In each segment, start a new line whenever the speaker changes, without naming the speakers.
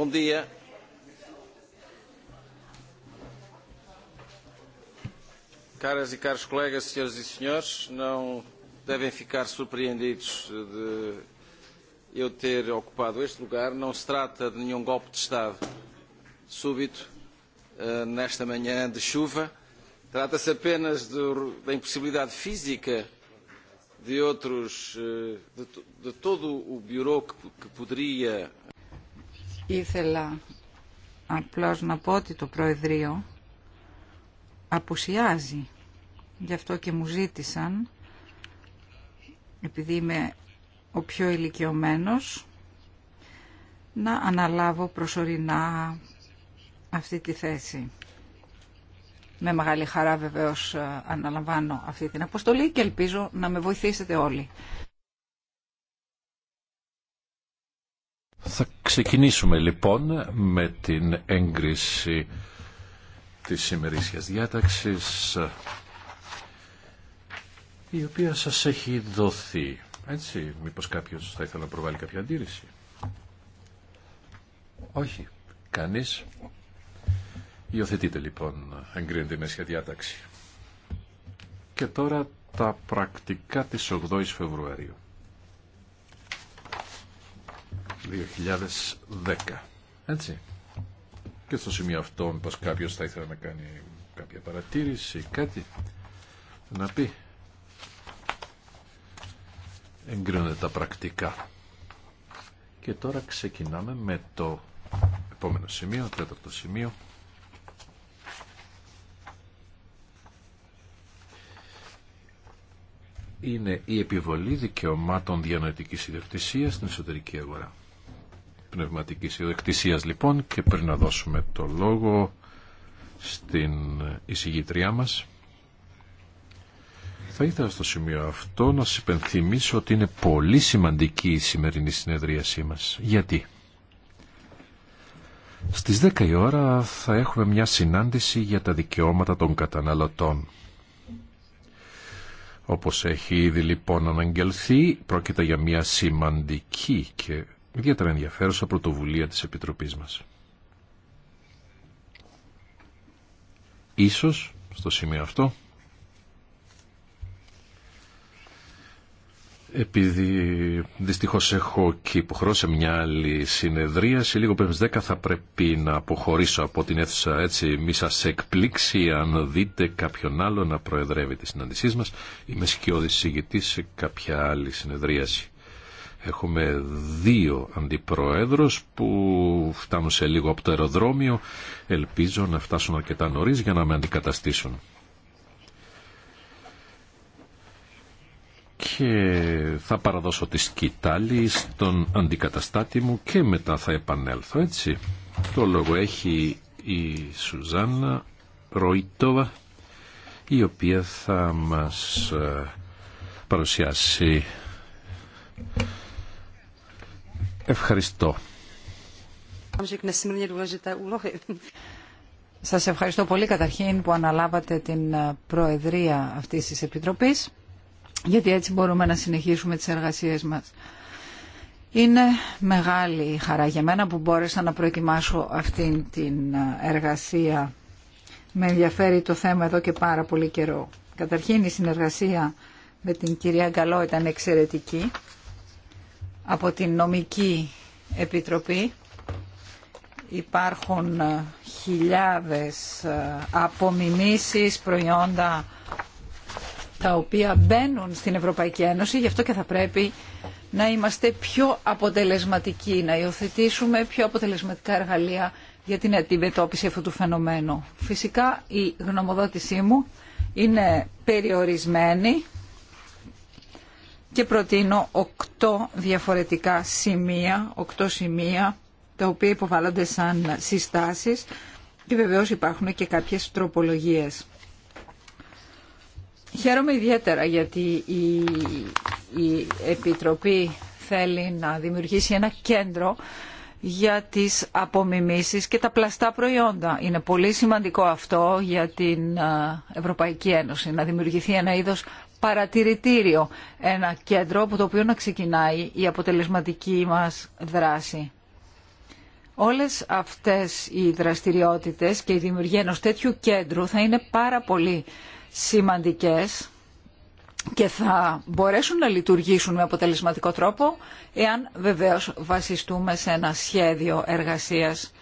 Bom dia. Caras e caros colegas, senhoras e senhores, não devem ficar surpreendidos de eu ter ocupado este lugar. Não se trata de nenhum golpe de Estado súbito nesta manhã de chuva. Trata-se apenas da impossibilidade física de outros, de todo o bureau que poderia
Ήθελα απλώς να πω ότι το Προεδρείο απουσιάζει. Γι' αυτό και μου ζήτησαν, επειδή είμαι ο πιο ηλικιωμένος, να αναλάβω προσωρινά αυτή τη θέση. Με μεγάλη χαρά βεβαίως αναλαμβάνω αυτή την αποστολή και ελπίζω να με βοηθήσετε όλοι.
Θα ξεκινήσουμε λοιπόν με την έγκριση της ημερήσιας διάταξης η οποία σας έχει δοθεί. Έτσι, μήπως κάποιος θα ήθελε να προβάλλει κάποια αντίρρηση. Όχι, κανείς. Υιοθετείτε λοιπόν, εγκρίνεται η διάταξη. Και τώρα τα πρακτικά της 8ης Φεβρουαρίου. 2010. Έτσι. Και στο σημείο αυτό, μήπως κάποιος θα ήθελε να κάνει κάποια παρατήρηση, ή κάτι να πει. Εγκρίνονται τα πρακτικά. Και τώρα ξεκινάμε με το επόμενο σημείο, τέταρτο σημείο. είναι η επιβολή δικαιωμάτων διανοητικής ιδιοκτησίας στην εσωτερική αγορά πνευματικής ιδιοκτησίας λοιπόν και πριν να δώσουμε το λόγο στην εισηγητριά μας θα ήθελα στο σημείο αυτό να σας υπενθυμίσω ότι είναι πολύ σημαντική η σημερινή συνεδρίασή μας. Γιατί? Στις 10 η ώρα θα έχουμε μια συνάντηση για τα δικαιώματα των καταναλωτών. Όπως έχει ήδη λοιπόν αναγγελθεί, πρόκειται για μια σημαντική και ιδιαίτερα ενδιαφέρουσα πρωτοβουλία της Επιτροπής μας. Ίσως, στο σημείο αυτό, επειδή δυστυχώς έχω και σε μια άλλη συνεδρία, σε λίγο πριν 10 θα πρέπει να αποχωρήσω από την αίθουσα έτσι μη σας εκπλήξει αν δείτε κάποιον άλλο να προεδρεύει τη συνάντησή μας. Είμαι σκιώδης συγητής σε κάποια άλλη συνεδρίαση. Έχουμε δύο αντιπροέδρους που φτάνουν σε λίγο από το αεροδρόμιο. Ελπίζω να φτάσουν αρκετά νωρίς για να με αντικαταστήσουν. και θα παραδώσω τη σκητάλη στον αντικαταστάτη μου και μετά θα επανέλθω, έτσι. Το λόγο έχει η Σουζάννα Ροϊτόβα, η οποία θα μας ε, παρουσιάσει Ευχαριστώ.
Σας ευχαριστώ πολύ καταρχήν που αναλάβατε την ε, Προεδρία αυτής της Επιτροπής, γιατί έτσι μπορούμε να συνεχίσουμε τις εργασίες μας. Είναι μεγάλη χαρά για μένα που μπόρεσα να προετοιμάσω αυτήν την ε, εργασία. Με ενδιαφέρει το θέμα εδώ και πάρα πολύ καιρό. Καταρχήν η συνεργασία με την κυρία Γκαλό ήταν εξαιρετική από την νομική επιτροπή. Υπάρχουν ε, χιλιάδες ε, απομιμήσεις προϊόντα τα οποία μπαίνουν στην Ευρωπαϊκή Ένωση, γι' αυτό και θα πρέπει να είμαστε πιο αποτελεσματικοί, να υιοθετήσουμε πιο αποτελεσματικά εργαλεία για την αντιμετώπιση αυτού του φαινομένου. Φυσικά η γνωμοδότησή μου είναι περιορισμένη και προτείνω οκτώ διαφορετικά σημεία, οκτώ σημεία τα οποία υποβάλλονται σαν συστάσεις και βεβαίως υπάρχουν και κάποιες τροπολογίες. Χαίρομαι ιδιαίτερα γιατί η, Επιτροπή θέλει να δημιουργήσει ένα κέντρο για τις απομιμήσεις και τα πλαστά προϊόντα. Είναι πολύ σημαντικό αυτό για την Ευρωπαϊκή Ένωση, να δημιουργηθεί ένα είδος παρατηρητήριο, ένα κέντρο από το οποίο να ξεκινάει η αποτελεσματική μας δράση. Όλες αυτές οι δραστηριότητες και η δημιουργία ενός τέτοιου κέντρου θα είναι πάρα πολύ σημαντικές και θα μπορέσουν να λειτουργήσουν με αποτελεσματικό τρόπο εάν βεβαίως βασιστούμε σε ένα σχέδιο εργασίας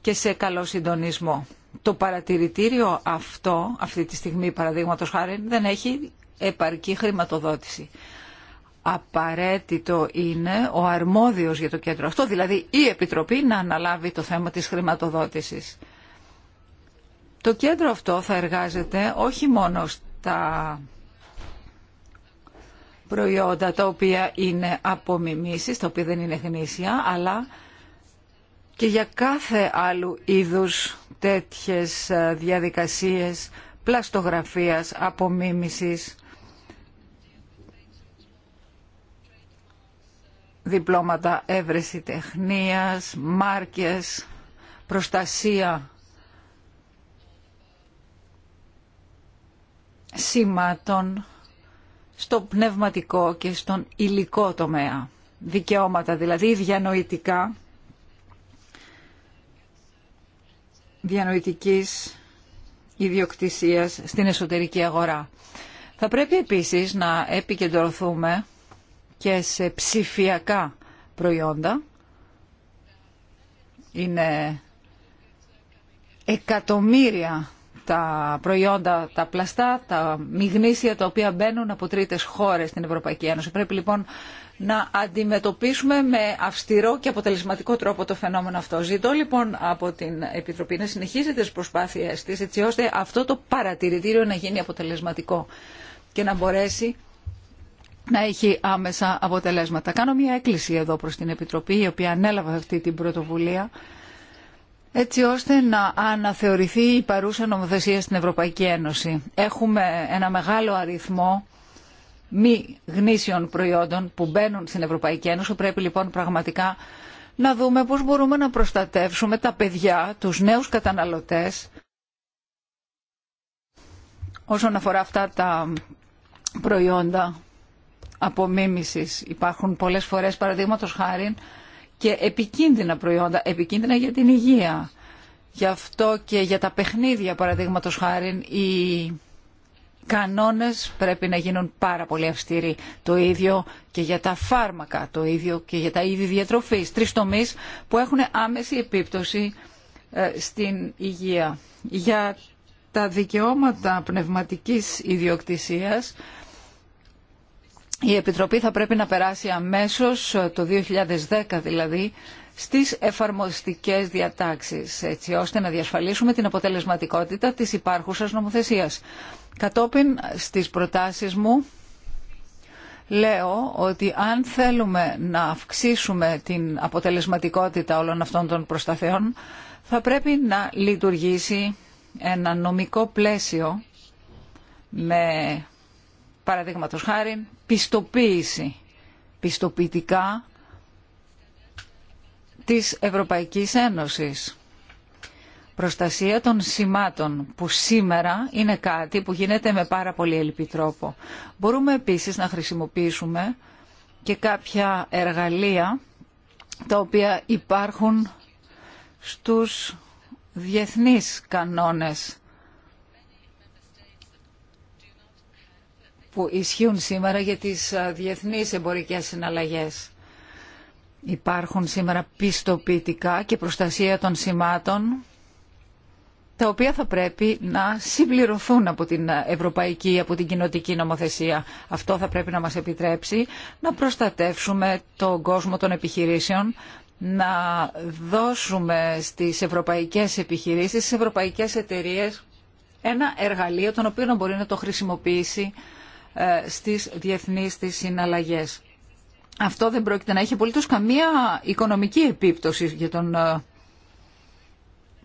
και σε καλό συντονισμό. Το παρατηρητήριο αυτό, αυτή τη στιγμή παραδείγματος χάρη, δεν έχει επαρκή χρηματοδότηση. Απαραίτητο είναι ο αρμόδιος για το κέντρο αυτό, δηλαδή η Επιτροπή να αναλάβει το θέμα της χρηματοδότησης. Το κέντρο αυτό θα εργάζεται όχι μόνο στα προϊόντα τα οποία είναι απομιμήσεις, τα οποία δεν είναι γνήσια, αλλά και για κάθε άλλου είδους τέτοιες ε, διαδικασίες πλαστογραφίας, απομίμησης. διπλώματα έβρεση τεχνίας, μάρκες, προστασία σημάτων στο πνευματικό και στον υλικό τομέα. Δικαιώματα δηλαδή διανοητικά, διανοητικής ιδιοκτησίας στην εσωτερική αγορά. Θα πρέπει επίσης να επικεντρωθούμε και σε ψηφιακά προϊόντα. Είναι εκατομμύρια τα προϊόντα, τα πλαστά, τα μιγνήσια τα οποία μπαίνουν από τρίτες χώρες στην Ευρωπαϊκή Ένωση. Πρέπει λοιπόν να αντιμετωπίσουμε με αυστηρό και αποτελεσματικό τρόπο το φαινόμενο αυτό. Ζητώ λοιπόν από την Επιτροπή να συνεχίζετε τις προσπάθειές της έτσι ώστε αυτό το παρατηρητήριο να γίνει αποτελεσματικό και να μπορέσει να έχει άμεσα αποτελέσματα. Κάνω μια έκκληση εδώ προς την Επιτροπή, η οποία ανέλαβε αυτή την πρωτοβουλία, έτσι ώστε να αναθεωρηθεί η παρούσα νομοθεσία στην Ευρωπαϊκή Ένωση. Έχουμε ένα μεγάλο αριθμό μη γνήσιων προϊόντων που μπαίνουν στην Ευρωπαϊκή Ένωση. Πρέπει λοιπόν πραγματικά να δούμε πώς μπορούμε να προστατεύσουμε τα παιδιά, τους νέους καταναλωτές, όσον αφορά αυτά τα προϊόντα απομίμησης. Υπάρχουν πολλές φορές παραδείγματος χάρη και επικίνδυνα προϊόντα, επικίνδυνα για την υγεία. Γι' αυτό και για τα παιχνίδια παραδείγματος χάρη οι κανόνες πρέπει να γίνουν πάρα πολύ αυστηροί. Το ίδιο και για τα φάρμακα, το ίδιο και για τα είδη διατροφής. Τρεις τομεί που έχουν άμεση επίπτωση ε, στην υγεία. Για τα δικαιώματα πνευματικής ιδιοκτησίας η Επιτροπή θα πρέπει να περάσει αμέσως, το 2010 δηλαδή, στις εφαρμοστικές διατάξεις, έτσι ώστε να διασφαλίσουμε την αποτελεσματικότητα της υπάρχουσας νομοθεσίας. Κατόπιν στις προτάσεις μου λέω ότι αν θέλουμε να αυξήσουμε την αποτελεσματικότητα όλων αυτών των προσταθεών, θα πρέπει να λειτουργήσει ένα νομικό πλαίσιο με παραδείγματος χάρη πιστοποίηση πιστοποιητικά της Ευρωπαϊκής Ένωσης. Προστασία των σημάτων που σήμερα είναι κάτι που γίνεται με πάρα πολύ ελληπή τρόπο. Μπορούμε επίσης να χρησιμοποιήσουμε και κάποια εργαλεία τα οποία υπάρχουν στους διεθνείς κανόνες που ισχύουν σήμερα για τις διεθνείς εμπορικές συναλλαγές. Υπάρχουν σήμερα πιστοποιητικά και προστασία των σημάτων τα οποία θα πρέπει να συμπληρωθούν από την ευρωπαϊκή, από την κοινοτική νομοθεσία. Αυτό θα πρέπει να μας επιτρέψει να προστατεύσουμε τον κόσμο των επιχειρήσεων, να δώσουμε στις ευρωπαϊκές επιχειρήσεις, στις ευρωπαϊκές εταιρείες ένα εργαλείο τον οποίο να μπορεί να το χρησιμοποιήσει ε, στις διεθνείς τις συναλλαγές. Αυτό δεν πρόκειται να έχει απολύτως καμία οικονομική επίπτωση για τον ε,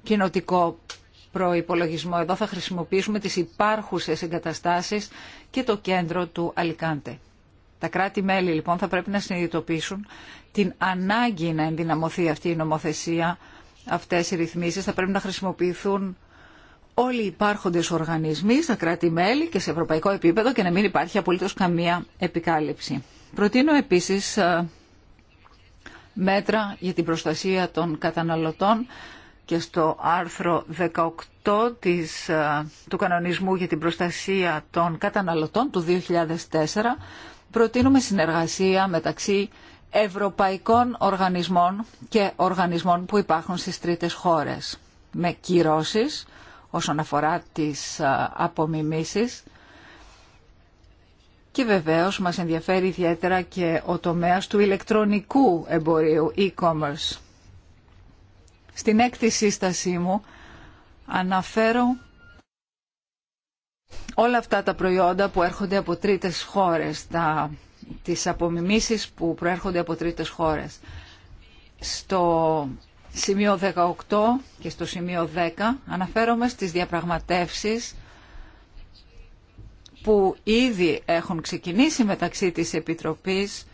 κοινοτικό προϋπολογισμό. Εδώ θα χρησιμοποιήσουμε τις υπάρχουσες εγκαταστάσεις και το κέντρο του Αλικάντε. Τα κράτη-μέλη λοιπόν θα πρέπει να συνειδητοποιήσουν την ανάγκη να ενδυναμωθεί αυτή η νομοθεσία, αυτές οι ρυθμίσεις θα πρέπει να χρησιμοποιηθούν όλοι οι υπάρχοντες οργανισμοί στα κράτη-μέλη και σε ευρωπαϊκό επίπεδο και να μην υπάρχει απολύτως καμία επικάλυψη. Προτείνω επίσης ε, μέτρα για την προστασία των καταναλωτών και στο άρθρο 18 ε, του Κανονισμού για την Προστασία των Καταναλωτών του 2004 προτείνουμε συνεργασία μεταξύ ευρωπαϊκών οργανισμών και οργανισμών που υπάρχουν στις τρίτες χώρες με κυρώσεις όσον αφορά τις απομιμήσεις. Και βεβαίως μας ενδιαφέρει ιδιαίτερα και ο τομέας του ηλεκτρονικού εμπορίου, e-commerce. Στην έκτη σύστασή μου αναφέρω όλα αυτά τα προϊόντα που έρχονται από τρίτες χώρες, τα, τις απομιμήσεις που προέρχονται από τρίτες χώρες. Στο σημείο 18 και στο σημείο 10 αναφέρομαι στις διαπραγματεύσεις που ήδη έχουν ξεκινήσει μεταξύ της Επιτροπής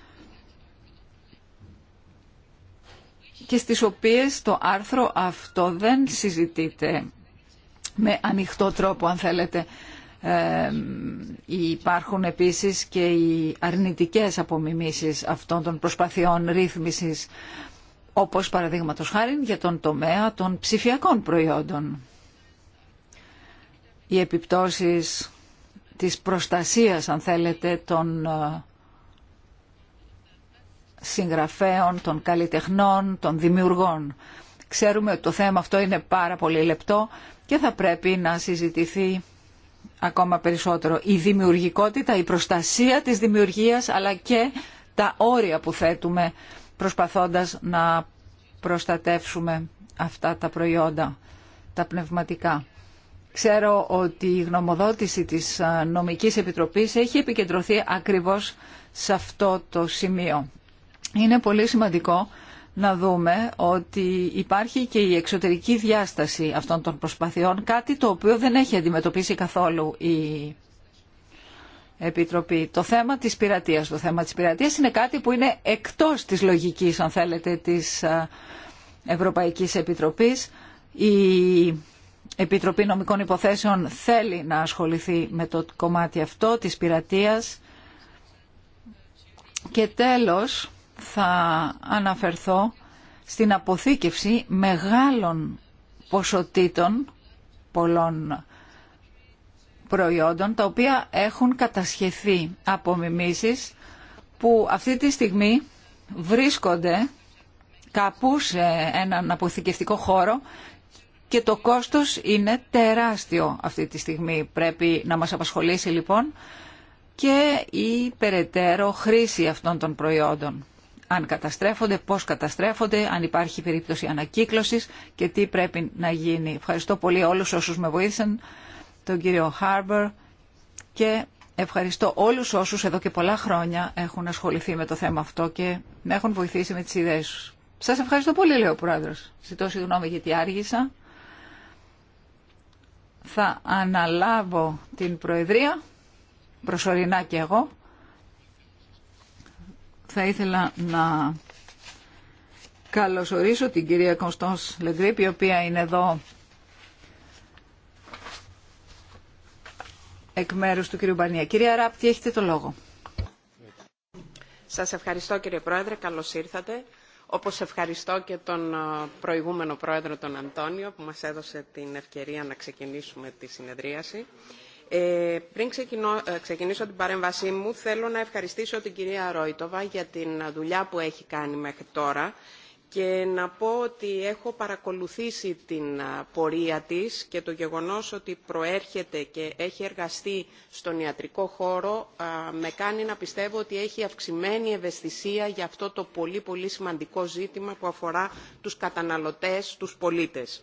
και στις οποίες το άρθρο αυτό δεν συζητείται με ανοιχτό τρόπο αν θέλετε. Ε, υπάρχουν επίσης και οι αρνητικές απομιμήσεις αυτών των προσπαθειών ρύθμισης όπως παραδείγματο χάρη για τον τομέα των ψηφιακών προϊόντων. Οι επιπτώσεις της προστασίας, αν θέλετε, των ε, συγγραφέων, των καλλιτεχνών, των δημιουργών. Ξέρουμε ότι το θέμα αυτό είναι πάρα πολύ λεπτό και θα πρέπει να συζητηθεί ακόμα περισσότερο. Η δημιουργικότητα, η προστασία της δημιουργίας, αλλά και τα όρια που θέτουμε προσπαθώντας να προστατεύσουμε αυτά τα προϊόντα, τα πνευματικά. Ξέρω ότι η γνωμοδότηση της ε, Νομικής Επιτροπής έχει επικεντρωθεί ακριβώς σε αυτό το σημείο. Είναι πολύ σημαντικό να δούμε ότι υπάρχει και η εξωτερική διάσταση αυτών των προσπαθειών, κάτι το οποίο δεν έχει αντιμετωπίσει καθόλου η Επιτροπή. Το θέμα της πειρατείας. Το θέμα της πειρατείας είναι κάτι που είναι εκτός της λογικής, αν θέλετε, της Ευρωπαϊκής Επιτροπής. Η Επιτροπή Νομικών Υποθέσεων θέλει να ασχοληθεί με το κομμάτι αυτό της πειρατείας. Και τέλος θα αναφερθώ στην αποθήκευση μεγάλων ποσοτήτων πολλών προϊόντων τα οποία έχουν κατασχεθεί από μιμήσεις που αυτή τη στιγμή βρίσκονται κάπου σε έναν αποθηκευτικό χώρο και το κόστος είναι τεράστιο αυτή τη στιγμή. Πρέπει να μας απασχολήσει λοιπόν και η περαιτέρω χρήση αυτών των προϊόντων. Αν καταστρέφονται, πώς καταστρέφονται, αν υπάρχει περίπτωση ανακύκλωσης και τι πρέπει να γίνει. Ευχαριστώ πολύ όλους όσους με βοήθησαν τον κύριο Χάρμπερ και ευχαριστώ όλους όσους εδώ και πολλά χρόνια έχουν ασχοληθεί με το θέμα αυτό και με έχουν βοηθήσει με τις ιδέες τους. Σας ευχαριστώ πολύ, λέει ο Πρόεδρος. Ζητώ συγγνώμη γιατί άργησα. Θα αναλάβω την Προεδρία, προσωρινά και εγώ. Θα ήθελα να καλωσορίσω την κυρία Κωνστός Λεγκρίπ, η οποία είναι εδώ εκ μέρους του κ. Μπανία. Κυρία Ράπτη, έχετε το λόγο.
Σας ευχαριστώ κύριε Πρόεδρε, καλώς ήρθατε. Όπως ευχαριστώ και τον ε, προηγούμενο Πρόεδρο, τον Αντώνιο, που μας έδωσε την ευκαιρία να ξεκινήσουμε τη συνεδρίαση. Ε, πριν ξεκινώ, ε, ξεκινήσω την παρέμβασή μου, θέλω να ευχαριστήσω την κυρία Ρόιτοβα για την δουλειά που έχει κάνει μέχρι τώρα και να πω ότι έχω παρακολουθήσει την πορεία της και το γεγονός ότι προέρχεται και έχει εργαστεί στον ιατρικό χώρο με κάνει να πιστεύω ότι έχει αυξημένη ευαισθησία για αυτό το πολύ πολύ σημαντικό ζήτημα που αφορά τους καταναλωτές, τους πολίτες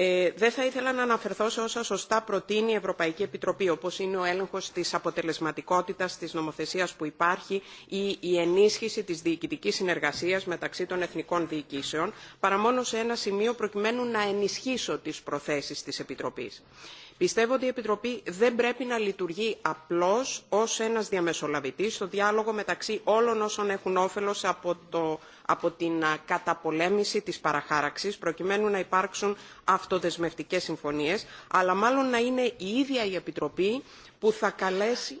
ε, δεν θα ήθελα να αναφερθώ σε όσα σωστά προτείνει η Ευρωπαϊκή Επιτροπή, όπως είναι ο έλεγχος της αποτελεσματικότητας της νομοθεσίας που υπάρχει ή η ενίσχυση της διοικητικής συνεργασίας μεταξύ των εθνικών διοικήσεων, παρά μόνο σε ένα σημείο προκειμένου να ενισχύσω τις προθέσεις της Επιτροπής πιστεύω ότι η επιτροπή δεν πρέπει να λειτουργεί απλώς ως ένας διαμεσολαβητής στο διάλογο μεταξύ όλων όσων έχουν όφελος από, το, από την καταπολέμηση της παραχάραξης προκειμένου να υπάρξουν αυτοδεσμευτικές συμφωνίες αλλά μάλλον να είναι η ίδια η επιτροπή που θα καλέσει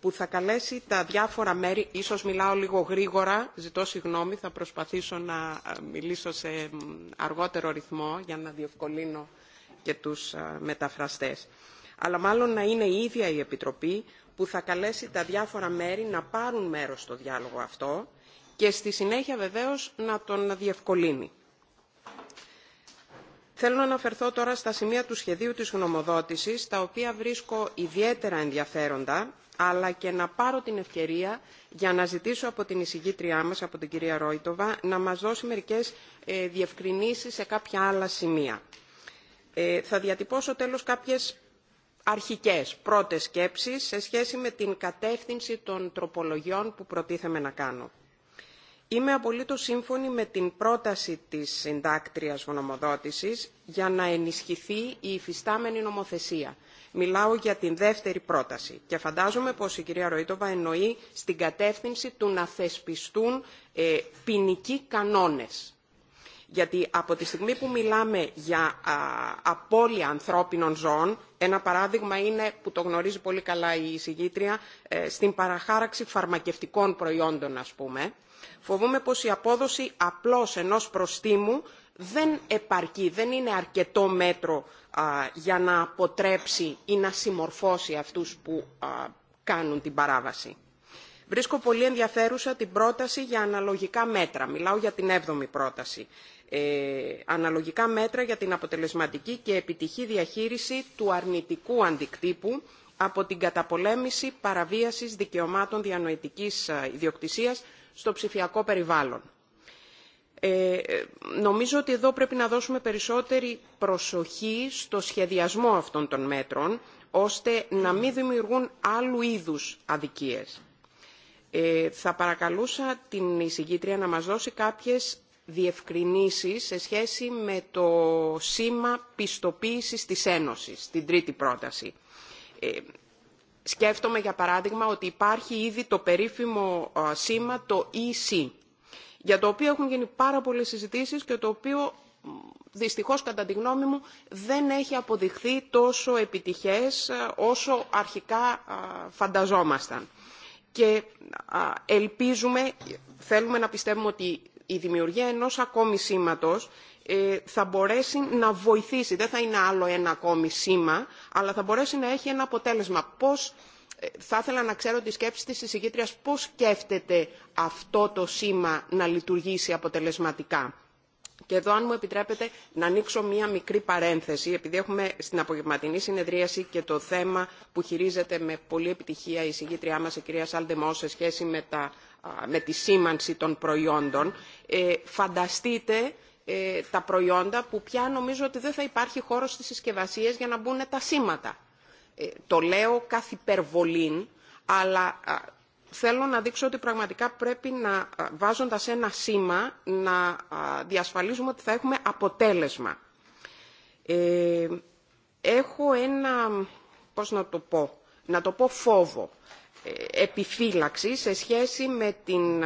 που θα καλέσει τα διάφορα μέρη, ίσως μιλάω λίγο γρήγορα, ζητώ συγγνώμη, θα προσπαθήσω να μιλήσω σε αργότερο ρυθμό για να διευκολύνω και τους μεταφραστές αλλά μάλλον να είναι η ίδια η επιτροπή που θα καλέσει τα διάφορα μέρη να πάρουν μέρος στο διάλογο αυτό και στη συνέχεια βεβαίως να τον διευκολύνει. Θέλω να αναφερθώ τώρα στα σημεία του σχεδίου της γνωμοδότησης, τα οποία βρίσκω ιδιαίτερα ενδιαφέροντα, αλλά και να πάρω την ευκαιρία για να ζητήσω από την εισηγήτριά μας, από την κυρία Ρόιτοβα, να μας δώσει μερικές ε, διευκρινήσεις σε κάποια άλλα σημεία. Ε, θα διατυπώσω τέλος κάποιες αρχικές πρώτες σκέψεις σε σχέση με την κατεύθυνση των τροπολογιών που προτίθεμε να κάνω. Είμαι απολύτως σύμφωνη με την πρόταση της συντάκτριας γνωμοδότησης για να ενισχυθεί η υφιστάμενη νομοθεσία. Μιλάω για την δεύτερη πρόταση και φαντάζομαι πως η κυρία Ροήτοβα εννοεί στην κατεύθυνση του να θεσπιστούν ε, ποινικοί κανόνες γιατί από τη στιγμή που μιλάμε για απώλεια ανθρώπινων ζώων ένα παράδειγμα είναι που το γνωρίζει πολύ καλά η εισηγήτρια ε, στην παραχάραξη φαρμακευτικών προϊόντων ας πούμε φοβούμε πως η απόδοση απλώς ενός προστίμου δεν επαρκεί, δεν είναι αρκετό μέτρο για να αποτρέψει ή να συμμορφώσει αυτούς που κάνουν την παράβαση βρίσκω πολύ ενδιαφέρουσα την πρόταση για αναλογικά μέτρα. Μιλάω για την έβδομη πρόταση. Ε, αναλογικά μέτρα για την αποτελεσματική και επιτυχή διαχείριση του αρνητικού αντικτύπου από την καταπολέμηση παραβίασης δικαιωμάτων διανοητικής ε, ιδιοκτησίας στο ψηφιακό περιβάλλον. Ε, νομίζω ότι εδώ πρέπει να δώσουμε περισσότερη προσοχή στο σχεδιασμό αυτών των μέτρων ώστε να μην δημιουργούν άλλου είδους αδικίες. Ε, θα παρακαλούσα την εισηγήτρια να μας δώσει κάποιες διευκρινήσεις σε σχέση με το σήμα πιστοποίησης της Ένωσης, την τρίτη πρόταση. Ε, σκέφτομαι, για παράδειγμα, ότι υπάρχει ήδη το περίφημο σήμα, το EC, για το οποίο έχουν γίνει πάρα πολλές συζητήσεις και το οποίο δυστυχώς κατά τη γνώμη μου δεν έχει αποδειχθεί τόσο επιτυχές όσο αρχικά φανταζόμασταν και ελπίζουμε, θέλουμε να πιστεύουμε ότι η δημιουργία ενός ακόμη σήματος ε, θα μπορέσει να βοηθήσει. Δεν θα είναι άλλο ένα ακόμη σήμα, αλλά θα μπορέσει να έχει ένα αποτέλεσμα. Πώς, ε, θα ήθελα να ξέρω τη σκέψη της εισηγήτριας πώς σκέφτεται αυτό το σήμα να λειτουργήσει αποτελεσματικά και εδώ, αν μου επιτρέπετε, να ανοίξω μία μικρή παρένθεση, επειδή έχουμε στην απογευματινή συνεδρίαση και το θέμα που χειρίζεται με πολλή επιτυχία η συγγήτριά μας, η κυρία Σαλντεμό σε σχέση με, τα, με τη σήμανση των προϊόντων. Ε, φανταστείτε ε, τα προϊόντα που πια νομίζω ότι δεν θα υπάρχει χώρος στις συσκευασίες για να μπουν τα σήματα. Ε, το λέω καθ' υπερβολήν, αλλά θέλω να δείξω ότι πραγματικά πρέπει να βάζοντας ένα σήμα να διασφαλίζουμε ότι θα έχουμε αποτέλεσμα. Ε, έχω ένα, πώς να το πω, να το πω φόβο επιφύλαξη σε σχέση με την,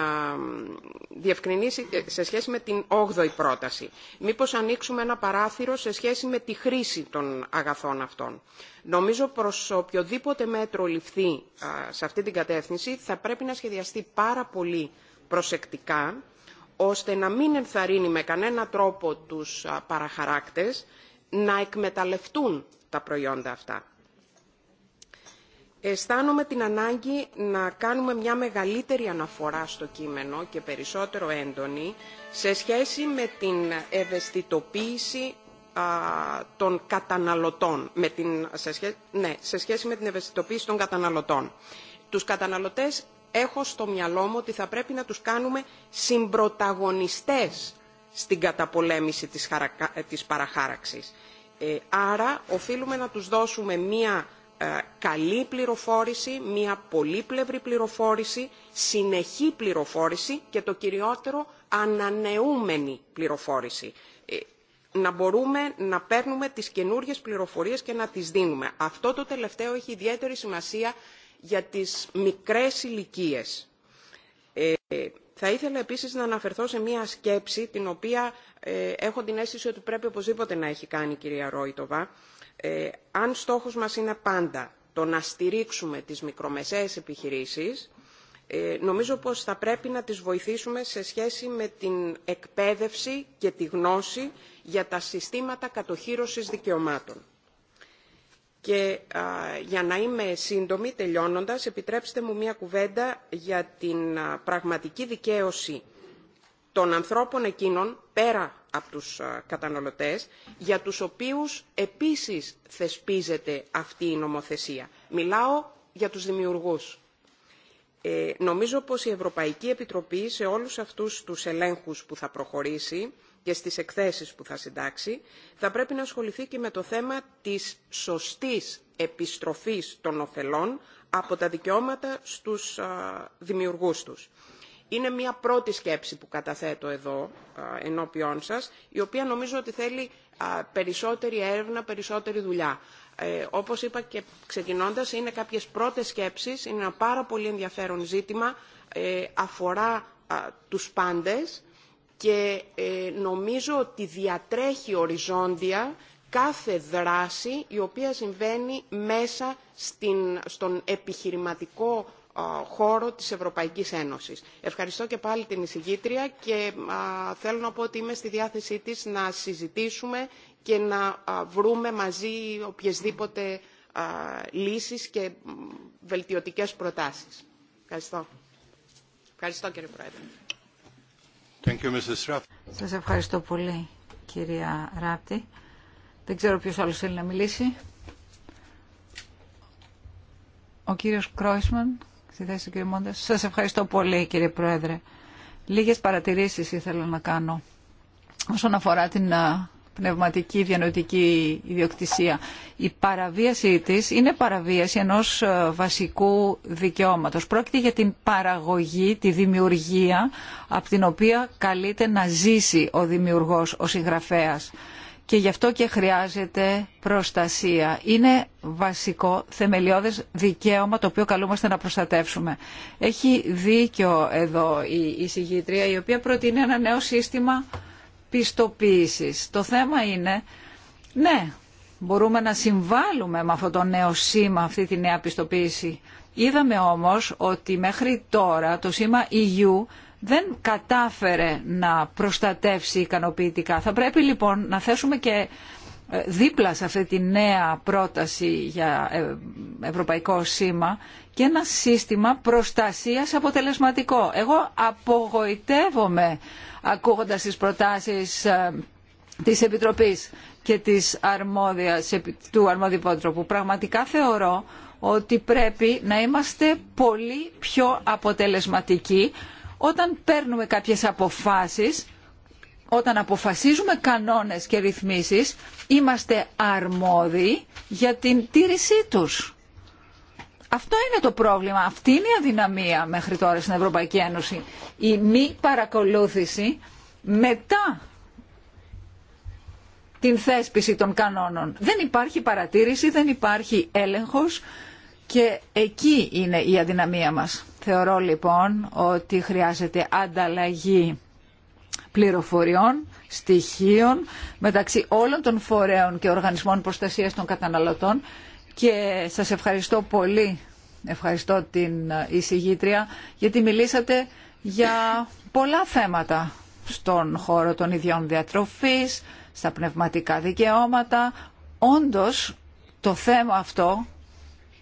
ε, σε σχέση με την 8η πρόταση. Μήπως ανοίξουμε ένα παράθυρο σε σχέση με τη χρήση των αγαθών αυτών. Νομίζω προς οποιοδήποτε μέτρο ληφθεί σε αυτή την κατεύθυνση θα πρέπει να σχεδιαστεί πάρα πολύ προσεκτικά ώστε να μην ενθαρρύνει με κανένα τρόπο τους παραχαράκτες να εκμεταλλευτούν τα προϊόντα αυτά αισθάνομαι την ανάγκη να κάνουμε μια μεγαλύτερη αναφορά στο κείμενο και περισσότερο έντονη σε σχέση με την ευαισθητοποίηση των καταναλωτών. Με την, σε, σχέ, ναι, σε σχέση με την ευαισθητοποίηση των καταναλωτών. Τους καταναλωτές έχω στο μυαλό μου ότι θα πρέπει να τους κάνουμε συμπροταγωνιστές στην καταπολέμηση της, χαρακα, της παραχάραξης. Ε, άρα οφείλουμε να τους δώσουμε μια ε, καλή πληροφόρηση, μια πολύπλευρη πληροφόρηση, συνεχή πληροφόρηση και το κυριότερο ανανεούμενη πληροφόρηση. Ε, να μπορούμε να παίρνουμε τις καινούργιες πληροφορίες και να τις δίνουμε. Αυτό το τελευταίο έχει ιδιαίτερη σημασία για τις μικρές ηλικίε. Ε, θα ήθελα επίσης να αναφερθώ σε μία σκέψη την οποία έχω την αίσθηση ότι πρέπει οπωσδήποτε να έχει κάνει η κυρία Ρόιτοβα ε, αν στόχος μας είναι πάντα το να στηρίξουμε τις μικρομεσαίες επιχειρήσεις, ε, νομίζω πως θα πρέπει να τις βοηθήσουμε σε σχέση με την εκπαίδευση και τη γνώση για τα συστήματα κατοχύρωσης δικαιωμάτων. Και για να είμαι σύντομη, τελειώνοντας, επιτρέψτε μου μία κουβέντα για την πραγματική δικαίωση των ανθρώπων εκείνων πέρα από τους καταναλωτές, για τους οποίους επίσης θεσπίζεται αυτή η νομοθεσία. Μιλάω για τους δημιουργούς. Ε, νομίζω πως η Ευρωπαϊκή Επιτροπή σε όλους αυτούς τους ελέγχους που θα προχωρήσει και στις εκθέσεις που θα συντάξει, θα πρέπει να ασχοληθεί και με το θέμα της σωστής επιστροφής των ωφελών από τα δικαιώματα στους α, δημιουργούς τους. Είναι μια πρώτη σκέψη που καταθέτω εδώ ενώπιόν σας, η οποία νομίζω ότι θέλει περισσότερη έρευνα, περισσότερη δουλειά. Ε, όπως είπα και ξεκινώντας, είναι κάποιες πρώτες σκέψεις, είναι ένα πάρα πολύ ενδιαφέρον ζήτημα, ε, αφορά α, τους πάντες και ε, νομίζω ότι διατρέχει οριζόντια κάθε δράση η οποία συμβαίνει μέσα στην, στον επιχειρηματικό ε, χώρο της Ευρωπαϊκής Ένωσης. Ευχαριστώ και πάλι την εισηγήτρια και θέλω να πω ότι είμαι στη διάθεσή της να συζητήσουμε και να βρούμε μαζί οποιασδήποτε λύσεις και βελτιωτικές προτάσεις. Ευχαριστώ. Ευχαριστώ κύριε Πρόεδρε.
Thank you, Mrs.
Σας ευχαριστώ πολύ κυρία Ράπτη. Δεν ξέρω ποιος άλλος θέλει να μιλήσει. Ο κύριος Κρόισμαν στη Σας ευχαριστώ πολύ κύριε Πρόεδρε. Λίγες παρατηρήσεις ήθελα να κάνω όσον αφορά την πνευματική διανοητική ιδιοκτησία. Η παραβίαση της είναι παραβίαση ενός βασικού δικαιώματος. Πρόκειται για την παραγωγή, τη δημιουργία, από την οποία καλείται να ζήσει ο δημιουργός, ο συγγραφέας και γι' αυτό και χρειάζεται προστασία. Είναι βασικό θεμελιώδες δικαίωμα το οποίο καλούμαστε να προστατεύσουμε. Έχει δίκιο εδώ η εισηγήτρια η οποία προτείνει ένα νέο σύστημα πιστοποίησης. Το θέμα είναι, ναι, μπορούμε να συμβάλλουμε με αυτό το νέο σήμα, αυτή τη νέα πιστοποίηση. Είδαμε όμως ότι μέχρι τώρα το σήμα EU δεν κατάφερε να προστατεύσει ικανοποιητικά. Θα πρέπει λοιπόν να θέσουμε και ε, δίπλα σε αυτή τη νέα πρόταση για ε, ευρωπαϊκό σήμα και ένα σύστημα προστασίας αποτελεσματικό. Εγώ απογοητεύομαι ακούγοντας τις προτάσεις ε, της Επιτροπής και της αρμόδιας, του αρμόδιου υπότροπου. Πραγματικά θεωρώ ότι πρέπει να είμαστε πολύ πιο αποτελεσματικοί όταν παίρνουμε κάποιες αποφάσεις, όταν αποφασίζουμε κανόνες και ρυθμίσεις, είμαστε αρμόδιοι για την τήρησή τους. Αυτό είναι το πρόβλημα, αυτή είναι η αδυναμία μέχρι τώρα στην Ευρωπαϊκή Ένωση. Η μη παρακολούθηση μετά την θέσπιση των κανόνων. Δεν υπάρχει παρατήρηση, δεν υπάρχει έλεγχος και εκεί είναι η αδυναμία μας. Θεωρώ λοιπόν ότι χρειάζεται ανταλλαγή πληροφοριών, στοιχείων μεταξύ όλων των φορέων και οργανισμών προστασίας των καταναλωτών και σας ευχαριστώ πολύ, ευχαριστώ την εισηγήτρια γιατί μιλήσατε για πολλά θέματα στον χώρο των ιδιών διατροφής, στα πνευματικά δικαιώματα. Όντως το θέμα αυτό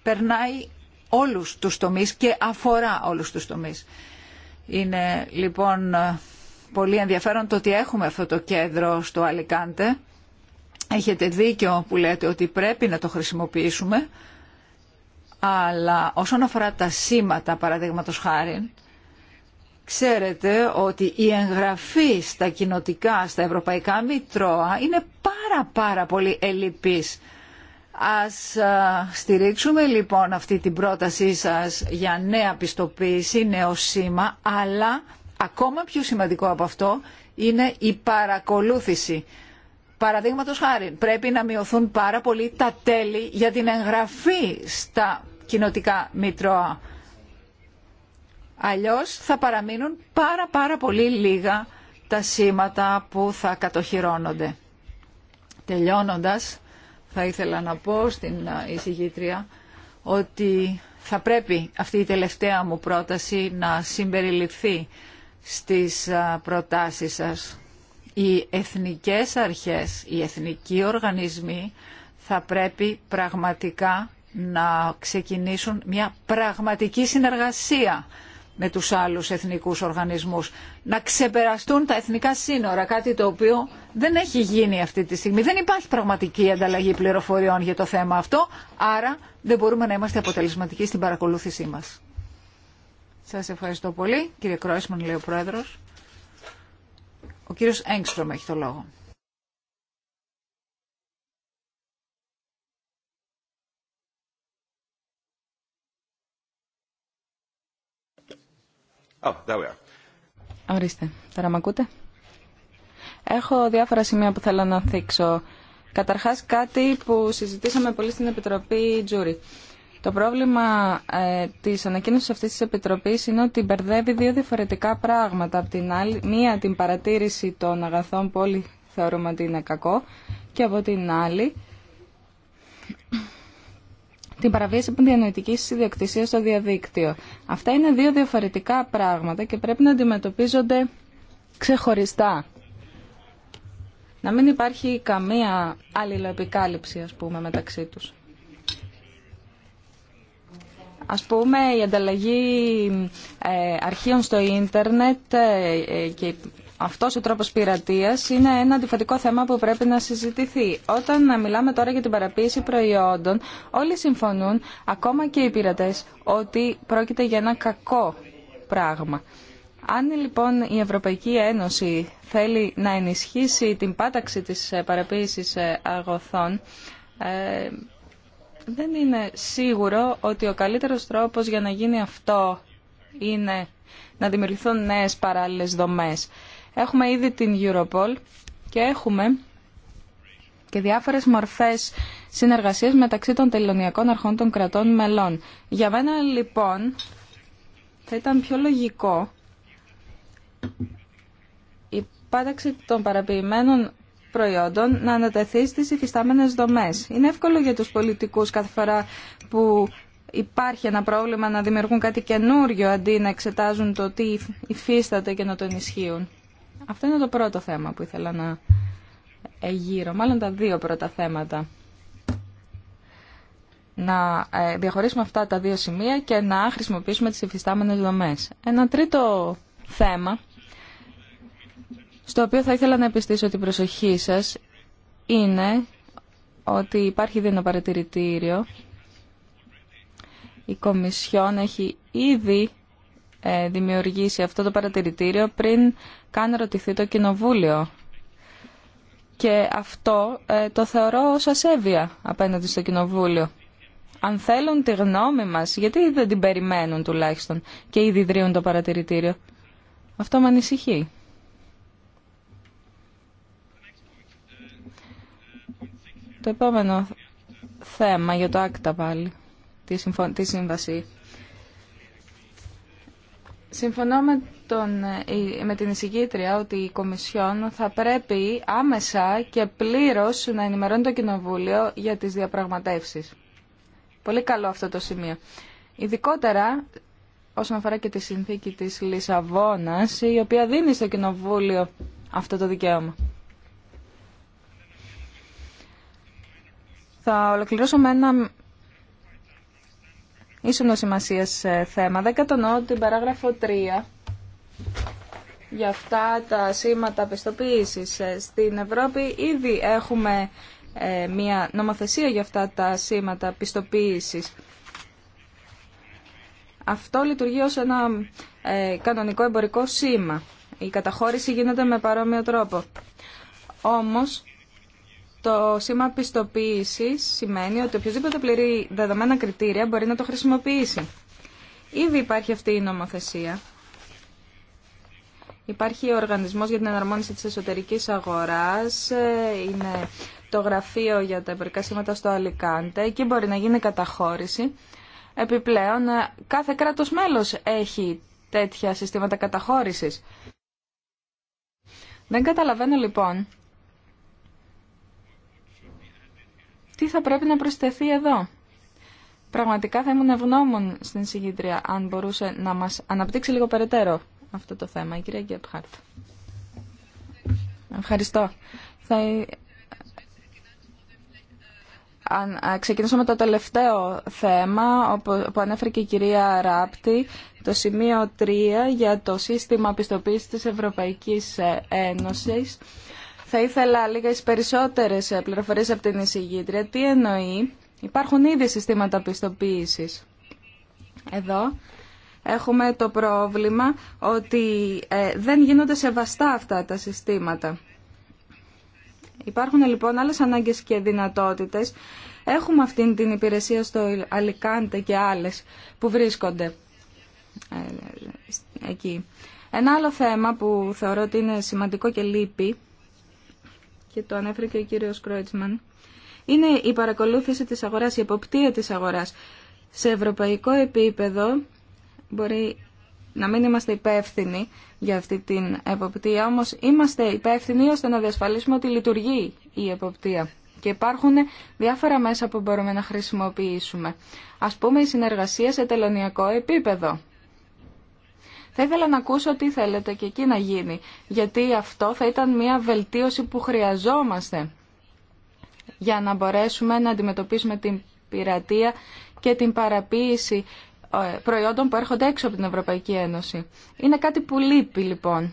περνάει όλους τους τομείς και αφορά όλους τους τομείς. Είναι λοιπόν πολύ ενδιαφέρον το ότι έχουμε αυτό το κέντρο στο Αλικάντε. Έχετε δίκιο που λέτε ότι πρέπει να το χρησιμοποιήσουμε, αλλά όσον αφορά τα σήματα, παραδείγματος χάρη, ξέρετε ότι η εγγραφή στα κοινοτικά, στα ευρωπαϊκά μητρώα είναι πάρα πάρα πολύ ελλειπής. Ας στηρίξουμε λοιπόν αυτή την πρότασή σας για νέα πιστοποίηση, νέο σήμα, αλλά ακόμα πιο σημαντικό από αυτό είναι η παρακολούθηση. Παραδείγματος χάρη, πρέπει να μειωθούν πάρα πολύ τα τέλη για την εγγραφή στα κοινοτικά μητρώα. Αλλιώς θα παραμείνουν πάρα πάρα πολύ λίγα τα σήματα που θα κατοχυρώνονται. Τελειώνοντας, θα ήθελα να πω στην ε, εισηγήτρια ότι θα πρέπει αυτή η τελευταία μου πρόταση να συμπεριληφθεί στις ε, προτάσεις σας. Οι εθνικές αρχές, οι εθνικοί οργανισμοί θα πρέπει πραγματικά να ξεκινήσουν μια πραγματική συνεργασία με τους άλλους εθνικούς οργανισμούς. Να ξεπεραστούν τα εθνικά σύνορα, κάτι το οποίο δεν έχει γίνει αυτή τη στιγμή. Δεν υπάρχει πραγματική ανταλλαγή πληροφοριών για το θέμα αυτό, άρα δεν μπορούμε να είμαστε αποτελεσματικοί στην παρακολούθησή μας. Σας ευχαριστώ πολύ. Κύριε Κρόισμαν, λέει ο Πρόεδρος. Ο κύριος Έγκστρομ έχει το λόγο.
με
oh, Έχω διάφορα σημεία που θέλω να θίξω. Καταρχάς κάτι που συζητήσαμε πολύ στην Επιτροπή Τζούρι. Το πρόβλημα ε, της ανακοίνωσης αυτής της Επιτροπής είναι ότι μπερδεύει δύο διαφορετικά πράγματα. Από την άλλη, μία την παρατήρηση των αγαθών που όλοι θεωρούμε ότι είναι κακό και από την άλλη την παραβίαση διανοητική ιδιοκτησία στο διαδίκτυο. Αυτά είναι δύο διαφορετικά πράγματα και πρέπει να αντιμετωπίζονται ξεχωριστά. Να μην υπάρχει καμία αλληλοεπικάλυψη, ας πούμε, μεταξύ τους. Ας πούμε, η ανταλλαγή ε, αρχείων στο ίντερνετ ε, ε, και αυτός ο τρόπος πειρατεία είναι ένα αντιφατικό θέμα που πρέπει να συζητηθεί. Όταν μιλάμε τώρα για την παραποίηση προϊόντων, όλοι συμφωνούν, ακόμα και οι πειρατές, ότι πρόκειται για ένα κακό πράγμα. Αν λοιπόν η Ευρωπαϊκή Ένωση θέλει να ενισχύσει την πάταξη της ε, παραποίησης ε, αγωθών, ε, δεν είναι σίγουρο ότι ο καλύτερος τρόπος για να γίνει αυτό είναι να δημιουργηθούν νέες παράλληλες δομές. Έχουμε ήδη την Europol και έχουμε και διάφορες μορφές συνεργασίας μεταξύ των τελωνιακών αρχών των κρατών μελών. Για μένα λοιπόν θα ήταν πιο λογικό η πάταξη των παραποιημένων προϊόντων να ανατεθεί στις υφιστάμενες δομές. Είναι εύκολο για τους πολιτικούς κάθε φορά που υπάρχει ένα πρόβλημα να δημιουργούν κάτι καινούριο αντί να εξετάζουν το τι υφίσταται και να το ενισχύουν. Αυτό είναι το πρώτο θέμα που ήθελα να εγείρω, μάλλον τα δύο πρώτα θέματα. Να ε, διαχωρίσουμε αυτά τα δύο σημεία και να χρησιμοποιήσουμε τις υφιστάμενες δομές. Ένα τρίτο θέμα, στο οποίο θα ήθελα να επιστήσω την προσοχή σας, είναι ότι υπάρχει ήδη παρατηρητήριο. Η Κομισιόν έχει ήδη ε, δημιουργήσει αυτό το παρατηρητήριο πριν καν ρωτηθεί το Κοινοβούλιο. Και αυτό ε, το θεωρώ ως ασέβεια απέναντι στο Κοινοβούλιο. Αν θέλουν τη γνώμη μας, γιατί δεν την περιμένουν τουλάχιστον και ήδη ιδρύουν το παρατηρητήριο. Αυτό με ανησυχεί. Το επόμενο θέμα για το άκτα πάλι, τη σύμβαση. Συμφωνώ με, τον, ε, με την εισηγήτρια ότι η Κομισιόν θα πρέπει άμεσα και πλήρως να ενημερώνει το Κοινοβούλιο για τις διαπραγματεύσεις. Πολύ καλό αυτό το σημείο. Ειδικότερα όσον αφορά και τη συνθήκη της Λισαβόνας, η οποία δίνει στο Κοινοβούλιο αυτό το δικαίωμα. Θα ολοκληρώσω με ένα ο σημασία ε, θέμα. Δεν κατονοώ την παράγραφο 3 για αυτά τα σήματα πιστοποίησης. Ε, στην Ευρώπη ήδη έχουμε ε, μια νομοθεσία για αυτά τα σήματα πιστοποίησης. Αυτό λειτουργεί ως ένα κανονικό εμπορικό σήμα. Η καταχώρηση γίνεται με παρόμοιο τρόπο. Όμως, το σήμα πιστοποίηση σημαίνει ότι οποιοδήποτε πληρεί δεδομένα κριτήρια μπορεί να το χρησιμοποιήσει. Ήδη υπάρχει αυτή η νομοθεσία. Υπάρχει ο Οργανισμός για την Εναρμόνιση της Εσωτερικής Αγοράς, είναι το γραφείο για τα εμπορικά σήματα στο Αλικάντε, εκεί μπορεί να γίνει καταχώρηση. Επιπλέον, κάθε κράτος μέλος έχει τέτοια συστήματα καταχώρησης. Δεν καταλαβαίνω λοιπόν Τι θα πρέπει να προσθεθεί εδώ. Πραγματικά θα ήμουν ευγνώμων στην συγκήτρια αν μπορούσε να μας αναπτύξει λίγο περαιτέρω αυτό το θέμα. Η κυρία Γκέπχαρτ. Ευχαριστώ. Θα... Αν ξεκινήσω με το τελευταίο θέμα που ανέφερε και η κυρία Ράπτη, το σημείο 3 για το σύστημα πιστοποίησης της Ευρωπαϊκής ε, Ένωσης. Θα ήθελα λίγες περισσότερες πληροφορίες από την εισηγήτρια. Τι εννοεί, υπάρχουν ήδη συστήματα πιστοποίησης. Εδώ έχουμε το πρόβλημα ότι ε, δεν γίνονται σεβαστά αυτά τα συστήματα. Υπάρχουν λοιπόν άλλες ανάγκες και δυνατότητες. Έχουμε αυτήν την υπηρεσία στο Αλικάντε και άλλες που βρίσκονται ε, εκεί. Ένα άλλο θέμα που θεωρώ ότι είναι σημαντικό και λείπει και το ανέφερε και ο κύριος Κρόιτσμαν, είναι η παρακολούθηση της αγοράς, η εποπτεία της αγοράς. Σε ευρωπαϊκό επίπεδο μπορεί να μην είμαστε υπεύθυνοι για αυτή την εποπτεία, όμως είμαστε υπεύθυνοι ώστε να διασφαλίσουμε ότι λειτουργεί η εποπτεία. Και υπάρχουν διάφορα μέσα που μπορούμε να χρησιμοποιήσουμε. Ας πούμε η συνεργασία σε τελωνιακό επίπεδο. Θα ήθελα να ακούσω τι θέλετε και εκεί να γίνει, γιατί αυτό θα ήταν μια βελτίωση που χρειαζόμαστε για να μπορέσουμε να αντιμετωπίσουμε την πειρατεία και την παραποίηση ε, προϊόντων που έρχονται έξω από την Ευρωπαϊκή Ένωση. Είναι κάτι που λείπει λοιπόν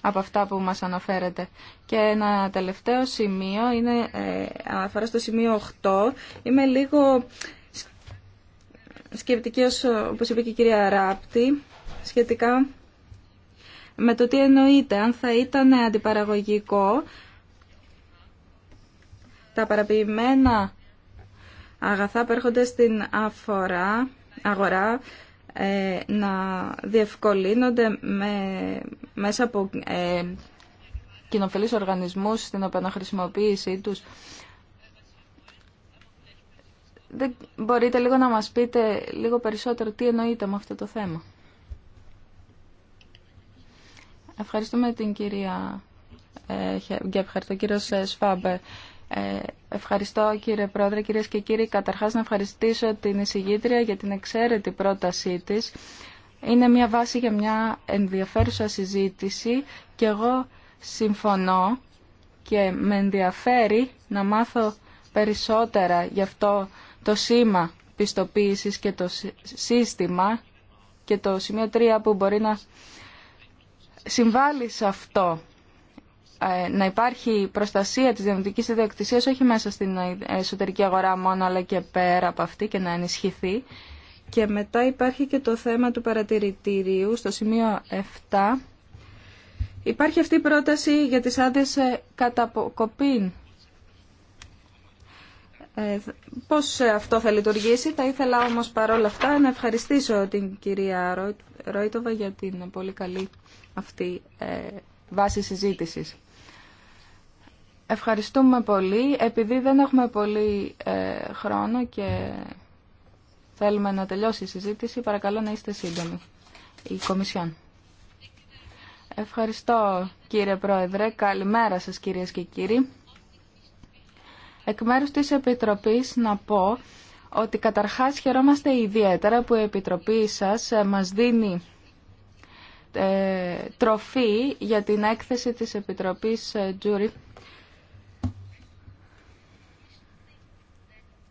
από αυτά που μας αναφέρετε. Και ένα τελευταίο σημείο είναι ε, αφορά στο σημείο 8. Είμαι λίγο σκεπτική, όπως είπε και η κυρία Ράπτη, σχετικά με το τι εννοείται, αν θα ήταν αντιπαραγωγικό τα παραποιημένα αγαθά που έρχονται στην αφορά, αγορά ε, να διευκολύνονται με, μέσα από ε, κοινοφελείς οργανισμούς στην επαναχρησιμοποίησή τους δεν μπορείτε λίγο να μας πείτε λίγο περισσότερο τι εννοείτε με αυτό το θέμα. Ευχαριστούμε την κυρία και ε, τον κύριο Σφάμπε. Ε, ευχαριστώ κύριε Πρόεδρε, κυρίες και κύριοι. Καταρχάς να ευχαριστήσω την εισηγήτρια για την εξαίρετη πρότασή της. Είναι μια βάση για μια ενδιαφέρουσα συζήτηση και εγώ συμφωνώ και με ενδιαφέρει να μάθω περισσότερα γι' αυτό το σήμα πιστοποίησης και το σύστημα και το σημείο 3 που μπορεί να συμβάλλει σε αυτό ε, να υπάρχει προστασία της διανοητικής ιδιοκτησίας όχι μέσα στην εσωτερική αγορά μόνο αλλά και πέρα από αυτή και να ενισχυθεί και μετά υπάρχει και το θέμα του παρατηρητήριου στο σημείο 7 υπάρχει αυτή η πρόταση για τις άδειες ε, καταποκοπήν ε, πώς αυτό θα λειτουργήσει. Θα ήθελα όμως παρόλα αυτά να ευχαριστήσω την κυρία Ρόιτοβα για την πολύ καλή αυτή ε, βάση συζήτησης. Ευχαριστούμε πολύ. Επειδή δεν έχουμε πολύ ε, χρόνο και θέλουμε να τελειώσει η συζήτηση, παρακαλώ να είστε σύντομοι. Η Κομισιόν. Ευχαριστώ κύριε Πρόεδρε. Καλημέρα σας κυρίες και κύριοι. Εκ μέρους της Επιτροπής να πω ότι καταρχάς χαιρόμαστε ιδιαίτερα που η Επιτροπή σας ε, μας δίνει ε, τροφή για την έκθεση της Επιτροπής ε, Τζούρι.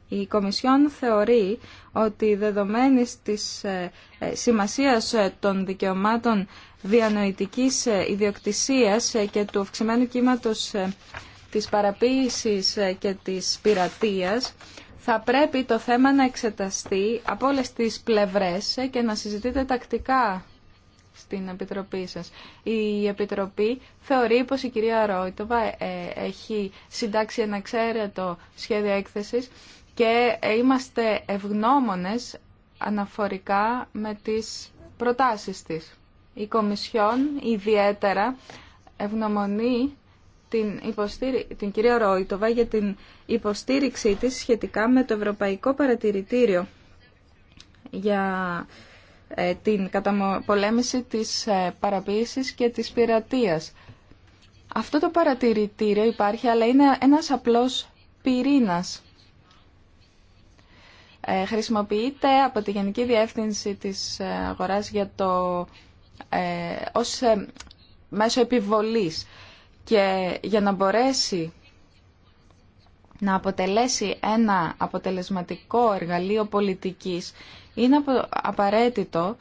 Η Κομισιόν θεωρεί ότι δεδομένης της σημασίας των δικαιωμάτων διανοητικής ιδιοκτησίας και του αυξημένου κύματος της παραποίησης ε, και της πειρατείας θα πρέπει το θέμα να εξεταστεί από όλες τις πλευρές ε, και να συζητείτε τακτικά στην Επιτροπή σας. Η Επιτροπή θεωρεί πως η κυρία Ρόιτοβα ε, έχει συντάξει ένα εξαίρετο σχέδιο έκθεσης και είμαστε ευγνώμονες αναφορικά με τις προτάσεις της. Η Κομισιόν ιδιαίτερα ευγνωμονεί την, υποστήρι... την κυρία Ρόιτοβα για την υποστήριξή της σχετικά με το Ευρωπαϊκό Παρατηρητήριο για ε, την καταπολέμηση της ε, παραποίησης και της πειρατείας. Αυτό το παρατηρητήριο υπάρχει, αλλά είναι ένας απλός πυρήνας. Ε, χρησιμοποιείται από τη Γενική Διεύθυνση της Αγοράς για το, ως μέσο επιβολής και για να μπορέσει να αποτελέσει ένα αποτελεσματικό εργαλείο πολιτικής είναι απαραίτητο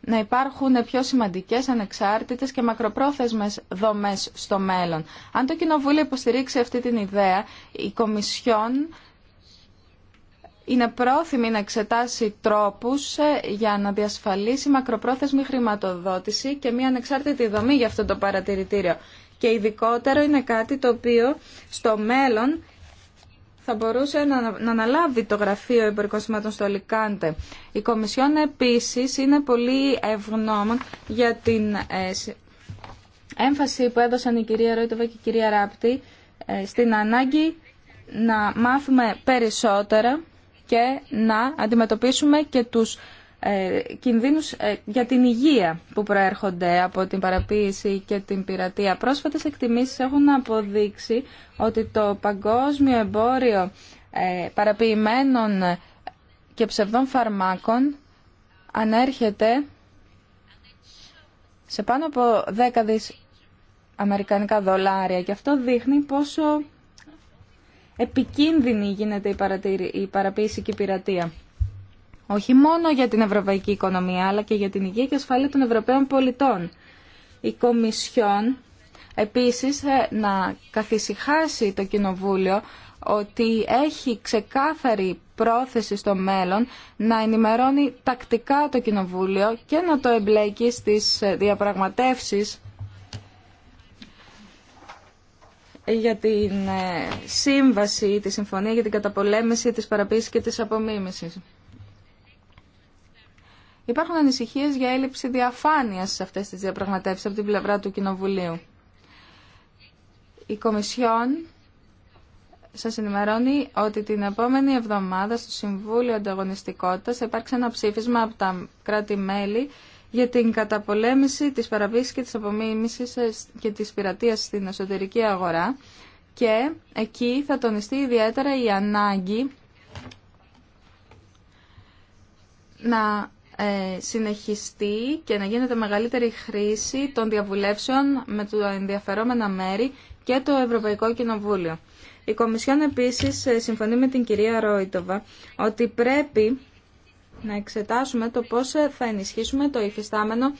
να υπάρχουν πιο σημαντικές ανεξάρτητες και μακροπρόθεσμες δομές στο μέλλον. Αν το Κοινοβούλιο υποστηρίξει αυτή την ιδέα, η Κομισιόν είναι πρόθυμη να εξετάσει τρόπους ε, για να διασφαλίσει μακροπρόθεσμη χρηματοδότηση και μια ανεξάρτητη δομή για αυτό το παρατηρητήριο. Και ειδικότερο είναι κάτι το οποίο στο μέλλον θα μπορούσε να αναλάβει το Γραφείο Εμπορικών Σημάτων στο Αλικάντε. Η Κομισιόν επίσης είναι πολύ ευγνώμων για την ε, έμφαση που έδωσαν η κυρία Ρόιτοβα και η κυρία Ράπτη ε, στην ανάγκη να μάθουμε περισσότερα και να αντιμετωπίσουμε και τους ε, κινδύνους ε, για την υγεία που προέρχονται από την παραποίηση και την πειρατεία. Πρόσφατες εκτιμήσεις έχουν αποδείξει ότι το παγκόσμιο εμπόριο ε, παραποιημένων και ψευδών φαρμάκων ανέρχεται σε πάνω από 10 αμερικανικά δολάρια και αυτό δείχνει πόσο επικίνδυνη γίνεται η παραποίηση και η πειρατεία. Όχι μόνο για την ευρωπαϊκή οικονομία, αλλά και για την υγεία και ασφάλεια των Ευρωπαίων πολιτών. Η Κομισιόν επίσης ε, να καθησυχάσει το Κοινοβούλιο ότι έχει ξεκάθαρη πρόθεση στο μέλλον να ενημερώνει τακτικά το Κοινοβούλιο και να το εμπλέκει στις ε, διαπραγματεύσεις για την ε, σύμβαση, τη συμφωνία για την καταπολέμηση της παραποίησης και της απομίμησης. Υπάρχουν ανησυχίες για έλλειψη διαφάνειας σε αυτές τις διαπραγματεύσεις από την πλευρά του Κοινοβουλίου. Η Κομισιόν σας ενημερώνει ότι την επόμενη εβδομάδα στο Συμβούλιο Ανταγωνιστικότητας θα υπάρξει ένα ψήφισμα από τα κράτη-μέλη για την καταπολέμηση της παραβίασης και της απομίμησης ε, και της πειρατείας στην εσωτερική αγορά και εκεί θα τονιστεί ιδιαίτερα η ανάγκη να ε, συνεχιστεί και να γίνεται μεγαλύτερη χρήση των διαβουλεύσεων με τα ενδιαφερόμενα μέρη και το Ευρωπαϊκό Κοινοβούλιο. Η Κομισιόν επίσης ε, συμφωνεί με την κυρία Ρόιτοβα ότι πρέπει να εξετάσουμε το πώς θα ενισχύσουμε το υφιστάμενο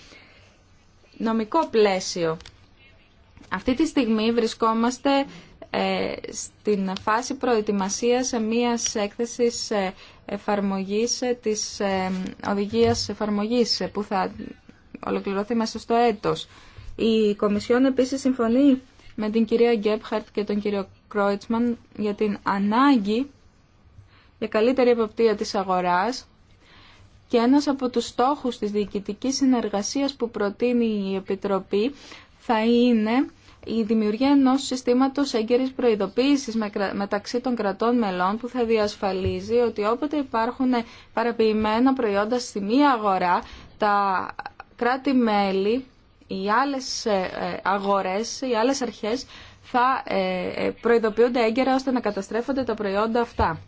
νομικό πλαίσιο. Αυτή τη στιγμή βρισκόμαστε ε, στην φάση προετοιμασίας μίας έκθεσης ε, εφαρμογής ε, της οδηγίας εφαρμογής που θα ολοκληρωθεί μέσα στο έτος. Η Κομισιόν επίσης συμφωνεί με την κυρία Γκέπχαρτ και τον κύριο Κρόιτσμαν για την ανάγκη για καλύτερη εποπτεία της αγοράς και ένας από τους στόχους της διοικητικής συνεργασίας που προτείνει η Επιτροπή θα είναι η δημιουργία ενός συστήματος έγκαιρης προειδοποίησης μεταξύ των κρατών μελών που θα διασφαλίζει ότι όποτε υπάρχουν παραποιημένα προϊόντα στη μία αγορά, τα κράτη-μέλη, οι άλλες ε, αγορές, οι άλλες αρχές θα ε, ε, προειδοποιούνται έγκαιρα ώστε να καταστρέφονται τα προϊόντα αυτά.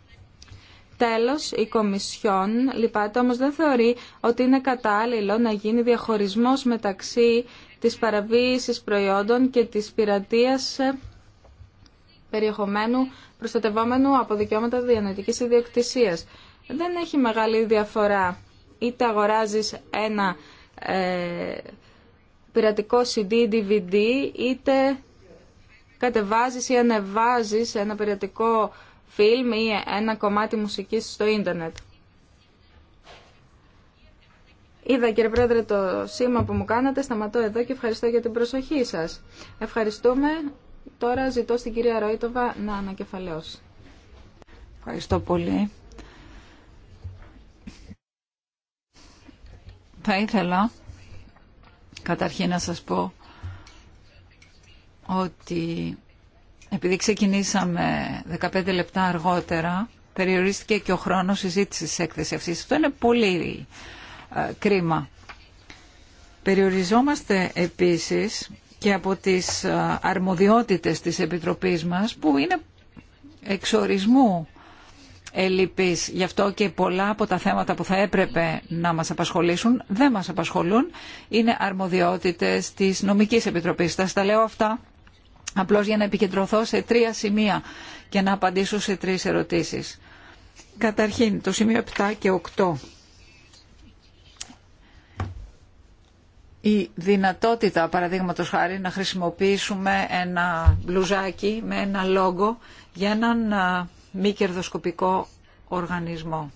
Τέλος, η Κομισιόν, λυπάται όμως δεν θεωρεί ότι είναι κατάλληλο να γίνει διαχωρισμός μεταξύ της παραβίασης προϊόντων και της πειρατείας ε, περιεχομένου προστατευόμενου από δικαιώματα διανοητικής ιδιοκτησίας. Δεν έχει μεγάλη διαφορά είτε αγοράζεις ένα ε, πειρατικό CD, DVD, είτε κατεβάζεις ή ανεβάζεις ένα πειρατικό φιλμ ή ένα κομμάτι μουσικής στο ίντερνετ. Είδα κύριε Πρόεδρε το σήμα που μου κάνατε, σταματώ εδώ και ευχαριστώ για την προσοχή σας. Ευχαριστούμε. Τώρα ζητώ στην κυρία Ρόιτοβα να ανακεφαλαιώσει. Ευχαριστώ
πολύ. Θα ήθελα καταρχήν να σας πω ότι επειδή ξεκινήσαμε 15 λεπτά αργότερα, περιορίστηκε και ο χρόνος συζήτησης τη εκθεσή. αυτή. Αυτό είναι πολύ ε, κρίμα. Περιοριζόμαστε επίσης και από τις ε, αρμοδιότητες της Επιτροπής μας που είναι εξορισμού ελλειπής. Γι' αυτό και πολλά από τα θέματα που θα έπρεπε να μας απασχολήσουν δεν μας απασχολούν. Είναι αρμοδιότητες της Νομικής Επιτροπής. Θα τα λέω αυτά Απλώς για να επικεντρωθώ σε τρία σημεία και να απαντήσω σε τρεις ερωτήσεις. Καταρχήν, το σημείο 7 και 8. η δυνατότητα παραδείγματος χάρη να χρησιμοποιήσουμε ένα μπλουζάκι με ένα λόγο για έναν μη κερδοσκοπικό οργανισμό.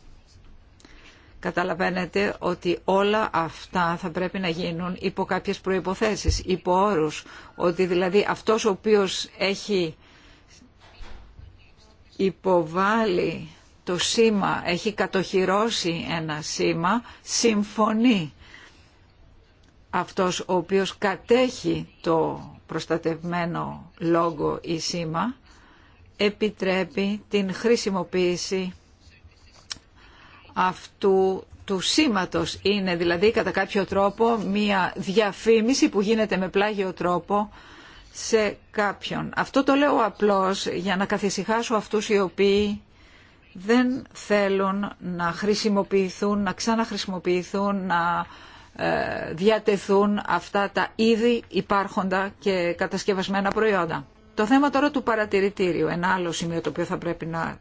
Καταλαβαίνετε ότι όλα αυτά θα πρέπει να γίνουν υπό κάποιες προϋποθέσεις, υπό όρους. Ότι δηλαδή αυτός ο οποίος έχει υποβάλει το σήμα, έχει κατοχυρώσει ένα σήμα, συμφωνεί. Αυτός ο οποίος κατέχει το προστατευμένο λόγο ή σήμα, επιτρέπει την χρησιμοποίηση αυτού του σήματος. Είναι δηλαδή κατά κάποιο τρόπο μία διαφήμιση που γίνεται με πλάγιο τρόπο σε κάποιον. Αυτό το λέω απλώς για να καθησυχάσω αυτούς οι οποίοι δεν θέλουν να χρησιμοποιηθούν, να ξαναχρησιμοποιηθούν, να ε, διατεθούν αυτά τα ήδη υπάρχοντα και κατασκευασμένα προϊόντα. Το θέμα τώρα του παρατηρητήριου, ένα άλλο σημείο το οποίο θα πρέπει να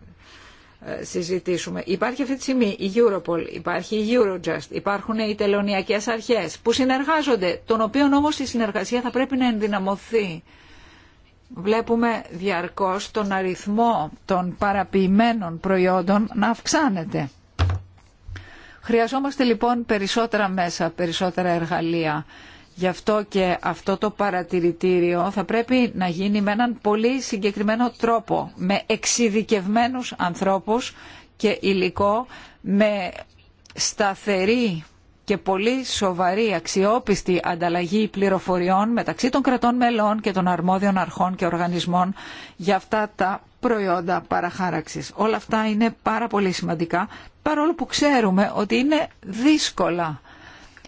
ε, συζητήσουμε. Υπάρχει αυτή τη στιγμή η Europol, υπάρχει η Eurojust, υπάρχουν οι τελωνιακές αρχές που συνεργάζονται, των οποίων όμως η συνεργασία θα πρέπει να ενδυναμωθεί. Βλέπουμε διαρκώς τον αριθμό των παραποιημένων προϊόντων να αυξάνεται. Χρειαζόμαστε λοιπόν περισσότερα μέσα, περισσότερα εργαλεία Γι' αυτό και αυτό το παρατηρητήριο θα πρέπει να γίνει με έναν πολύ συγκεκριμένο τρόπο, με εξειδικευμένους ανθρώπους και υλικό, με σταθερή και πολύ σοβαρή αξιόπιστη ανταλλαγή πληροφοριών μεταξύ των κρατών μελών και των αρμόδιων αρχών και οργανισμών για αυτά τα προϊόντα παραχάραξης. Όλα αυτά είναι πάρα πολύ σημαντικά, παρόλο που ξέρουμε ότι είναι δύσκολα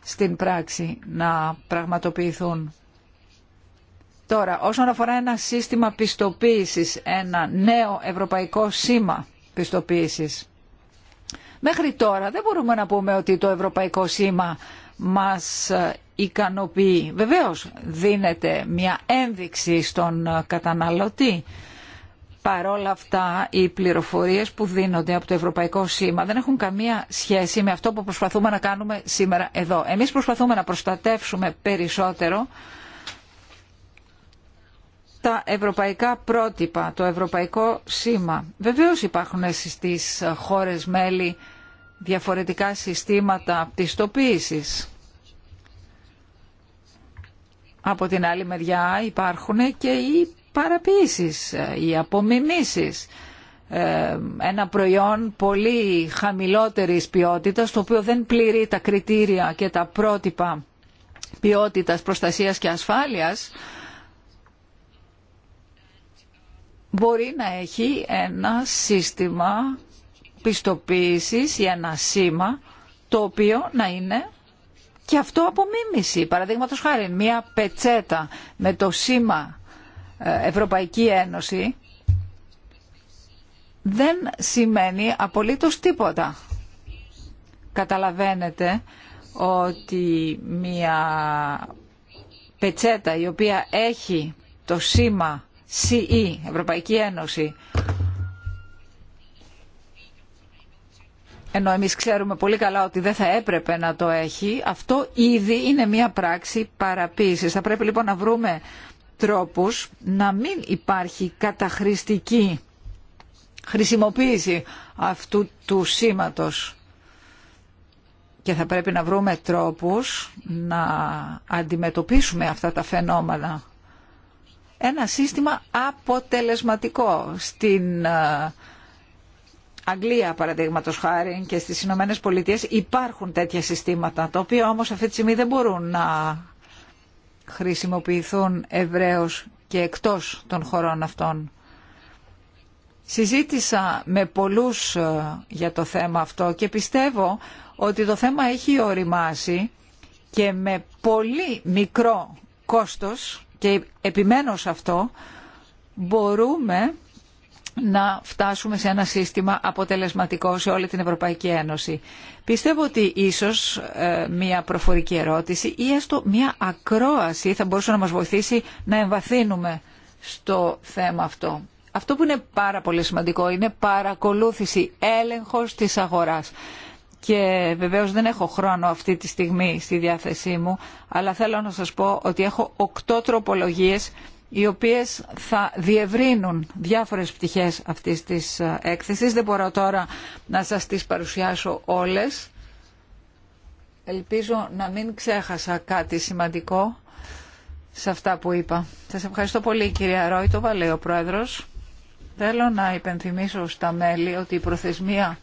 στην πράξη να πραγματοποιηθούν. Τώρα, όσον αφορά ένα σύστημα πιστοποίησης, ένα νέο ευρωπαϊκό σήμα πιστοποίησης, μέχρι τώρα δεν μπορούμε να πούμε ότι το ευρωπαϊκό σήμα μας ικανοποιεί. Βεβαίως δίνεται μια ένδειξη στον καταναλωτή Παρόλα αυτά, οι πληροφορίες που δίνονται από το Ευρωπαϊκό Σήμα δεν έχουν καμία σχέση με αυτό που προσπαθούμε να κάνουμε σήμερα εδώ. Εμείς προσπαθούμε να προστατεύσουμε περισσότερο τα ευρωπαϊκά πρότυπα, το Ευρωπαϊκό Σήμα. Βεβαίως υπάρχουν στις χώρες μέλη διαφορετικά συστήματα πτιστοποίησης. Από την άλλη μεριά υπάρχουν και οι παραποιήσεις ή ε, απομιμήσεις ε, ένα προϊόν πολύ χαμηλότερης ποιότητας το οποίο δεν πληρεί τα κριτήρια και τα πρότυπα ποιότητας, προστασίας και ασφάλειας μπορεί να έχει ένα σύστημα πιστοποίησης ή ένα σήμα το οποίο να είναι και αυτό απομίμηση. Παραδείγματος χάρη μια πετσέτα με το σήμα Ευρωπαϊκή Ένωση δεν σημαίνει απολύτως τίποτα. Καταλαβαίνετε ότι μια πετσέτα η οποία έχει το σήμα CE, Ευρωπαϊκή Ένωση, ενώ εμείς ξέρουμε πολύ καλά ότι δεν θα έπρεπε να το έχει, αυτό ήδη είναι μια πράξη παραποίησης. Θα πρέπει λοιπόν να βρούμε τρόπους να μην υπάρχει καταχρηστική χρησιμοποίηση αυτού του σήματος και θα πρέπει να βρούμε τρόπους να αντιμετωπίσουμε αυτά τα φαινόμενα. Ένα σύστημα αποτελεσματικό στην ε, Αγγλία παραδείγματο χάρη και στις Ηνωμένε Πολιτείες υπάρχουν τέτοια συστήματα τα οποία όμως αυτή τη στιγμή δεν μπορούν να χρησιμοποιηθούν ευρέως και εκτός των χωρών αυτών. Συζήτησα με πολλούς ε, για το θέμα αυτό και πιστεύω ότι το θέμα έχει οριμάσει και με πολύ μικρό κόστος και επιμένω σε αυτό μπορούμε να φτάσουμε σε ένα σύστημα αποτελεσματικό σε όλη την Ευρωπαϊκή Ένωση. Πιστεύω ότι ίσως ε, μια προφορική ερώτηση ή έστω μια ακρόαση θα μπορούσε να μας βοηθήσει να εμβαθύνουμε στο θέμα αυτό. Αυτό που είναι πάρα πολύ σημαντικό είναι παρακολούθηση, έλεγχος της αγοράς. Και βεβαίως δεν έχω χρόνο αυτή τη στιγμή στη διάθεσή μου, αλλά θέλω να σας πω ότι έχω οκτώ τροπολογίες οι οποίες θα διευρύνουν διάφορες πτυχές αυτής της ε, έκθεσης. Δεν μπορώ τώρα να σας τις παρουσιάσω όλες. Ελπίζω να μην ξέχασα κάτι σημαντικό σε αυτά που είπα. Σας ευχαριστώ πολύ κυρία Ρόιτοβα, λέει ο Πρόεδρος. Θέλω να υπενθυμίσω στα μέλη ότι η προθεσμία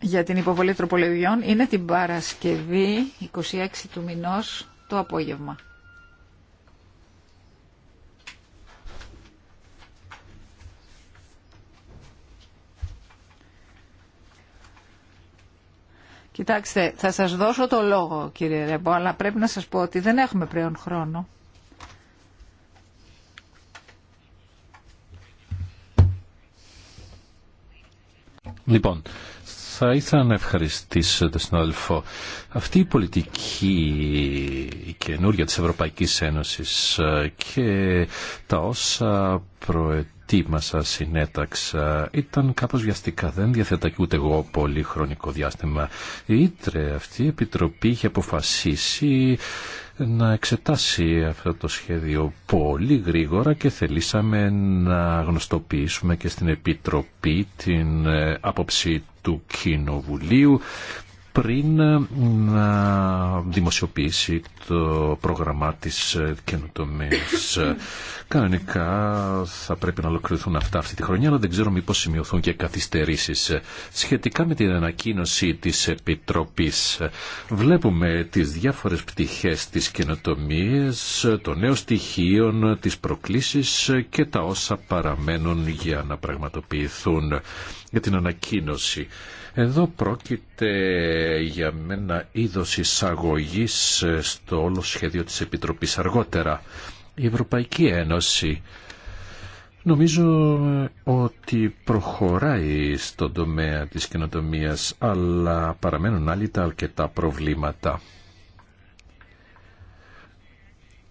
για την υποβολή τροπολογιών είναι την Παρασκευή 26 του μηνός το απόγευμα. Κοιτάξτε, θα σας δώσω το λόγο κύριε Ρέμπο, αλλά πρέπει να σας πω ότι δεν έχουμε πλέον χρόνο.
Λοιπόν, θα ήθελα να ευχαριστήσω τον συνάδελφο. Αυτή η πολιτική η καινούργια της Ευρωπαϊκής Ένωσης ε, και τα όσα προετοιμάζονται τι μα συνέταξα. Ήταν κάπω βιαστικά, δεν διαθέτα και ούτε εγώ πολύ χρονικό διάστημα. Η Ήτρε αυτή η επιτροπή είχε αποφασίσει να εξετάσει αυτό το σχέδιο πολύ γρήγορα και θελήσαμε να γνωστοποιήσουμε και στην Επιτροπή την ε, άποψη του Κοινοβουλίου πριν ε, να δημοσιοποιήσει το πρόγραμμά της ε, καινοτομίας. Ε, κανονικά θα πρέπει να ολοκληρωθούν αυτά αυτή τη χρονιά, αλλά δεν ξέρω μήπως σημειωθούν και καθυστερήσεις. Σχετικά με την ανακοίνωση της Επιτροπής, βλέπουμε τις διάφορες πτυχές της καινοτομίας, των νέων στοιχείων, τις προκλήσεις και τα όσα παραμένουν για να πραγματοποιηθούν για την ανακοίνωση. Εδώ πρόκειται για μένα είδος εισαγωγή ε, στο όλο σχέδιο της Επιτροπής αργότερα. Η Ευρωπαϊκή Ένωση Νομίζω ε, ότι προχωράει στον τομέα της καινοτομίας, αλλά παραμένουν άλλοι τα αρκετά προβλήματα.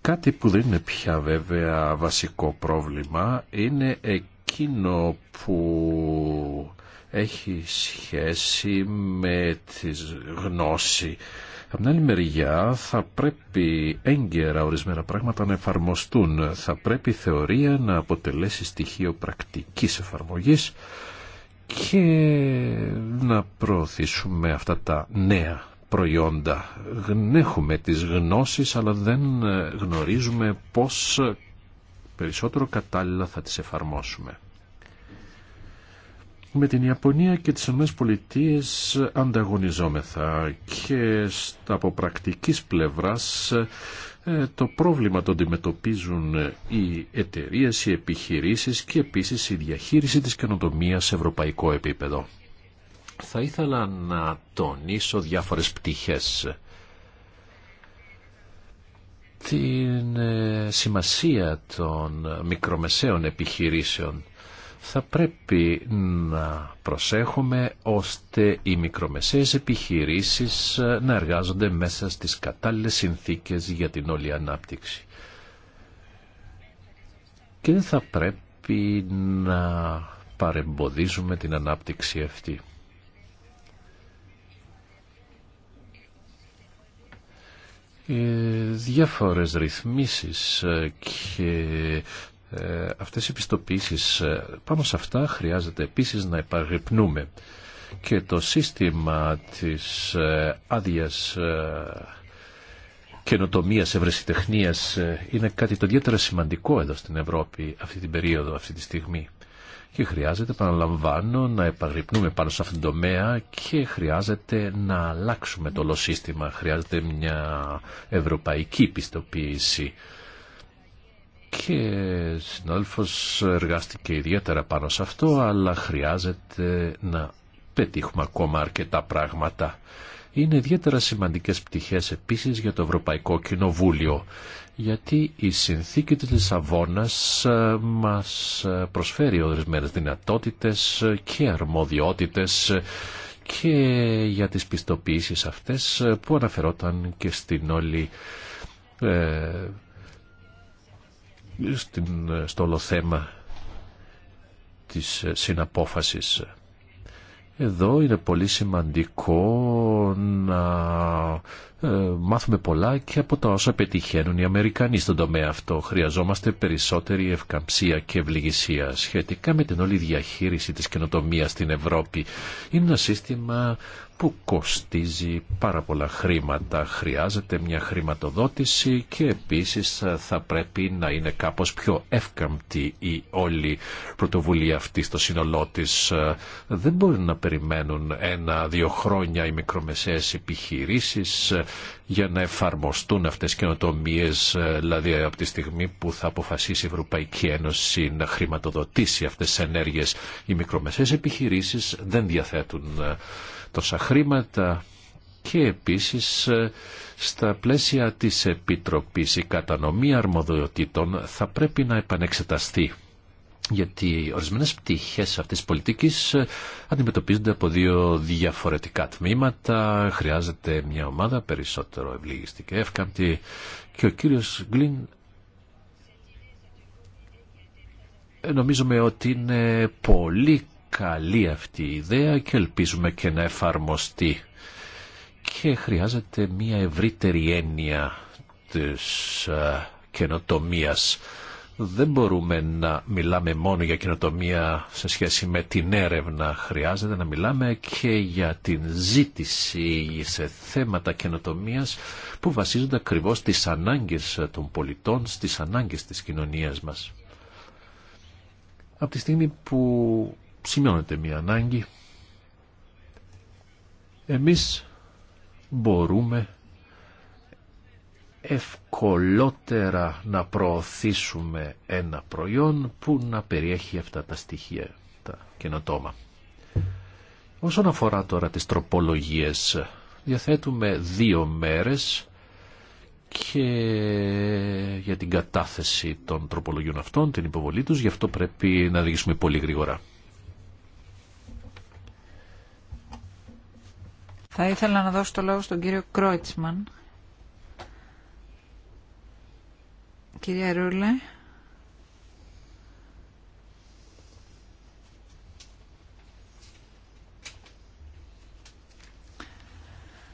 Κάτι που δεν είναι πια βέβαια βασικό πρόβλημα είναι εκείνο που έχει σχέση με τη γνώση. Από την άλλη μεριά θα πρέπει έγκαιρα ορισμένα πράγματα να εφαρμοστούν. Θα πρέπει η θεωρία να αποτελέσει στοιχείο πρακτικής εφαρμογής και να προωθήσουμε αυτά τα νέα προϊόντα. Έχουμε τις γνώσεις αλλά δεν γνωρίζουμε πώς περισσότερο κατάλληλα θα τις εφαρμόσουμε με την Ιαπωνία και τις ΗΠΑ ανταγωνιζόμεθα και από πρακτικής πλευράς ε, το πρόβλημα το αντιμετωπίζουν οι εταιρείε, οι επιχειρήσεις και επίσης η διαχείριση της καινοτομία σε ευρωπαϊκό επίπεδο. Θα ήθελα να τονίσω διάφορες πτυχές. Την ε, σημασία των μικρομεσαίων επιχειρήσεων θα πρέπει να προσέχουμε ώστε οι μικρομεσαίες επιχειρήσεις να εργάζονται μέσα στις κατάλληλες συνθήκες για την όλη ανάπτυξη. Και δεν θα πρέπει να παρεμποδίζουμε την ανάπτυξη αυτή. Ε, διάφορες ρυθμίσεις ε, και ε, αυτές οι πιστοποίησεις ε, πάνω σε αυτά χρειάζεται επίσης να επαγρυπνούμε και το σύστημα της ε, άδεια καινοτομίας, ευρεσιτεχνίας είναι κάτι το ιδιαίτερα σημαντικό εδώ στην Ευρώπη αυτή την περίοδο, αυτή τη στιγμή. Και χρειάζεται, παραλαμβάνω, να επαγρυπνούμε πάνω σε αυτήν την τομέα και χρειάζεται να αλλάξουμε το όλο σύστημα. Χρειάζεται μια ευρωπαϊκή πιστοποίηση και συνόλφος εργάστηκε ιδιαίτερα πάνω σε αυτό αλλά χρειάζεται να πετύχουμε ακόμα αρκετά πράγματα. Είναι ιδιαίτερα σημαντικές πτυχές επίσης για το Ευρωπαϊκό Κοινοβούλιο γιατί η συνθήκη της Λισαβόνας ε, μας ε, προσφέρει ορισμένες δυνατότητες και αρμοδιότητες και για τις πιστοποιήσεις αυτές ε, που αναφερόταν και στην όλη στην, στο όλο θέμα της συναπόφασης. Εδώ είναι πολύ σημαντικό να ε, μάθουμε πολλά και από τα όσα πετυχαίνουν οι Αμερικανοί στον τομέα αυτό. Χρειαζόμαστε περισσότερη ευκαμψία και ευληγησία σχετικά με την όλη διαχείριση της καινοτομίας στην Ευρώπη. Είναι ένα σύστημα που κοστίζει πάρα πολλά χρήματα. Χρειάζεται μια χρηματοδότηση και επίσης θα πρέπει να είναι κάπως πιο εύκαμπτη η όλη πρωτοβουλία αυτή στο σύνολό τη. Δεν μπορεί να περιμένουν ένα-δύο χρόνια οι μικρομεσαίες επιχειρήσεις για να εφαρμοστούν αυτές οι καινοτομίες, δηλαδή από τη στιγμή που θα αποφασίσει η Ευρωπαϊκή Ένωση να χρηματοδοτήσει αυτές τις ενέργειες. Οι μικρομεσαίες επιχειρήσεις δεν διαθέτουν τόσα χρήματα και επίσης ε, στα πλαίσια της Επιτροπής η κατανομή αρμοδιοτήτων θα πρέπει να επανεξεταστεί γιατί ορισμένες πτυχές αυτής της πολιτικής ε, αντιμετωπίζονται από δύο διαφορετικά τμήματα. Χρειάζεται μια ομάδα περισσότερο ευλίγιστη και εύκαμπτη και ο κύριος Γκλίν ε, νομίζουμε ότι είναι πολύ καλή αυτή η ιδέα και ελπίζουμε και να εφαρμοστεί. Και χρειάζεται μια ευρύτερη έννοια της καινοτομίας. Δεν μπορούμε να μιλάμε μόνο για καινοτομία σε σχέση με την έρευνα. Χρειάζεται να μιλάμε και για την ζήτηση σε θέματα καινοτομίας που βασίζονται ακριβώς στις ανάγκες των πολιτών, στις ανάγκες της κοινωνίας μας. Από τη στιγμή που σημειώνεται μια ανάγκη. Εμείς μπορούμε ευκολότερα να προωθήσουμε ένα προϊόν που να περιέχει αυτά τα στοιχεία, τα καινοτόμα. Όσον αφορά τώρα τις τροπολογίες, διαθέτουμε δύο μέρες και για την κατάθεση των τροπολογιών αυτών, την υποβολή τους, γι' αυτό πρέπει να διηγήσουμε πολύ γρήγορα.
Θα ήθελα να δώσω το λόγο στον κύριο Κρόιτσμαν. Κυρία Ρούλε.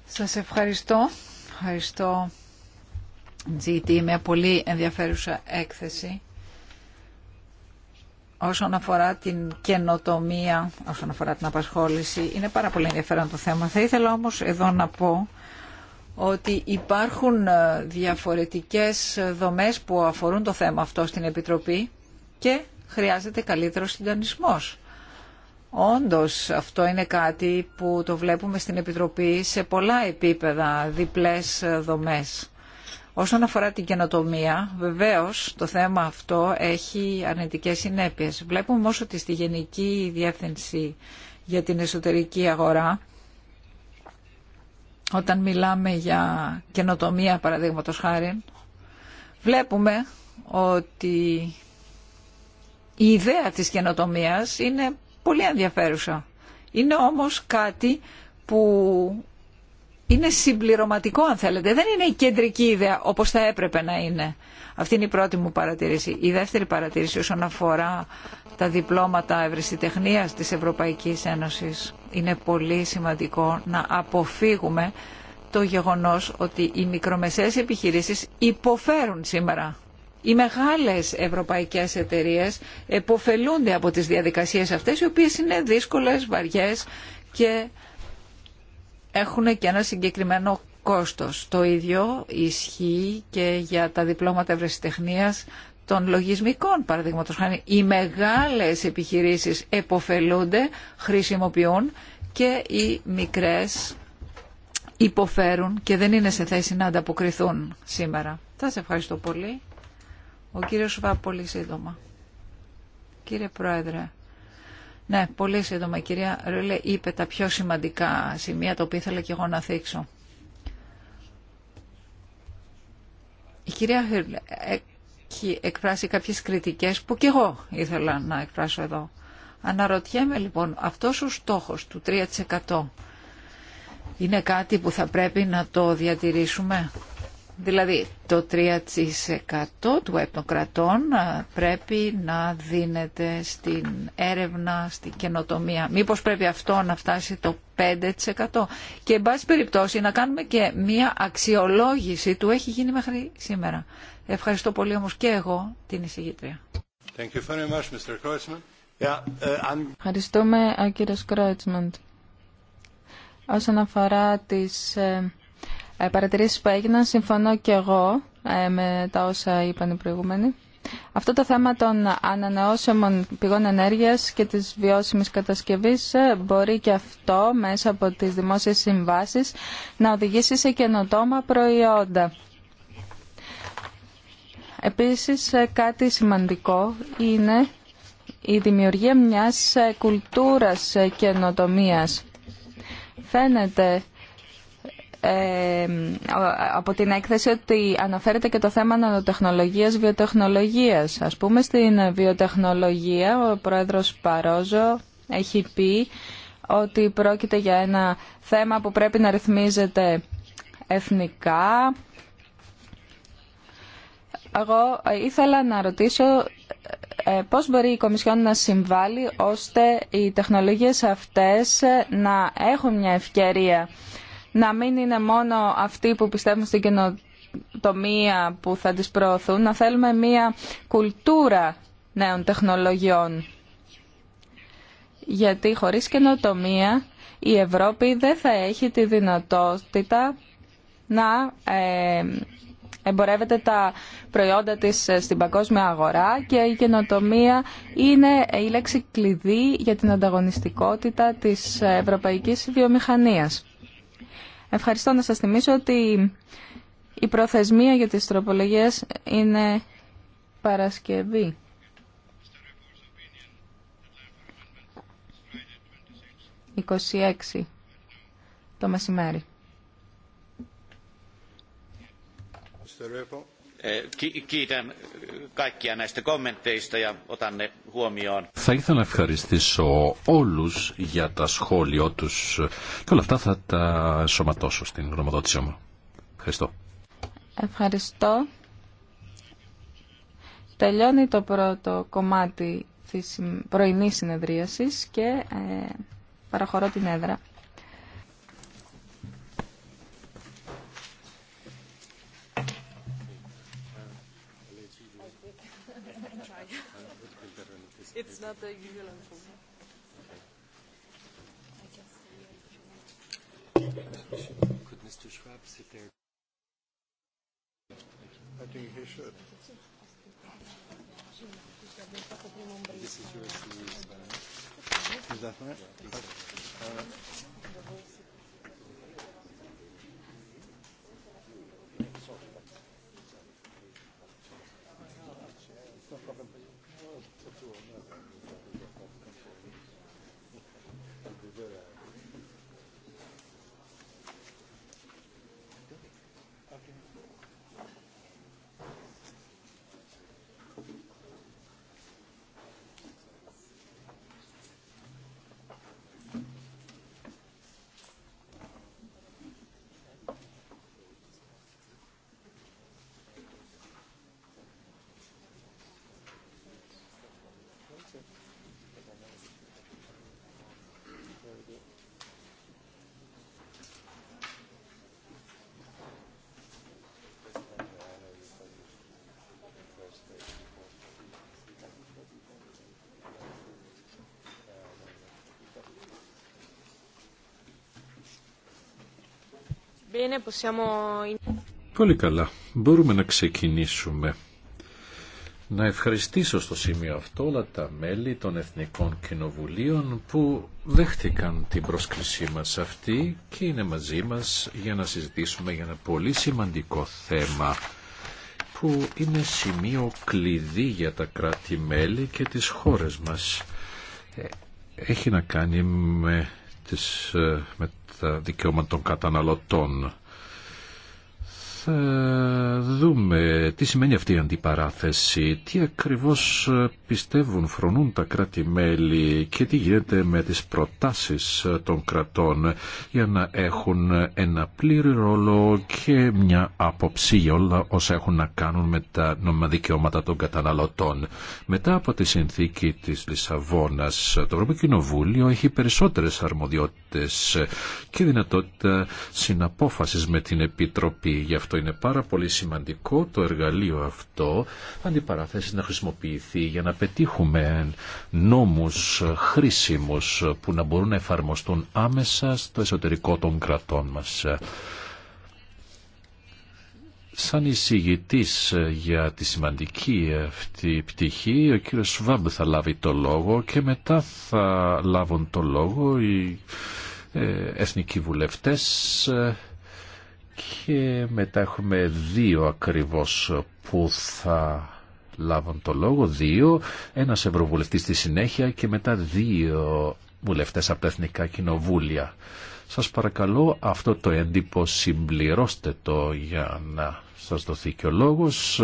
Σας ευχαριστώ. Ευχαριστώ, GT, μια πολύ ενδιαφέρουσα έκθεση όσον αφορά την καινοτομία, όσον αφορά την απασχόληση, είναι πάρα πολύ ενδιαφέρον το θέμα. Θα ήθελα όμως εδώ να πω ότι υπάρχουν ε, διαφορετικές ε, δομές που αφορούν το θέμα αυτό στην Επιτροπή και χρειάζεται καλύτερο συντονισμός. Όντως αυτό είναι κάτι που το βλέπουμε στην Επιτροπή σε πολλά επίπεδα, διπλές ε, δομές. Όσον αφορά την καινοτομία, βεβαίω το θέμα αυτό έχει αρνητικέ συνέπειες. Βλέπουμε όμω ότι στη Γενική Διεύθυνση για την Εσωτερική Αγορά, όταν μιλάμε για καινοτομία παραδείγματο χάρη, βλέπουμε ότι η ιδέα της καινοτομίας είναι πολύ ενδιαφέρουσα. Είναι όμως κάτι που είναι συμπληρωματικό αν θέλετε. Δεν είναι η κεντρική ιδέα όπως θα έπρεπε να είναι. Αυτή είναι η πρώτη μου παρατήρηση. Η δεύτερη παρατήρηση όσον αφορά τα διπλώματα ευρεσιτεχνίας της Ευρωπαϊκής Ένωσης είναι πολύ σημαντικό να αποφύγουμε το γεγονός ότι οι μικρομεσαίες επιχειρήσεις υποφέρουν σήμερα. Οι μεγάλες ευρωπαϊκές εταιρείες εποφελούνται από τις διαδικασίες αυτές οι οποίες είναι δύσκολες, βαριές και έχουν και ένα συγκεκριμένο κόστος. Το ίδιο ισχύει και για τα διπλώματα ευρεσιτεχνίας των λογισμικών, παραδείγματος χάνει. Οι μεγάλες επιχειρήσεις εποφελούνται, χρησιμοποιούν και οι μικρές υποφέρουν και δεν είναι σε θέση να ανταποκριθούν σήμερα. Θα σε ευχαριστώ πολύ. Ο κύριος Βάπολης πολύ σύντομα. Κύριε Πρόεδρε, ναι, πολύ σύντομα. Η κυρία Ρούλε είπε τα πιο σημαντικά σημεία τα οποία ήθελα και εγώ να θίξω. Η κυρία Ρούλε έχει εκφράσει κάποιες κριτικές που και εγώ ήθελα να εκφράσω εδώ. Αναρωτιέμαι λοιπόν, αυτός ο στόχος του 3% είναι κάτι που θα πρέπει να το διατηρήσουμε. Δηλαδή το 3% του επνοκρατών πρέπει να δίνεται στην έρευνα, στην καινοτομία. Μήπως πρέπει αυτό να φτάσει το 5% και εν πάση περιπτώσει να κάνουμε και μία αξιολόγηση του έχει γίνει μέχρι σήμερα. Ευχαριστώ πολύ όμως και
εγώ την εισηγήτρια.
Thank you very uh,
Ευχαριστούμε ε, κύριε Κρόιτσμαντ. Όσον αφορά τις... Ε, ε, παρατηρήσεις που έγιναν. Συμφωνώ και εγώ ε, με τα όσα είπαν οι προηγούμενοι. Αυτό το θέμα των ανανεώσιμων πηγών ενέργειας και της βιώσιμης κατασκευής ε, μπορεί και αυτό μέσα από τις δημόσιες συμβάσεις να οδηγήσει σε καινοτόμα προϊόντα. Επίσης κάτι σημαντικό είναι η δημιουργία μιας κουλτούρας καινοτομίας. Φαίνεται ε, από την έκθεση ότι αναφέρεται και το θέμα νανοτεχνολογίας, βιοτεχνολογίας. Ας πούμε στην βιοτεχνολογία ο πρόεδρος Παρόζο έχει πει ότι πρόκειται για ένα θέμα που πρέπει να ρυθμίζεται εθνικά. Εγώ ήθελα να ρωτήσω ε, πώς μπορεί η Κομισιόν να συμβάλλει ώστε οι τεχνολογίες αυτές να έχουν μια ευκαιρία να μην είναι μόνο αυτοί που πιστεύουν στην καινοτομία που θα τις προωθούν, να θέλουμε μία κουλτούρα νέων τεχνολογιών. Γιατί χωρίς καινοτομία η Ευρώπη δεν θα έχει τη δυνατότητα να ε, εμπορεύεται τα προϊόντα της ε, στην παγκόσμια αγορά και η καινοτομία είναι η λέξη κλειδί για την ανταγωνιστικότητα της ε, ευρωπαϊκής βιομηχανίας. Ευχαριστώ να σας θυμίσω ότι η προθεσμία για τις τροπολογίες είναι Παρασκευή. ...26 το μεσημέρι.
Θα ήθελα να ευχαριστήσω όλους για τα σχόλια τους και όλα αυτά θα τα σωματώσω στην γνωμοδότησή μου. Ευχαριστώ.
Ευχαριστώ. Τελειώνει το πρώτο κομμάτι της πρωινής συνεδρίασης και ε, παραχωρώ την έδρα.
Could Mr. Schwab sit there? I think he should. This is your series, Is that right? Πολύ καλά. Μπορούμε να ξεκινήσουμε. Να ευχαριστήσω στο σημείο αυτό όλα τα μέλη των Εθνικών Κοινοβουλίων που δέχτηκαν την πρόσκλησή μας αυτή και είναι μαζί μας για να συζητήσουμε για ένα πολύ σημαντικό θέμα που είναι σημείο κλειδί για τα κράτη-μέλη και τις χώρες μας. Ε, έχει να κάνει με της, ε, με τα δικαιώματα των καταναλωτών θα δούμε τι σημαίνει αυτή η αντιπαράθεση, τι ακριβώς πιστεύουν, φρονούν τα κράτη-μέλη και τι γίνεται με τις προτάσεις των κρατών για να έχουν ένα πλήρη ρόλο και μια άποψη για όλα όσα έχουν να κάνουν με τα νομιμαδικαιώματα των καταναλωτών. Μετά από τη συνθήκη της Λισαβόνας, το Ευρωπαϊκό Κοινοβούλιο έχει περισσότερες αρμοδιότητες και δυνατότητα συναπόφασης με την Επιτροπή. Γι' αυτό αυτό είναι πάρα πολύ σημαντικό το εργαλείο αυτό αντιπαραθέσεις να χρησιμοποιηθεί για να πετύχουμε νόμους χρήσιμους που να μπορούν να εφαρμοστούν άμεσα στο εσωτερικό των κρατών μας σαν εισηγητής για τη σημαντική αυτή πτυχή, ο κύριος Βάμπ θα λάβει το λόγο και μετά θα λάβουν το λόγο οι ε, εθνικοί βουλευτές ε, και μετά έχουμε δύο ακριβώς που θα λάβουν το λόγο, δύο, ένας ευρωβουλευτής στη συνέχεια και μετά δύο βουλευτές από τα Εθνικά Κοινοβούλια. Σας παρακαλώ αυτό το έντυπο συμπληρώστε το για να σας δοθεί και ο λόγος.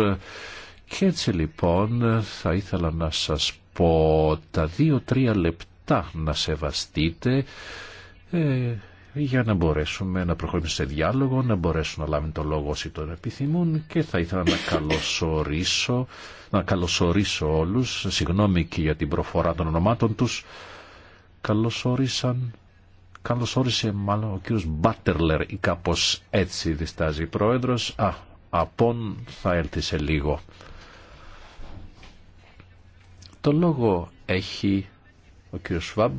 Και έτσι λοιπόν θα ήθελα να σας πω τα δύο-τρία λεπτά να σεβαστείτε. Ε, για να μπορέσουμε να προχωρήσουμε σε διάλογο, να μπορέσουν να λάβουν το λόγο όσοι τον επιθυμούν και θα ήθελα να καλωσορίσω, να καλωσορίσω όλους, συγγνώμη και για την προφορά των ονομάτων τους, καλωσόρισαν, καλωσόρισε μάλλον ο κύριος Μπάτερλερ ή κάπως έτσι διστάζει η πρόεδρος, α, απόν θα έρθει σε λίγο. Το λόγο έχει ο κύριος Σβάμπ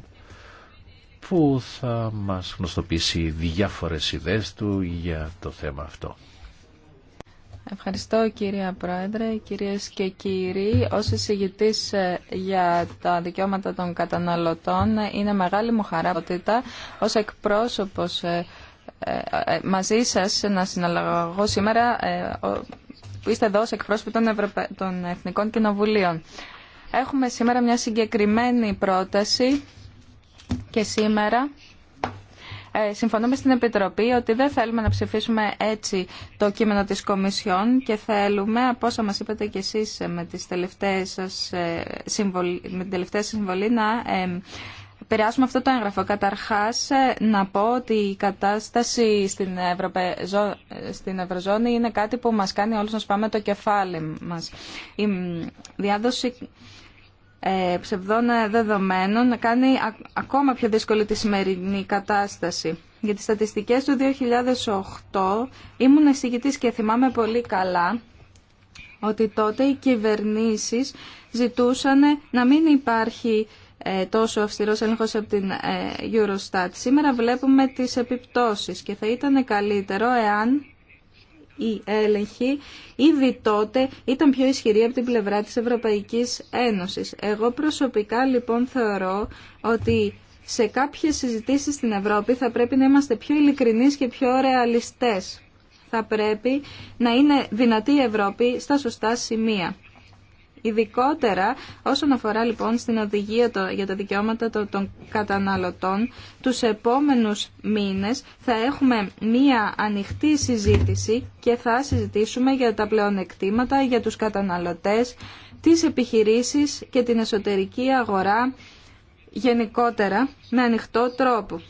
που θα μας γνωστοποιήσει διάφορες ιδέες του για το θέμα αυτό.
Ευχαριστώ κυρία Πρόεδρε, κυρίες και κύριοι. Ως εισηγητής ε, για τα δικαιώματα των καταναλωτών είναι μεγάλη μου χαρά ως εκπρόσωπος ε, ε, μαζί σας να συναλλαγώ σήμερα που είστε εδώ ως εκπρόσωποι των, των Εθνικών Κοινοβουλίων. Έχουμε σήμερα μια συγκεκριμένη πρόταση και σήμερα ε, συμφωνούμε στην Επιτροπή ότι δεν θέλουμε να ψηφίσουμε έτσι το κείμενο της Κομισιόν και θέλουμε, από όσα μας είπατε κι εσείς ε, με, τις τελευταίες σας ε, με την τελευταία συμβολή, να επηρεάσουμε αυτό το έγγραφο. Καταρχάς, να πω ότι η κατάσταση στην, στην Ευρωζώνη είναι κάτι που μας κάνει όλους να σπάμε το κεφάλι μας. Η διάδοση ε, ψευδών ε, δεδομένων να κάνει ακόμα πιο δύσκολη τη σημερινή κατάσταση. Για τις στατιστικές του 2008 ήμουν εισηγητής και θυμάμαι πολύ καλά ότι τότε οι κυβερνήσεις ζητούσαν να μην υπάρχει ε, τόσο αυστηρός έλεγχος από την Eurostat. Σήμερα βλέπουμε τις επιπτώσεις και θα ήταν καλύτερο εάν η έλεγχη ήδη τότε ήταν πιο ισχυρή από την πλευρά της Ευρωπαϊκής Ένωσης. Εγώ προσωπικά λοιπόν θεωρώ ότι σε κάποιες συζητήσεις στην Ευρώπη θα πρέπει να είμαστε πιο ειλικρινείς και πιο ρεαλιστές. Θα πρέπει να είναι δυνατή η Ευρώπη στα σωστά σημεία. Ειδικότερα όσον αφορά λοιπόν στην οδηγία για τα δικαιώματα των καταναλωτών, τους επόμενους μήνες θα έχουμε μία ανοιχτή συζήτηση και θα συζητήσουμε για τα πλεονεκτήματα, για τους καταναλωτές, τις επιχειρήσεις και την εσωτερική αγορά γενικότερα με ανοιχτό τρόπο.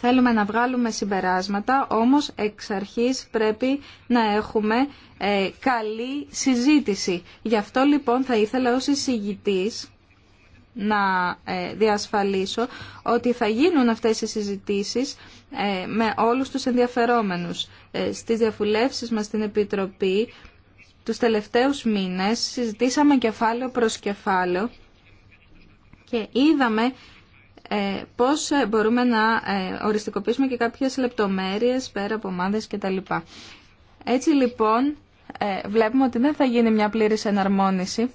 Θέλουμε να βγάλουμε συμπεράσματα, όμως εξ αρχής πρέπει να έχουμε ε, καλή συζήτηση. Γι' αυτό λοιπόν θα ήθελα ως εισηγητής να ε, διασφαλίσω ότι θα γίνουν αυτές οι συζητήσεις ε, με όλους τους ενδιαφερόμενους. Στις διαφουλεύσεις μας στην Επιτροπή τους τελευταίους μήνες συζητήσαμε κεφάλαιο προς κεφάλαιο και είδαμε ε, πώς ε, μπορούμε να ε, οριστικοποιήσουμε και κάποιες λεπτομέρειες πέρα από ομάδες κτλ. Έτσι λοιπόν βλέπουμε ότι δεν θα γίνει μια πλήρης εναρμόνιση,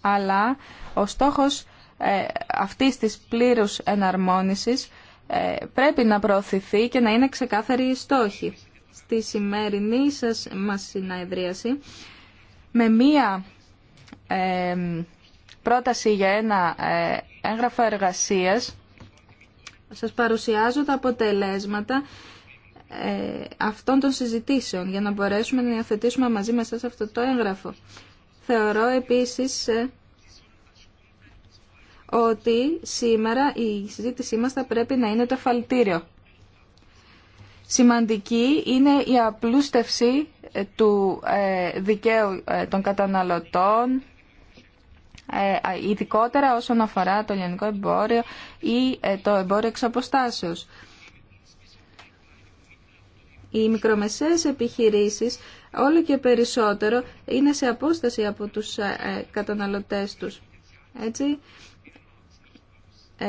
αλλά ο στόχος αυτής της πλήρους εναρμόνισης πρέπει να προωθηθεί και να είναι ξεκάθαρη η στόχη. Στη σημερινή σας μας συναεδρίαση, με μία πρόταση για ένα έγγραφα εργασίας σας παρουσιάζω τα αποτελέσματα ε, αυτών των συζητήσεων για να μπορέσουμε να υιοθετήσουμε μαζί με σας αυτό το έγγραφο. Θεωρώ επίσης ε, ότι σήμερα η συζήτησή μας θα πρέπει να είναι το φαλτήριο. Σημαντική είναι η απλούστευση ε, του δικαίου των καταναλωτών, ε, ειδικότερα όσον αφορά το λιανικό εμπόριο ή ε, το εμπόριο εξ αποστάσεως. Οι μικρομεσαίες επιχειρήσεις όλο και περισσότερο είναι σε απόσταση από τους ε, καταναλωτές τους. Έτσι, ε,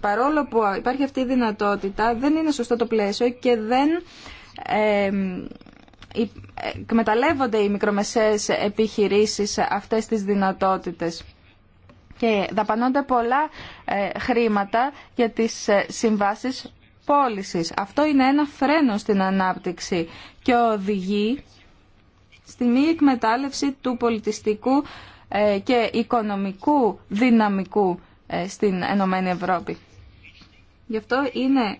παρόλο που υπάρχει αυτή η δυνατότητα, δεν είναι σωστό το εμποριο εξ αποστασεως οι μικρομεσαιες επιχειρησεις ολο και περισσοτερο ειναι σε αποσταση απο τους καταναλωτες τους ετσι παρολο που υπαρχει αυτη η δυνατοτητα δεν ειναι σωστο το πλαισιο και δεν εκμεταλλεύονται οι μικρομεσαίες επιχειρήσεις αυτές τις δυνατότητες και δαπανώνται πολλά ε, χρήματα για τις ε, συμβάσεις πώλησης. Αυτό είναι ένα φρένο στην ανάπτυξη και οδηγεί στη μη εκμετάλλευση του πολιτιστικού ε, και οικονομικού δυναμικού στην ΕΕ. Ευρώπη. Γι' αυτό είναι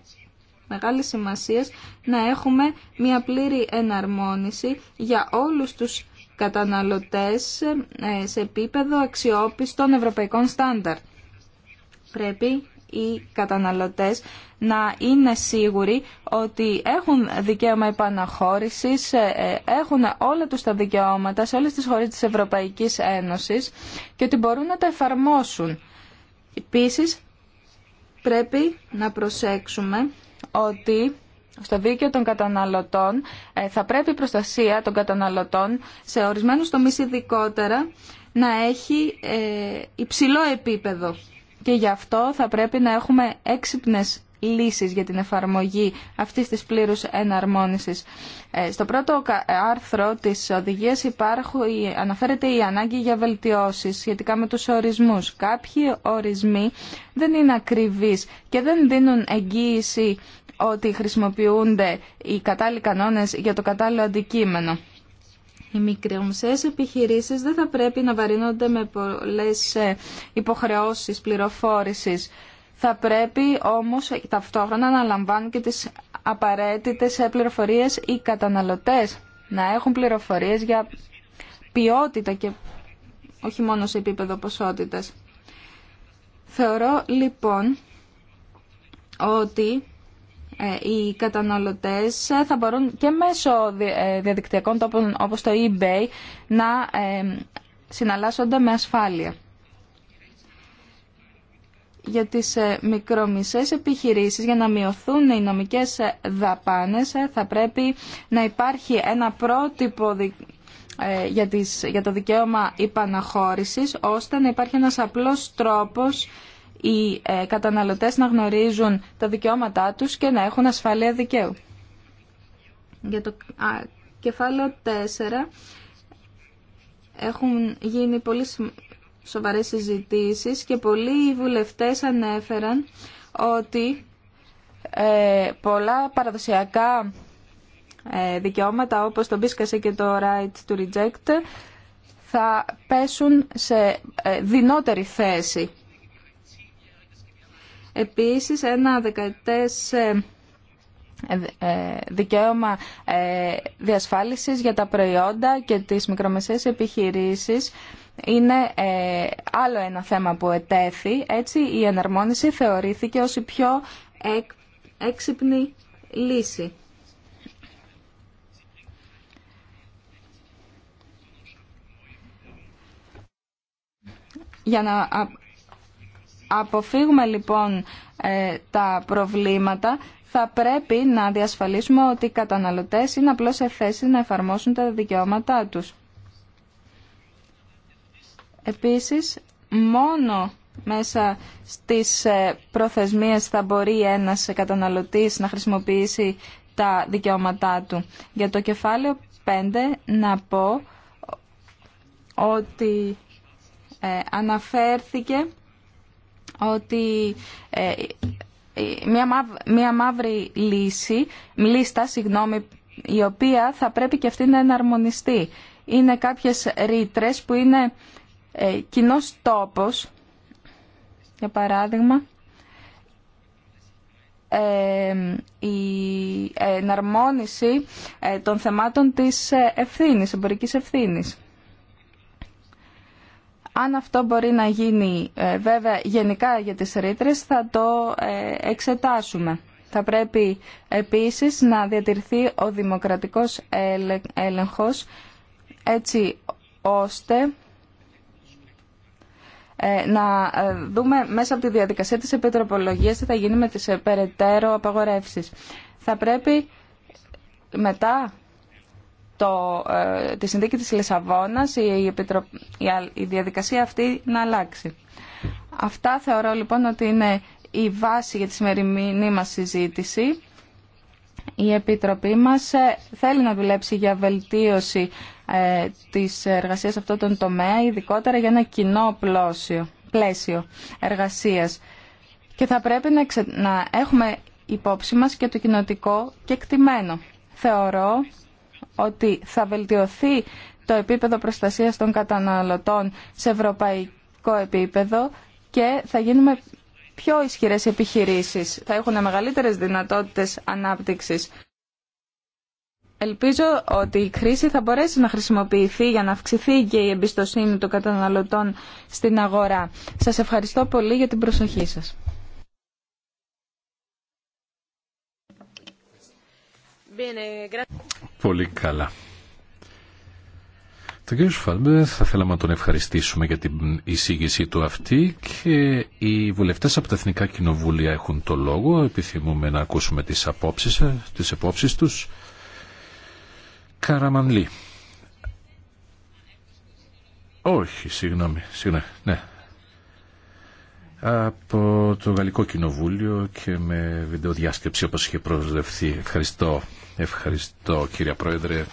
μεγάλη σημασία να έχουμε μια πλήρη εναρμόνιση για όλους τους καταναλωτές ε, σε επίπεδο αξιόπιστων ευρωπαϊκών στάνταρ. Πρέπει οι καταναλωτές να είναι σίγουροι ότι έχουν δικαίωμα επαναχώρησης, ε, ε, έχουν όλα τους τα δικαιώματα σε όλες τις χώρες της Ευρωπαϊκής Ένωσης και ότι μπορούν να τα εφαρμόσουν. Επίσης, πρέπει να προσέξουμε ότι στο δίκαιο των καταναλωτών ε, θα πρέπει η προστασία των καταναλωτών σε ορισμένους τομείς ειδικότερα να έχει ε, υψηλό επίπεδο. Και γι' αυτό θα πρέπει να έχουμε έξυπνες λύσεις για την εφαρμογή αυτής της πλήρους εναρμόνισης. Ε, στο πρώτο άρθρο της οδηγίας υπάρχουν, αναφέρεται η ανάγκη για βελτιώσεις σχετικά με τους ορισμούς. Κάποιοι ορισμοί δεν είναι ακριβείς και δεν δίνουν εγγύηση ότι χρησιμοποιούνται οι κατάλληλοι κανόνες για το κατάλληλο αντικείμενο. Οι μικρομεσαίες επιχειρήσεις δεν θα πρέπει να βαρύνονται με πολλές ε, υποχρεώσεις πληροφόρησης. Θα πρέπει όμως ταυτόχρονα να λαμβάνουν και τις απαραίτητες πληροφορίες οι καταναλωτές, να έχουν πληροφορίες για ποιότητα και όχι μόνο σε επίπεδο ποσότητας. Θεωρώ λοιπόν ότι ε, οι καταναλωτές θα μπορούν και μέσω ε, διαδικτυακών τόπων όπως το eBay να ε, συναλλάσσονται με ασφάλεια για τις ε, μικρομισές επιχειρήσεις για να μειωθούν οι νομικές ε, δαπάνες ε, θα πρέπει να υπάρχει ένα πρότυπο για το δικαίωμα υπαναχώρησης ώστε να υπάρχει ένας απλός τρόπος οι καταναλωτές να γνωρίζουν τα δικαιώματά τους και να έχουν ασφάλεια δικαίου. Για το κεφάλαιο 4 έχουν γίνει πολύ σοβαρές συζητήσεις και πολλοί βουλευτές ανέφεραν ότι ε, πολλά παραδοσιακά ε, δικαιώματα όπως το μπίσκασε και το Right to Reject θα πέσουν σε ε, δυνότερη θέση. Επίσης, ένα δεκαετές δικαίωμα διασφάλισης για τα προϊόντα και τις μικρομεσαίες επιχειρήσεις είναι ε, άλλο ένα θέμα που ετέθη. Έτσι, η εναρμόνιση θεωρήθηκε ως η πιο έξυπνη λύση.
Για να αποφύγουμε
λοιπόν ε, τα προβλήματα, θα πρέπει να διασφαλίσουμε ότι οι καταναλωτές είναι απλώς σε θέση να εφαρμόσουν τα δικαιώματά τους. Επίσης, μόνο μέσα στις ε, προθεσμίες θα μπορεί ένας καταναλωτής να χρησιμοποιήσει τα δικαιώματά του. Για το κεφάλαιο 5 να πω ότι ε, αναφέρθηκε ότι ε, μια μαύρη λύση, λίστα, συγγνώμη, η οποία θα πρέπει και αυτή να εναρμονιστεί. Είναι κάποιες ρήτρες που είναι ε, κοινός τόπος, για παράδειγμα, ε, η εναρμόνιση ε, των θεμάτων της ε, ευθύνης, εμπορικής ευθύνης. Αν αυτό μπορεί να γίνει βέβαια γενικά για τις ρήτρε, θα το εξετάσουμε. Θα πρέπει επίσης να διατηρηθεί ο δημοκρατικός έλεγχος έτσι ώστε ε, να ε, δούμε μέσα από τη διαδικασία της επιτροπολογίας τι θα γίνει με τις ε, περαιτέρω απαγορεύσεις. Θα πρέπει μετά το, τη Συνδίκη της Λισαβόνας η, η διαδικασία αυτή να αλλάξει. Αυτά θεωρώ λοιπόν ότι είναι η βάση για τη σημερινή μας συζήτηση. Η Επιτροπή μας θέλει να δουλέψει για βελτίωση ε, της εργασίας σε αυτόν τον τομέα, ειδικότερα για ένα κοινό πλώσιο, πλαίσιο εργασίας. Και θα πρέπει να, έχουμε υπόψη μας και το κοινοτικό και εκτιμένο. Θεωρώ ότι θα βελτιωθεί το επίπεδο προστασίας των καταναλωτών σε ευρωπαϊκό επίπεδο και θα γίνουμε πιο ισχυρές επιχειρήσεις. Θα έχουν μεγαλύτερες δυνατότητες ανάπτυξης. Ελπίζω ότι η κρίση θα μπορέσει να χρησιμοποιηθεί για να αυξηθεί και η εμπιστοσύνη των καταναλωτών στην αγορά. Σας ευχαριστώ πολύ για την προσοχή σας.
Πολύ καλά. Τον κύριο Σουφάλμπε θα θέλαμε να τον ευχαριστήσουμε για την εισήγησή του αυτή και οι βουλευτές από τα Εθνικά Κοινοβούλια έχουν το λόγο. Επιθυμούμε να ακούσουμε τις απόψεις, τις απόψεις τους. Καραμανλή. Όχι, συγγνώμη, συγγνώμη, ναι. Από το Γαλλικό Κοινοβούλιο και με βιντεοδιάσκεψη όπως είχε προσδευθεί. Ευχαριστώ, ευχαριστώ κύριε Πρόεδρε.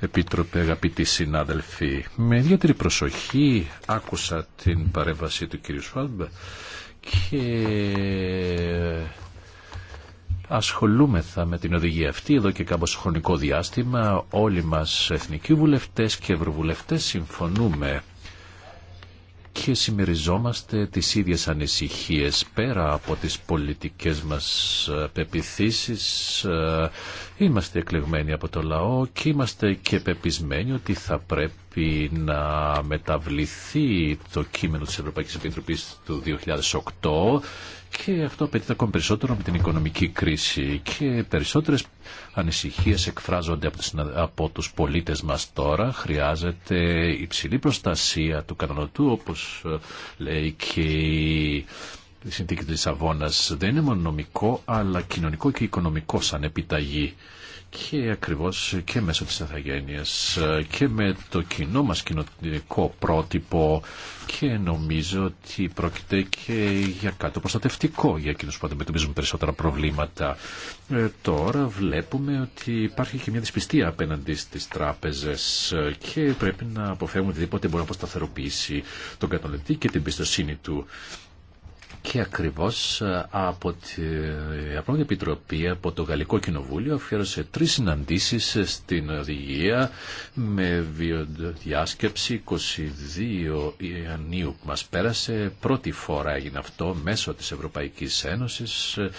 Επίτροπε, αγαπητοί συνάδελφοι, με ιδιαίτερη προσοχή άκουσα την παρέμβαση του κύριου Σφάλμπ και ασχολούμεθα με την οδηγία αυτή εδώ και κάπως χρονικό διάστημα. Όλοι μας εθνικοί βουλευτές και ευρωβουλευτές συμφωνούμε και συμμεριζόμαστε τις ίδιες ανησυχίες πέρα από τις πολιτικές μας ε, πεπιθήσεις. Ε, είμαστε εκλεγμένοι από το λαό και είμαστε και πεπισμένοι ότι θα πρέπει να μεταβληθεί το κείμενο της Ευρωπαϊκής Επιτροπής του 2008 και αυτό απαιτείται ακόμη περισσότερο με την οικονομική κρίση και περισσότερες ανησυχίες εκφράζονται από τους πολίτες μας τώρα. Χρειάζεται υψηλή προστασία του καταναλωτού όπως ε, λέει και η συνθήκη της Αβώνας. Δεν είναι μόνο νομικό αλλά κοινωνικό και οικονομικό σαν επιταγή και ακριβώς και μέσω της Αθαγένειας και με το κοινό μας κοινωνικό πρότυπο και νομίζω ότι πρόκειται και για κάτι προστατευτικό για εκείνους που αντιμετωπίζουν περισσότερα προβλήματα. Ε, τώρα βλέπουμε ότι υπάρχει και μια δυσπιστία απέναντι στις τράπεζες και πρέπει να αποφεύγουμε οτιδήποτε μπορεί να αποσταθεροποιήσει τον καταναλωτή και την πιστοσύνη του. Και ακριβώς ε, από την Ευρωπαϊκή Επιτροπή, από το Γαλλικό Κοινοβούλιο, αφιέρωσε τρεις συναντήσεις ε, στην οδηγία με βιοδιάσκεψη 22 Ιανίου που μας πέρασε. Πρώτη φορά έγινε αυτό μέσω της Ευρωπαϊκής Ένωσης ε,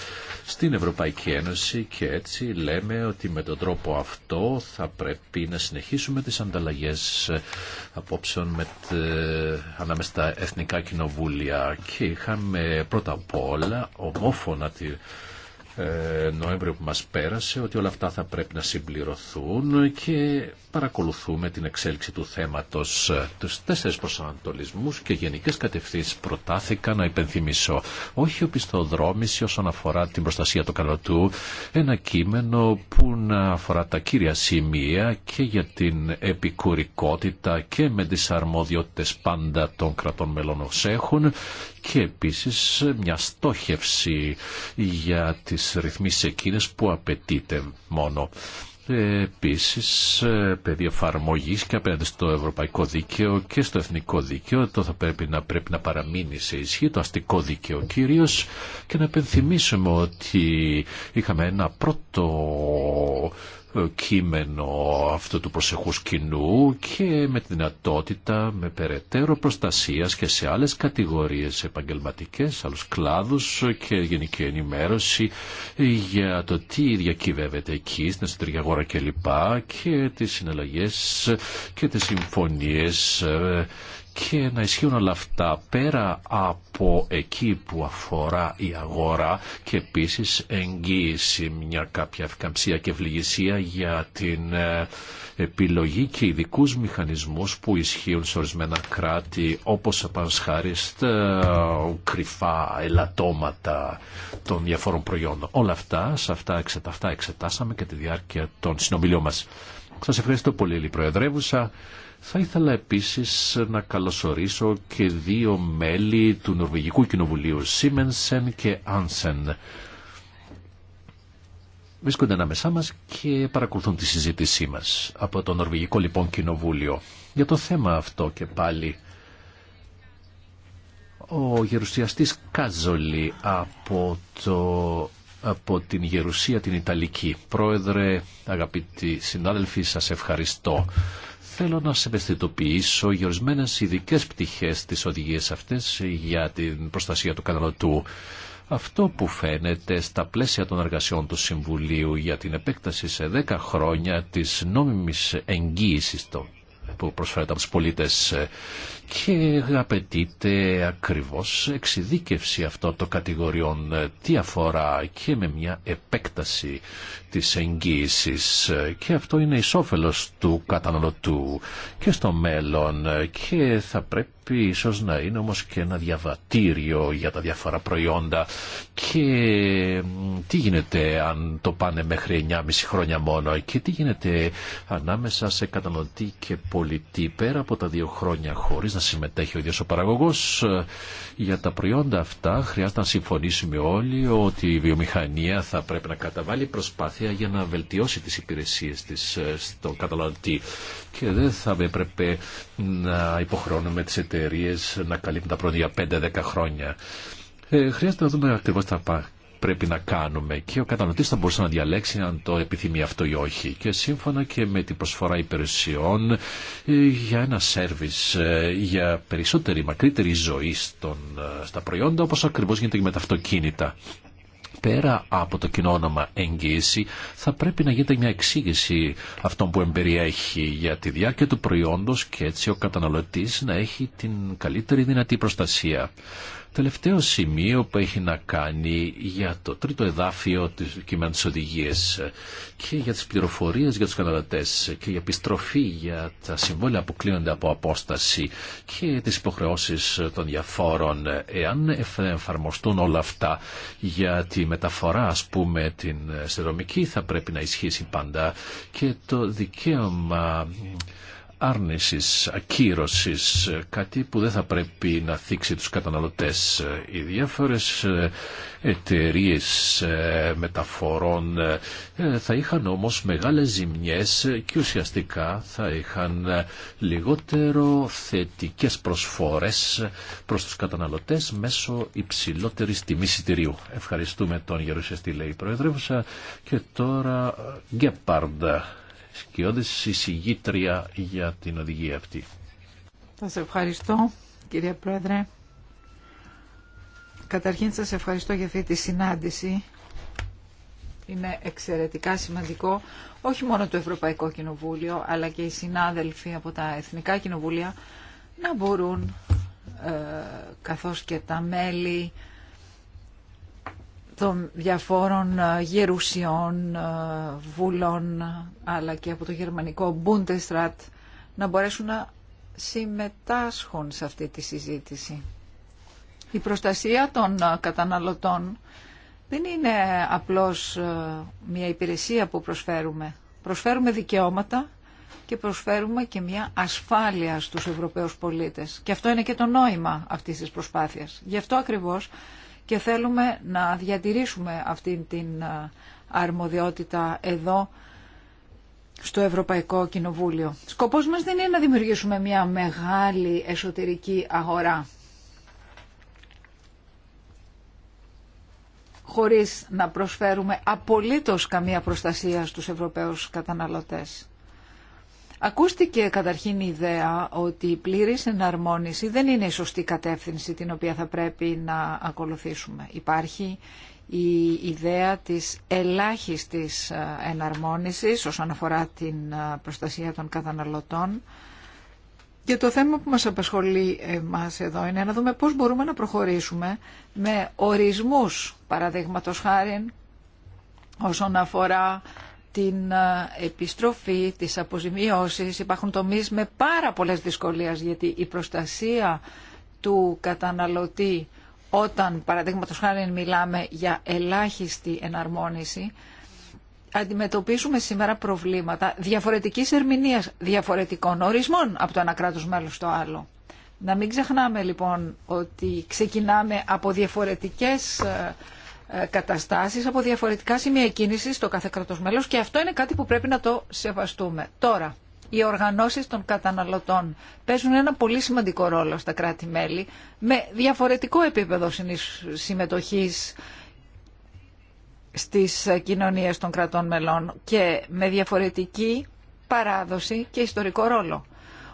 στην Ευρωπαϊκή Ένωση και έτσι λέμε ότι με τον τρόπο αυτό θα πρέπει να συνεχίσουμε τις ανταλλαγές απόψεων με, ανάμεσα στα Εθνικά Κοινοβούλια και είχαμε πρώτα απ' όλα ομόφωνα τη, ε, Νοέμβριο που μας πέρασε ότι όλα αυτά θα πρέπει να συμπληρωθούν και παρακολουθούμε την εξέλιξη του θέματος τους τέσσερις προσανατολισμούς και γενικές κατευθύνσεις προτάθηκα να υπενθυμίσω όχι οπισθοδρόμηση όσον αφορά την προστασία του καλωτού ένα κείμενο που να αφορά τα κύρια σημεία και για την επικουρικότητα και με τις αρμόδιότητες πάντα των κρατών μελών έχουν και επίσης μια στόχευση για τις ρυθμίσεις εκείνες που απαιτείται μόνο. Επίσης, πεδίο εφαρμογή και απέναντι στο ευρωπαϊκό δίκαιο και στο εθνικό δίκαιο, το θα πρέπει να, πρέπει να παραμείνει σε ισχύ, το αστικό δίκαιο κυρίω και να επενθυμίσουμε ότι είχαμε ένα πρώτο ε, κείμενο αυτού του προσεχούς κοινού και με τη δυνατότητα με περαιτέρω προστασίας και σε άλλες κατηγορίες επαγγελματικές, άλλους κλάδους και γενική ενημέρωση για το τι διακυβεύεται εκεί στην εσωτερική αγορά κλπ. Και, και τις συναλλαγές και τις συμφωνίες ε, και να ισχύουν όλα αυτά πέρα από εκεί που αφορά η αγορά και επίσης εγγύηση μια κάποια ευκαμψία και ευληγησία για την ε, επιλογή και ειδικού μηχανισμούς που ισχύουν σε ορισμένα κράτη όπως επανσχάριστα ε, κρυφά ελαττώματα των διαφόρων προϊόντων. Όλα αυτά, σε αυτά, εξετάσαμε και τη διάρκεια των συνομιλίων μας. Σας ευχαριστώ πολύ, Πρόεδρεύουσα. Θα ήθελα επίσης να καλωσορίσω και δύο μέλη του Νορβηγικού Κοινοβουλίου, Σίμενσεν και Άνσεν. Βρίσκονται ανάμεσά μας και παρακολουθούν τη συζήτησή μας από το Νορβηγικό λοιπόν Κοινοβούλιο. Για το θέμα αυτό και πάλι, ο γερουσιαστής Κάζολη από, το, από την γερουσία την Ιταλική. Πρόεδρε, αγαπητοί συνάδελφοι, σας ευχαριστώ. Θέλω να σε ευαισθητοποιήσω για ορισμένε ειδικέ πτυχέ τη οδηγία αυτή για την προστασία του καταναλωτού. Αυτό που φαίνεται στα πλαίσια των εργασιών του Συμβουλίου για την επέκταση σε 10 χρόνια της νόμιμης εγγύησης των που προσφέρεται από τους πολίτες και απαιτείται ακριβώς εξειδίκευση αυτών των κατηγοριών τι αφορά και με μια επέκταση της εγγύησης και αυτό είναι ισόφελος του καταναλωτού και στο μέλλον και θα πρέπει ίσως να είναι όμως και ένα διαβατήριο για τα διάφορα προϊόντα και τι γίνεται αν το πάνε μέχρι 9,5 χρόνια μόνο και τι γίνεται ανάμεσα σε καταναλωτή και πολιτή πέρα από τα δύο χρόνια χωρίς να συμμετέχει ο ίδιος ο παραγωγός. Ε, για τα προϊόντα αυτά χρειάζεται να συμφωνήσουμε όλοι ότι η βιομηχανία θα πρέπει να καταβάλει προσπάθεια για να βελτιώσει τις υπηρεσίες της ε, στον καταναλωτή και δεν θα έπρεπε να υποχρώνουμε τις εταιρείε να καλύπτουν τα προϊόντα για 5-10 χρόνια. Ε, χρειάζεται να δούμε ακριβώ τα πρέπει να κάνουμε και ο καταναλωτή θα μπορούσε να διαλέξει αν το επιθυμεί αυτό ή όχι. Και σύμφωνα και με την προσφορά υπηρεσιών ε, για ένα σέρβις, ε, για περισσότερη μακρύτερη ζωή στον, ε, στα προϊόντα όπως ακριβώς γίνεται και με τα αυτοκίνητα πέρα από το κοινό όνομα εγγύηση, θα πρέπει να γίνεται μια εξήγηση αυτών που εμπεριέχει για τη διάρκεια του προϊόντος και έτσι ο καταναλωτής να έχει την καλύτερη δυνατή προστασία. Τελευταίο σημείο που έχει να κάνει για το τρίτο εδάφιο της κειμένου οδηγίας ε, και για τις πληροφορίες για τους καταναλωτές και η επιστροφή για τα συμβόλαια που κλείνονται από απόσταση και τις υποχρεώσεις των διαφόρων εάν εφαρμοστούν όλα αυτά για τη μεταφορά ας πούμε την ε, στερομική θα πρέπει να ισχύσει πάντα και το δικαίωμα άρνησης, ακύρωσης, κάτι που δεν θα πρέπει να θίξει τους καταναλωτές. Οι διάφορες ε, εταιρείε ε, μεταφορών ε, θα είχαν όμως μεγάλες ζημιές και ουσιαστικά θα είχαν λιγότερο θετικές προσφόρες προς τους καταναλωτές μέσω υψηλότερης τιμής εισιτηρίου. Ευχαριστούμε τον Γερουσιαστή, λέει η και τώρα Γκέπαρντα σκιώδης συσυγήτρια για την οδηγία αυτή.
Σας ευχαριστώ κύριε Πρόεδρε. Καταρχήν σας ευχαριστώ για αυτή τη συνάντηση. Είναι εξαιρετικά σημαντικό όχι μόνο το Ευρωπαϊκό Κοινοβούλιο αλλά και οι συνάδελφοι από τα Εθνικά Κοινοβούλια να μπορούν ε, καθώς και τα μέλη των διαφόρων ε, γερουσιών, ε, βουλών, αλλά και από το γερμανικό Bundesrat, να μπορέσουν να συμμετάσχουν σε αυτή τη συζήτηση. Η προστασία των ε, καταναλωτών δεν είναι απλώς μια υπηρεσία που προσφέρουμε. Προσφέρουμε δικαιώματα και προσφέρουμε και μια ασφάλεια στους Ευρωπαίους πολίτες. Και αυτό είναι και το νόημα αυτής της προσπάθειας. Γι' αυτό ακριβώς και θέλουμε να διατηρήσουμε αυτή την αρμοδιότητα εδώ στο Ευρωπαϊκό Κοινοβούλιο. Σκοπός μας δεν είναι να δημιουργήσουμε μια μεγάλη εσωτερική αγορά χωρίς να προσφέρουμε απολύτως καμία προστασία στους Ευρωπαίους καταναλωτές. Ακούστηκε καταρχήν η ιδέα ότι η πλήρης εναρμόνιση δεν είναι η σωστή κατεύθυνση την οποία θα πρέπει να ακολουθήσουμε. Υπάρχει η ιδέα της ελάχιστης ε, εναρμόνισης όσον αφορά την ε, προστασία των καταναλωτών και το θέμα που μας απασχολεί μας εδώ είναι να δούμε πώς μπορούμε να προχωρήσουμε με ορισμούς, παραδείγματος χάρη, όσον αφορά την ε, επιστροφή, της αποζημιώσεις. Υπάρχουν τομείς με πάρα πολλές δυσκολίες γιατί η προστασία του καταναλωτή όταν παραδείγματο χάρη μιλάμε για ελάχιστη εναρμόνιση αντιμετωπίζουμε σήμερα προβλήματα διαφορετικής ερμηνείας, διαφορετικών ορισμών από το ένα κράτος μέλος στο άλλο. Να μην ξεχνάμε λοιπόν ότι ξεκινάμε από διαφορετικές ε, ε, καταστάσεις από διαφορετικά σημεία κίνηση στο κάθε κρατος μέλος και αυτό είναι κάτι που πρέπει να το σεβαστούμε. Τώρα, οι οργανώσεις των καταναλωτών παίζουν ένα πολύ σημαντικό ρόλο στα κράτη-μέλη με διαφορετικό επίπεδο συμμετοχής στις κοινωνίες των κρατών μελών και με διαφορετική παράδοση και ιστορικό ρόλο.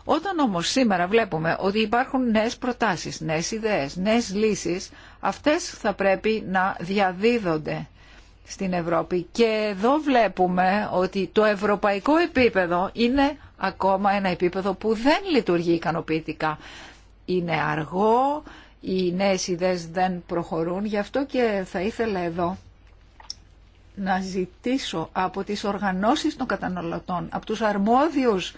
Όταν όμως σήμερα βλέπουμε ότι υπάρχουν νέες προτάσεις, νέες ιδέες, νέες λύσεις, αυτές θα πρέπει να διαδίδονται στην Ευρώπη. Και εδώ βλέπουμε ότι το ευρωπαϊκό επίπεδο είναι ακόμα ένα επίπεδο που δεν λειτουργεί ικανοποιητικά. Είναι αργό, οι νέες ιδέες δεν προχωρούν, γι' αυτό και θα ήθελα εδώ να ζητήσω από τις οργανώσεις των καταναλωτών, από τους αρμόδιους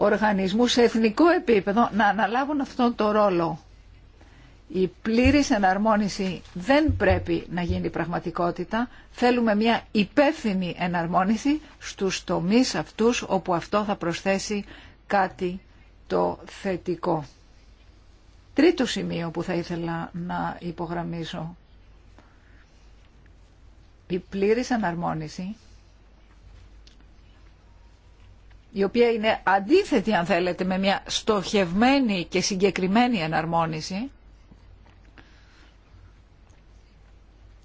οργανισμού σε εθνικό επίπεδο να αναλάβουν αυτόν τον ρόλο. Η πλήρης εναρμόνιση δεν πρέπει να γίνει πραγματικότητα. Θέλουμε μια υπεύθυνη εναρμόνιση στους τομείς αυτούς όπου αυτό θα προσθέσει κάτι το θετικό. Τρίτο σημείο που θα ήθελα να υπογραμμίσω. Η πλήρης εναρμόνιση η οποία είναι αντίθετη αν θέλετε με μια στοχευμένη και συγκεκριμένη εναρμόνιση,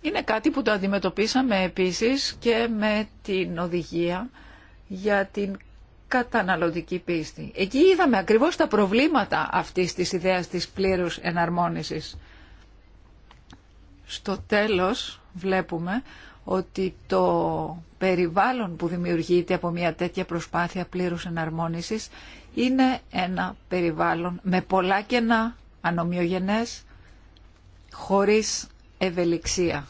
είναι κάτι που το αντιμετωπίσαμε επίσης και με την οδηγία για την καταναλωτική πίστη. Εκεί είδαμε ακριβώς τα προβλήματα αυτής της ιδέας της πλήρους εναρμόνισης. Στο τέλος βλέπουμε ότι το περιβάλλον που δημιουργείται από μια τέτοια προσπάθεια πλήρους εναρμόνισης είναι ένα περιβάλλον με πολλά κενά, ανομοιογενές, χωρίς ευελιξία.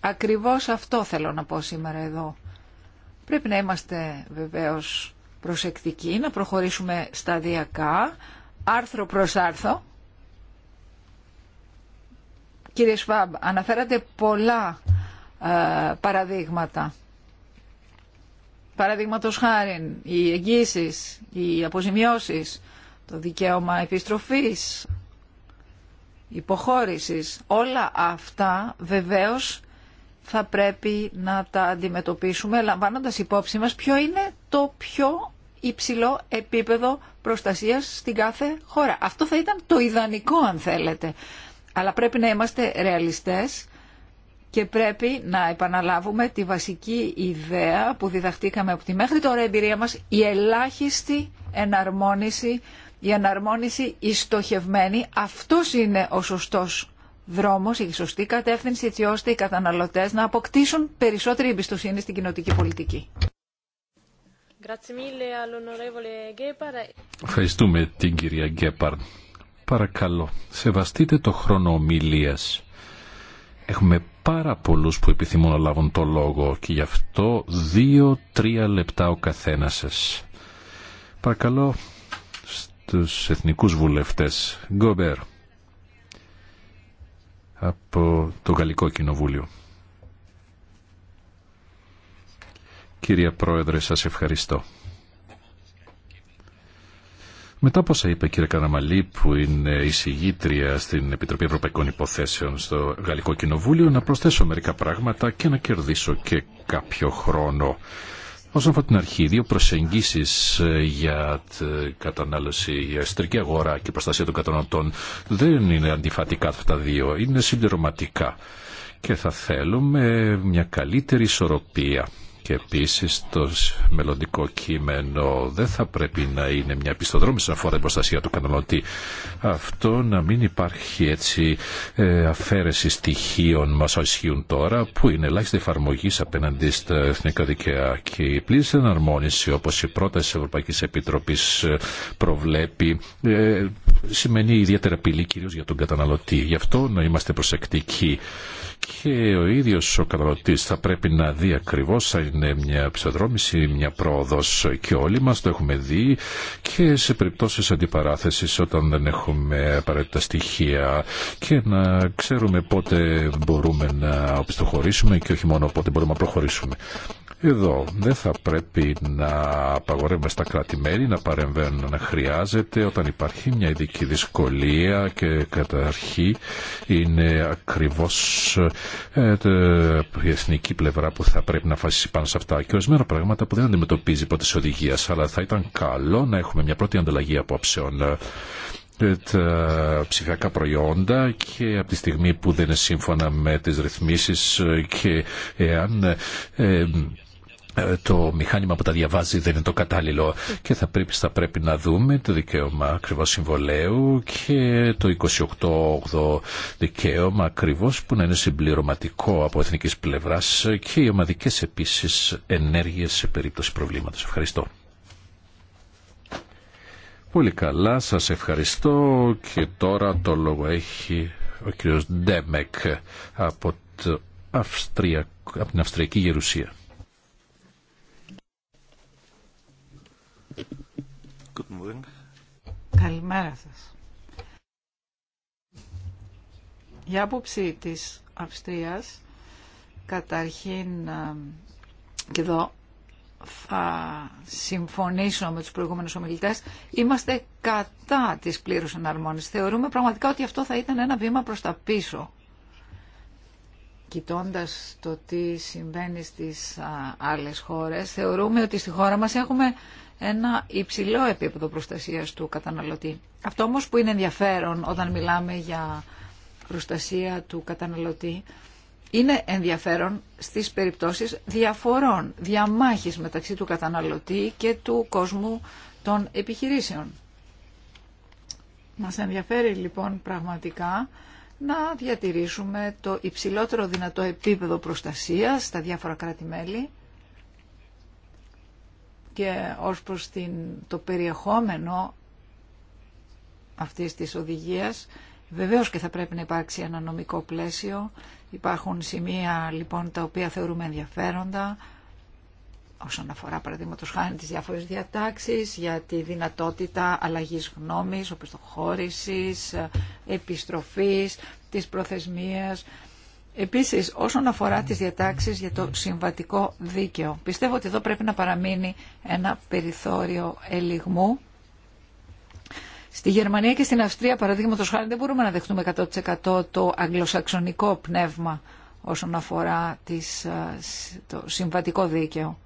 Ακριβώς αυτό θέλω να πω σήμερα εδώ. Πρέπει να είμαστε βεβαίως προσεκτικοί, να προχωρήσουμε σταδιακά, άρθρο προς άρθρο. Κύριε Σφάμπ, αναφέρατε πολλά ε, παραδείγματα. Παραδείγματο χάρη, οι εγγύσει, οι αποζημιώσει, το δικαίωμα επιστροφής, υποχώρηση, όλα αυτά βεβαίω θα πρέπει να τα αντιμετωπίσουμε λαμβάνοντας υπόψη μας ποιο είναι το πιο υψηλό επίπεδο προστασίας στην κάθε χώρα. Αυτό θα ήταν το ιδανικό αν θέλετε. Αλλά πρέπει να είμαστε ρεαλιστές και πρέπει να επαναλάβουμε τη βασική ιδέα που διδαχτήκαμε από τη μέχρι τώρα εμπειρία μας, η ελάχιστη εναρμόνιση, η εναρμόνιση η στοχευμένη. Αυτός είναι ο σωστός δρόμος, η σωστή κατεύθυνση, έτσι ώστε οι καταναλωτές να αποκτήσουν περισσότερη εμπιστοσύνη στην κοινωτική πολιτική.
Ευχαριστούμε την κυρία Γκέπαρν. Παρακαλώ, σεβαστείτε το χρόνο ομιλίας. Έχουμε πάρα πολλούς που επιθυμούν να λάβουν το λόγο και γι' αυτό δύο-τρία λεπτά ο καθένας σας. Παρακαλώ στους εθνικούς βουλευτές. Γκόμπερ από το Γαλλικό Κοινοβούλιο. Κύριε Πρόεδρε, σας ευχαριστώ. Μετά από όσα είπε η κυρία Καραμαλή που είναι εισηγήτρια στην Επιτροπή Ευρωπαϊκών Υποθέσεων στο Γαλλικό Κοινοβούλιο να προσθέσω μερικά πράγματα και να κερδίσω και κάποιο χρόνο. Όσον αφορά την αρχή, δύο προσεγγίσει ε, για την κατανάλωση, για εσωτερική αγορά και προστασία των καταναλωτών δεν είναι αντιφατικά αυτά τα δύο, είναι συμπληρωματικά. Και θα θέλουμε μια καλύτερη ισορροπία και επίση, το μελλοντικό κείμενο δεν θα πρέπει να είναι μια πιστοδρόμηση αφορά την προστασία του καταναλωτή. Αυτό να μην υπάρχει έτσι ε, αφαίρεση στοιχείων μα ισχύουν τώρα που είναι ελάχιστη εφαρμογή απέναντι στα εθνικά δικαία και η πλήρη εναρμόνιση όπω η πρόταση τη Ευρωπαϊκή Επιτροπή ε, προβλέπει ε, σημαίνει ιδιαίτερα απειλή κυρίω για τον καταναλωτή. Γι' αυτό να είμαστε προσεκτικοί και ο ίδιος ο καταναλωτής θα πρέπει να δει ακριβώς αν είναι μια ψευδρόμηση μια πρόοδος και όλοι μας το έχουμε δει και σε περιπτώσεις αντιπαράθεσης όταν δεν έχουμε απαραίτητα στοιχεία και να ξέρουμε πότε μπορούμε να οπισθοχωρήσουμε και όχι μόνο πότε μπορούμε να προχωρήσουμε. Εδώ δεν θα πρέπει να απαγορεύουμε στα κράτη-μέλη να παρεμβαίνουν να χρειάζεται όταν υπάρχει μια ειδική δυσκολία και καταρχή είναι ακριβώς ε, η εθνική πλευρά που θα πρέπει να φασίσει πάνω σε αυτά και ορισμένα πράγματα που δεν αντιμετωπίζει ποτέ τη οδηγία, αλλά θα ήταν καλό να έχουμε μια πρώτη ανταλλαγή απόψεων ε, ε, τα ψηφιακά προϊόντα και από τη στιγμή που δεν είναι σύμφωνα με τις ρυθμίσεις ε, και εάν ε, το μηχάνημα που τα διαβάζει δεν είναι το κατάλληλο και θα πρέπει, θα πρέπει να δούμε το δικαίωμα ακριβώ συμβολέου και το 28-8 δικαίωμα ακριβώ που να είναι συμπληρωματικό από εθνικής πλευράς και οι ομαδικές επίσης ενέργειες σε περίπτωση προβλήματος. Ευχαριστώ. Πολύ καλά, σας ευχαριστώ και τώρα το λόγο έχει ο κύριος Ντέμεκ από, Αυστρία, από την Αυστριακή Γερουσία.
Καλημέρα σας. Η άποψη της Αυστρίας, καταρχήν ε, και εδώ θα συμφωνήσω με τους προηγούμενους ομιλητές, είμαστε κατά της πλήρους εναρμόνισης. Θεωρούμε πραγματικά ότι αυτό θα ήταν ένα βήμα προς τα πίσω. Κοιτώντας το τι συμβαίνει στις ε, άλλες χώρες, θεωρούμε ότι στη χώρα μας έχουμε ένα υψηλό επίπεδο προστασίας του καταναλωτή. Αυτό όμως που είναι ενδιαφέρον όταν μιλάμε για προστασία του καταναλωτή είναι ενδιαφέρον στις περιπτώσεις διαφορών, διαμάχης μεταξύ του καταναλωτή και του κόσμου των επιχειρήσεων. Μας ενδιαφέρει λοιπόν πραγματικά να διατηρήσουμε το υψηλότερο δυνατό επίπεδο προστασίας στα διάφορα κράτη-μέλη και ως προς το περιεχόμενο αυτής της οδηγίας βεβαίως και θα πρέπει να υπάρξει ένα νομικό πλαίσιο υπάρχουν σημεία λοιπόν τα οποία θεωρούμε ενδιαφέροντα όσον αφορά παραδείγματο χάνει τις διάφορες διατάξεις για τη δυνατότητα αλλαγής γνώμης, οπισθοχώρησης, επιστροφής, της προθεσμίας, Επίσης, όσον αφορά τις διατάξεις για το συμβατικό δίκαιο, πιστεύω ότι εδώ πρέπει να παραμείνει ένα περιθώριο ελιγμού. Στη Γερμανία και στην Αυστρία, παραδείγματο χάρη, δεν μπορούμε να δεχτούμε 100% το αγγλοσαξονικό πνεύμα όσον αφορά τις, το συμβατικό δίκαιο.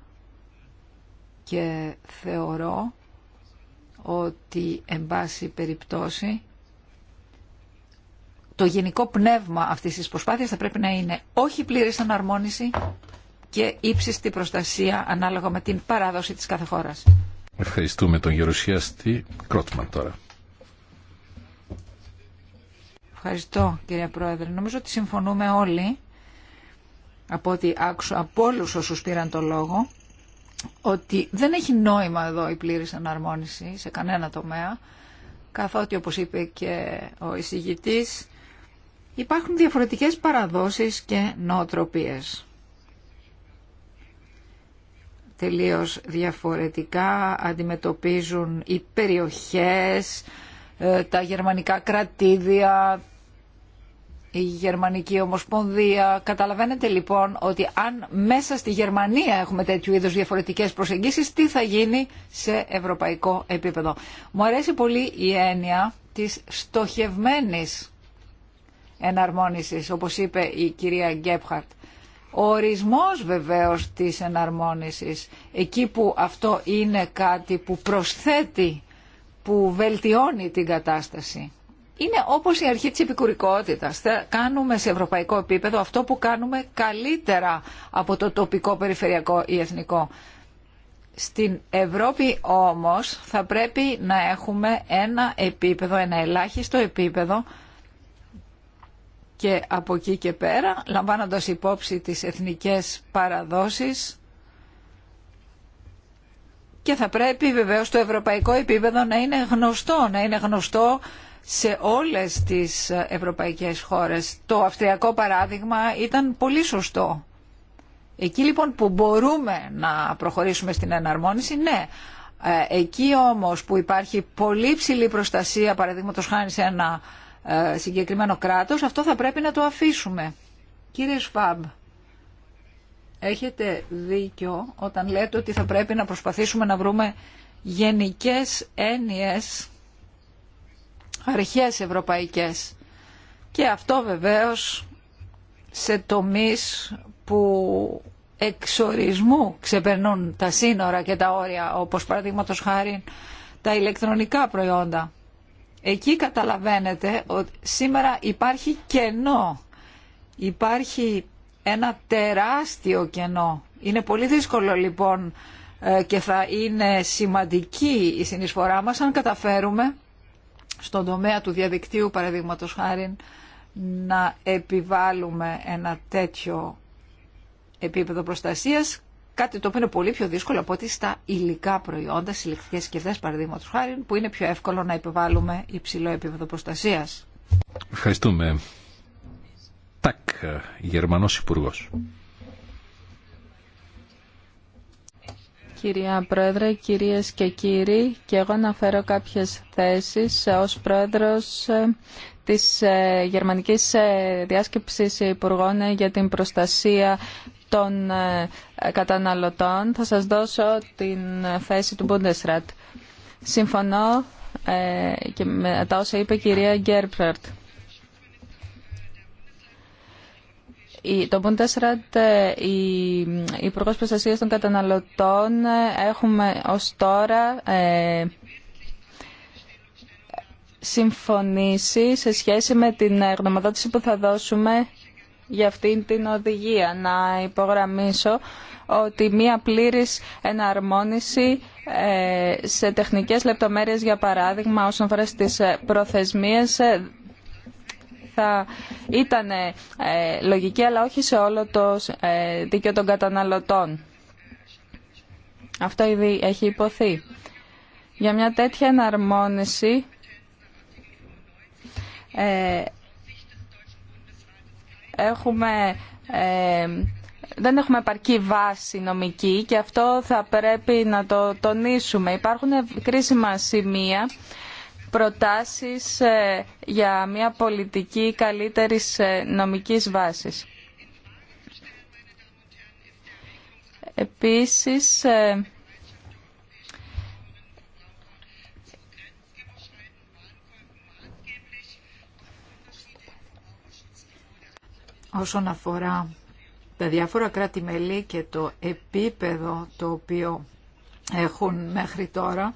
Και θεωρώ ότι, εν πάση περιπτώσει, το γενικό πνεύμα αυτής της προσπάθεια θα πρέπει να είναι όχι πλήρης αναρμόνιση και ύψιστη προστασία ανάλογα με την παράδοση της κάθε χώρα.
Ευχαριστούμε τον γερουσιαστή Κρότμαν τώρα.
Ευχαριστώ κύριε Πρόεδρε. Νομίζω ότι συμφωνούμε όλοι από ό,τι άκουσα από όλου όσου πήραν το λόγο ότι δεν έχει νόημα εδώ η πλήρης αναρμόνιση σε κανένα τομέα καθότι όπως είπε και ο εισηγητής υπάρχουν διαφορετικές παραδόσεις και νοοτροπίες. Τελείως διαφορετικά αντιμετωπίζουν οι περιοχές, ε, τα γερμανικά κρατήδια, η Γερμανική Ομοσπονδία. Καταλαβαίνετε λοιπόν ότι αν μέσα στη Γερμανία έχουμε τέτοιου είδους διαφορετικές προσεγγίσεις, τι θα γίνει σε ευρωπαϊκό επίπεδο. Μου αρέσει πολύ η έννοια της στοχευμένης εναρμόνισης, όπως είπε η κυρία Γκέπχαρτ. Ο ορισμός βεβαίως της εναρμόνισης, εκεί που αυτό είναι κάτι που προσθέτει, που βελτιώνει την κατάσταση. Είναι όπως η αρχή της επικουρικότητας. Θα κάνουμε σε ευρωπαϊκό επίπεδο αυτό που κάνουμε καλύτερα από το τοπικό, περιφερειακό ή εθνικό. Στην Ευρώπη όμως θα πρέπει να έχουμε ένα επίπεδο, ένα ελάχιστο επίπεδο και από εκεί και πέρα, λαμβάνοντας υπόψη τις εθνικές παραδόσεις και θα πρέπει βεβαίως το ευρωπαϊκό επίπεδο να είναι γνωστό, να είναι γνωστό σε όλες τις ευρωπαϊκές χώρες. Το αυστριακό παράδειγμα ήταν πολύ σωστό. Εκεί λοιπόν που μπορούμε να προχωρήσουμε στην εναρμόνιση, ναι. Ε, εκεί όμως που υπάρχει πολύ ψηλή προστασία, παραδείγματος χάνει σε ένα ε, συγκεκριμένο κράτος, αυτό θα πρέπει να το αφήσουμε. Κύριε Σφάμπ, έχετε δίκιο όταν λέτε ότι θα πρέπει να προσπαθήσουμε να βρούμε γενικές έννοιες, αρχές ευρωπαϊκές. Και αυτό βεβαίως σε τομείς που εξορισμού ξεπερνούν τα σύνορα και τα όρια, όπως παραδείγματος χάρη τα ηλεκτρονικά προϊόντα. Εκεί καταλαβαίνετε ότι σήμερα υπάρχει κενό. Υπάρχει ένα τεράστιο κενό. Είναι πολύ δύσκολο λοιπόν ε, και θα είναι σημαντική η συνεισφορά μας αν καταφέρουμε στον τομέα του διαδικτύου παραδείγματο χάρη να επιβάλλουμε ένα τέτοιο επίπεδο προστασίας Κάτι το οποίο είναι πολύ πιο δύσκολο από ότι στα υλικά προϊόντα, στι ηλεκτρικέ συσκευέ παραδείγματο χάρη, που είναι πιο εύκολο να επιβάλλουμε υψηλό επίπεδο προστασία.
Ευχαριστούμε. Τακ, Γερμανό Υπουργό.
Κυρία Πρόεδρε, κυρίες και κύριοι, και εγώ αναφέρω κάποιες θέσεις ως Πρόεδρος ε, της ε, Γερμανικής ε, Διάσκεψης Υπουργών για την Προστασία των ε, καταναλωτών. Θα σας δώσω την θέση του Bundesrat. Συμφωνώ ε, και με τα όσα είπε η κυρία Γκέρπραρτ. Το Bundesrat, ε, η Υπουργός Προστασίας των Καταναλωτών, έχουμε ως τώρα συμφωνήσει σε σχέση με την γνωμοδότηση που θα δώσουμε για αυτήν την οδηγία. Να υπογραμμίσω ότι μία πλήρης εναρμόνιση ε, σε τεχνικές λεπτομέρειες, για παράδειγμα, όσον αφορά στις ε, προθεσμίες, ε, θα ήταν λογική, αλλά όχι σε όλο το δίκαιο των καταναλωτών. Αυτό ήδη έχει υποθεί. Για μια τέτοια εναρμόνιση έχουμε ε, δεν έχουμε επαρκή βάση νομική και αυτό θα πρέπει να το τονίσουμε. Υπάρχουν κρίσιμα σημεία, προτάσεις ε, για μια πολιτική καλύτερης ε, νομικής βάσης. Επίσης,
όσον αφορά τα διάφορα κράτη-μελή και το επίπεδο το οποίο έχουν μέχρι τώρα,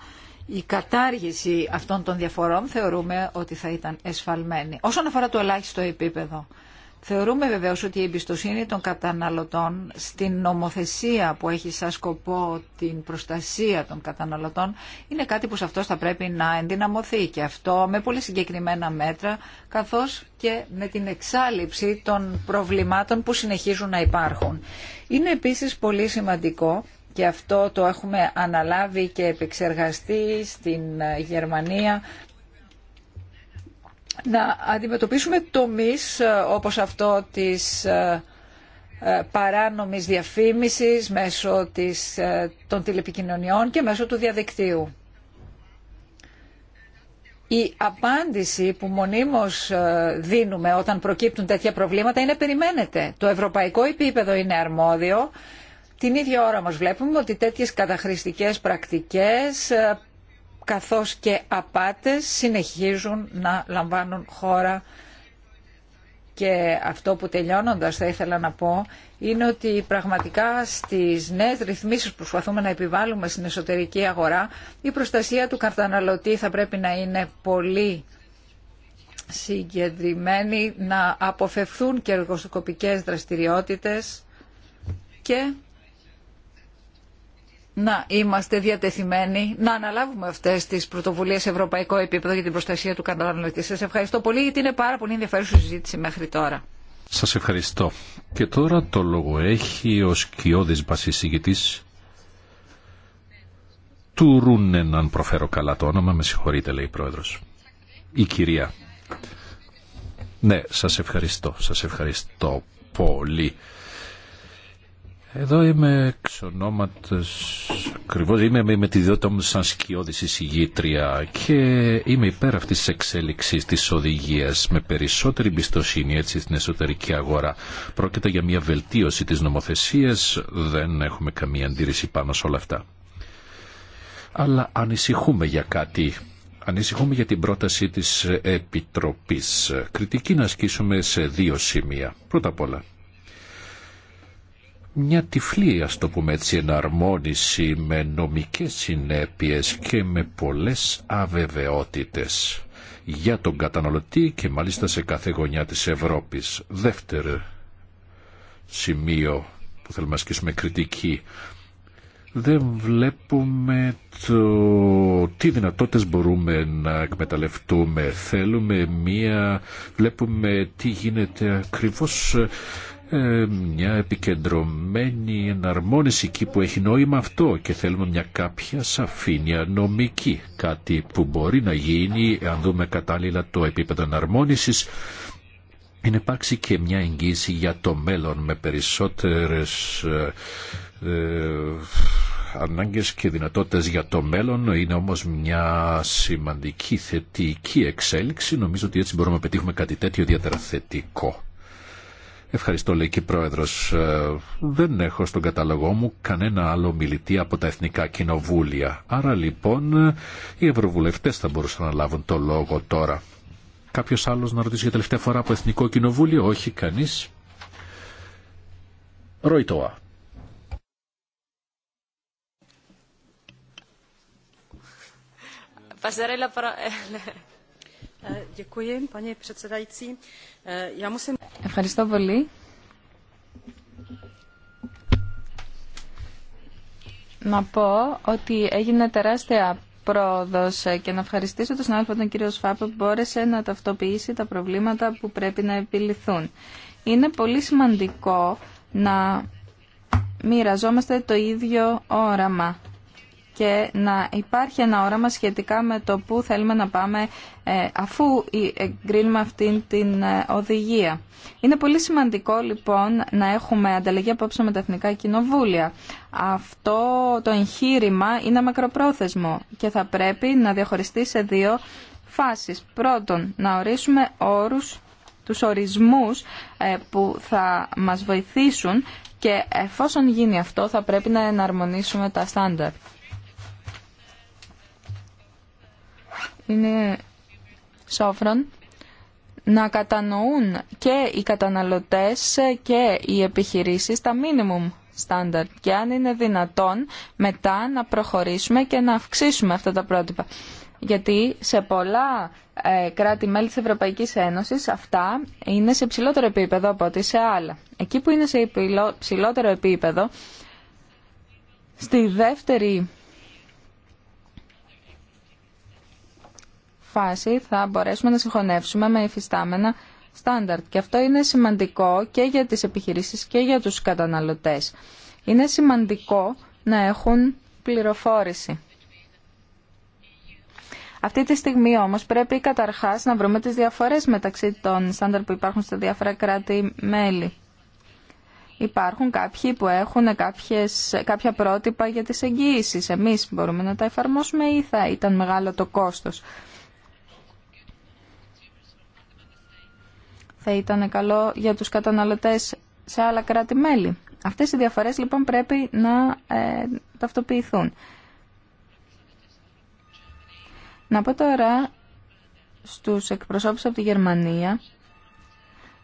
η κατάργηση αυτών των διαφορών θεωρούμε ότι θα ήταν εσφαλμένη. Όσον αφορά το ελάχιστο επίπεδο, Θεωρούμε βεβαίως ότι η εμπιστοσύνη των καταναλωτών στην νομοθεσία που έχει σαν σκοπό την προστασία των καταναλωτών είναι κάτι που σε αυτό θα πρέπει να ενδυναμωθεί και αυτό με πολύ συγκεκριμένα μέτρα καθώς και με την εξάλληψη των προβλημάτων που συνεχίζουν να υπάρχουν. Είναι επίσης πολύ σημαντικό και αυτό το έχουμε αναλάβει και επεξεργαστεί στην Γερμανία να αντιμετωπίσουμε τομείς ε, όπως αυτό της ε, ε, παράνομης διαφήμισης μέσω της, των τηλεπικοινωνιών και μέσω του διαδικτύου. Η απάντηση που μονίμως δίνουμε όταν προκύπτουν τέτοια προβλήματα είναι περιμένετε. Το ευρωπαϊκό επίπεδο είναι αρμόδιο. Την ίδια ώρα όμως βλέπουμε ότι τέτοιες καταχρηστικές πρακτικές καθώς και απάτες συνεχίζουν να λαμβάνουν χώρα και αυτό που τελειώνοντας θα ήθελα να πω είναι ότι πραγματικά στις νέες ρυθμίσεις που προσπαθούμε να επιβάλλουμε στην εσωτερική αγορά η προστασία του καταναλωτή θα πρέπει να είναι πολύ συγκεντρημένη να αποφευθούν και εργοστοκοπικές δραστηριότητες και να είμαστε διατεθειμένοι να αναλάβουμε αυτέ τι πρωτοβουλίε σε ευρωπαϊκό επίπεδο για την προστασία του καταναλωτή. Σας ευχαριστώ πολύ γιατί είναι πάρα πολύ ενδιαφέρουσα συζήτηση μέχρι τώρα.
Σα ευχαριστώ. Και τώρα το λόγο έχει ο σκιώδη βασιλιστή του Ρούνεν, αν προφέρω καλά το όνομα, με συγχωρείτε λέει η πρόεδρο. Η κυρία. Ναι, σας ευχαριστώ, σας ευχαριστώ πολύ. Εδώ είμαι εξ ονόματος, ακριβώς είμαι με τη διότητα μου σαν σκιώδης εισηγήτρια και είμαι υπέρ αυτής της εξέλιξης της οδηγίας με περισσότερη εμπιστοσύνη έτσι στην εσωτερική αγορά. Πρόκειται για μια βελτίωση της νομοθεσίας, δεν έχουμε καμία αντίρρηση πάνω σε όλα αυτά. Αλλά ανησυχούμε για κάτι ανησυχούμε για την πρόταση της Επιτροπής. Κριτική να ασκήσουμε σε δύο σημεία. Πρώτα απ' όλα, μια τυφλή, ας το πούμε έτσι, εναρμόνιση με νομικές συνέπειες και με πολλές αβεβαιότητες για τον καταναλωτή και μάλιστα σε κάθε γωνιά της Ευρώπης. Δεύτερο σημείο που θέλουμε να ασκήσουμε κριτική. Δεν βλέπουμε το τι δυνατότητες μπορούμε να εκμεταλλευτούμε. Θέλουμε μία... Βλέπουμε τι γίνεται ακριβώς ε, μια επικεντρωμένη εναρμόνιση εκεί που έχει νόημα αυτό και θέλουμε μια κάποια σαφήνεια νομική. Κάτι που μπορεί να γίνει, αν δούμε κατάλληλα το επίπεδο εναρμόνισης, είναι υπάρξει και μια εγγύηση για το μέλλον με περισσότερες ε, ε, ανάγκες και δυνατότητες για το μέλλον είναι όμως μια σημαντική θετική εξέλιξη. Νομίζω ότι έτσι μπορούμε να πετύχουμε κάτι τέτοιο ιδιαίτερα θετικό. Ευχαριστώ, λέει και η Πρόεδρος. Ε, δεν έχω στον καταλογό μου κανένα άλλο μιλητή από τα Εθνικά Κοινοβούλια. Άρα λοιπόν οι Ευρωβουλευτές θα μπορούσαν να λάβουν το λόγο τώρα. Κάποιο άλλος να ρωτήσει για τελευταία φορά από Εθνικό Κοινοβούλιο. Όχι, κανείς. Ροϊτόα.
Πασαρέλα, Ευχαριστώ πολύ. Να πω ότι έγινε τεράστια πρόοδος και να ευχαριστήσω τον συνάδελφο τον κύριο Σφάπο που μπόρεσε να ταυτοποιήσει τα προβλήματα που πρέπει να επιληθούν. Είναι πολύ σημαντικό να μοιραζόμαστε το ίδιο όραμα και να υπάρχει ένα όραμα σχετικά με το πού θέλουμε να πάμε ε, αφού εγκρίνουμε αυτή την ε, οδηγία. Είναι πολύ σημαντικό λοιπόν να έχουμε ανταλλαγή απόψε με τα εθνικά κοινοβούλια. Αυτό το εγχείρημα είναι μακροπρόθεσμο και θα πρέπει να διαχωριστεί σε δύο φάσεις. Πρώτον, να ορίσουμε όρους, τους ορισμούς ε, που θα μας βοηθήσουν και εφόσον γίνει αυτό θα πρέπει να εναρμονίσουμε τα στάνταρτ. είναι σόφρον να κατανοούν και οι καταναλωτές και οι επιχειρήσεις τα minimum standard και αν είναι δυνατόν μετά να προχωρήσουμε και να αυξήσουμε αυτά τα πρότυπα. Γιατί σε πολλά ε, κράτη-μέλη της Ευρωπαϊκής Ένωσης αυτά είναι σε ψηλότερο επίπεδο από ό,τι σε άλλα. Εκεί που είναι σε ψηλότερο επίπεδο, στη δεύτερη φάση θα μπορέσουμε να συγχωνεύσουμε με υφιστάμενα στάνταρτ. Και αυτό είναι σημαντικό και για τις επιχειρήσεις και για τους καταναλωτές. Είναι σημαντικό να έχουν πληροφόρηση. Αυτή τη στιγμή όμως πρέπει καταρχάς να βρούμε τις διαφορές μεταξύ των στάνταρ που υπάρχουν στα διάφορα κράτη-μέλη. Υπάρχουν κάποιοι που έχουν κάποιες, κάποια πρότυπα για τις εγγύησεις. Εμείς μπορούμε να τα εφαρμόσουμε ή θα ήταν μεγάλο το κόστος. θα ήταν καλό για τους καταναλωτές σε άλλα κράτη-μέλη. Αυτές οι διαφορές λοιπόν πρέπει να ε, ταυτοποιηθούν. Να πω τώρα στους εκπροσώπους από τη Γερμανία.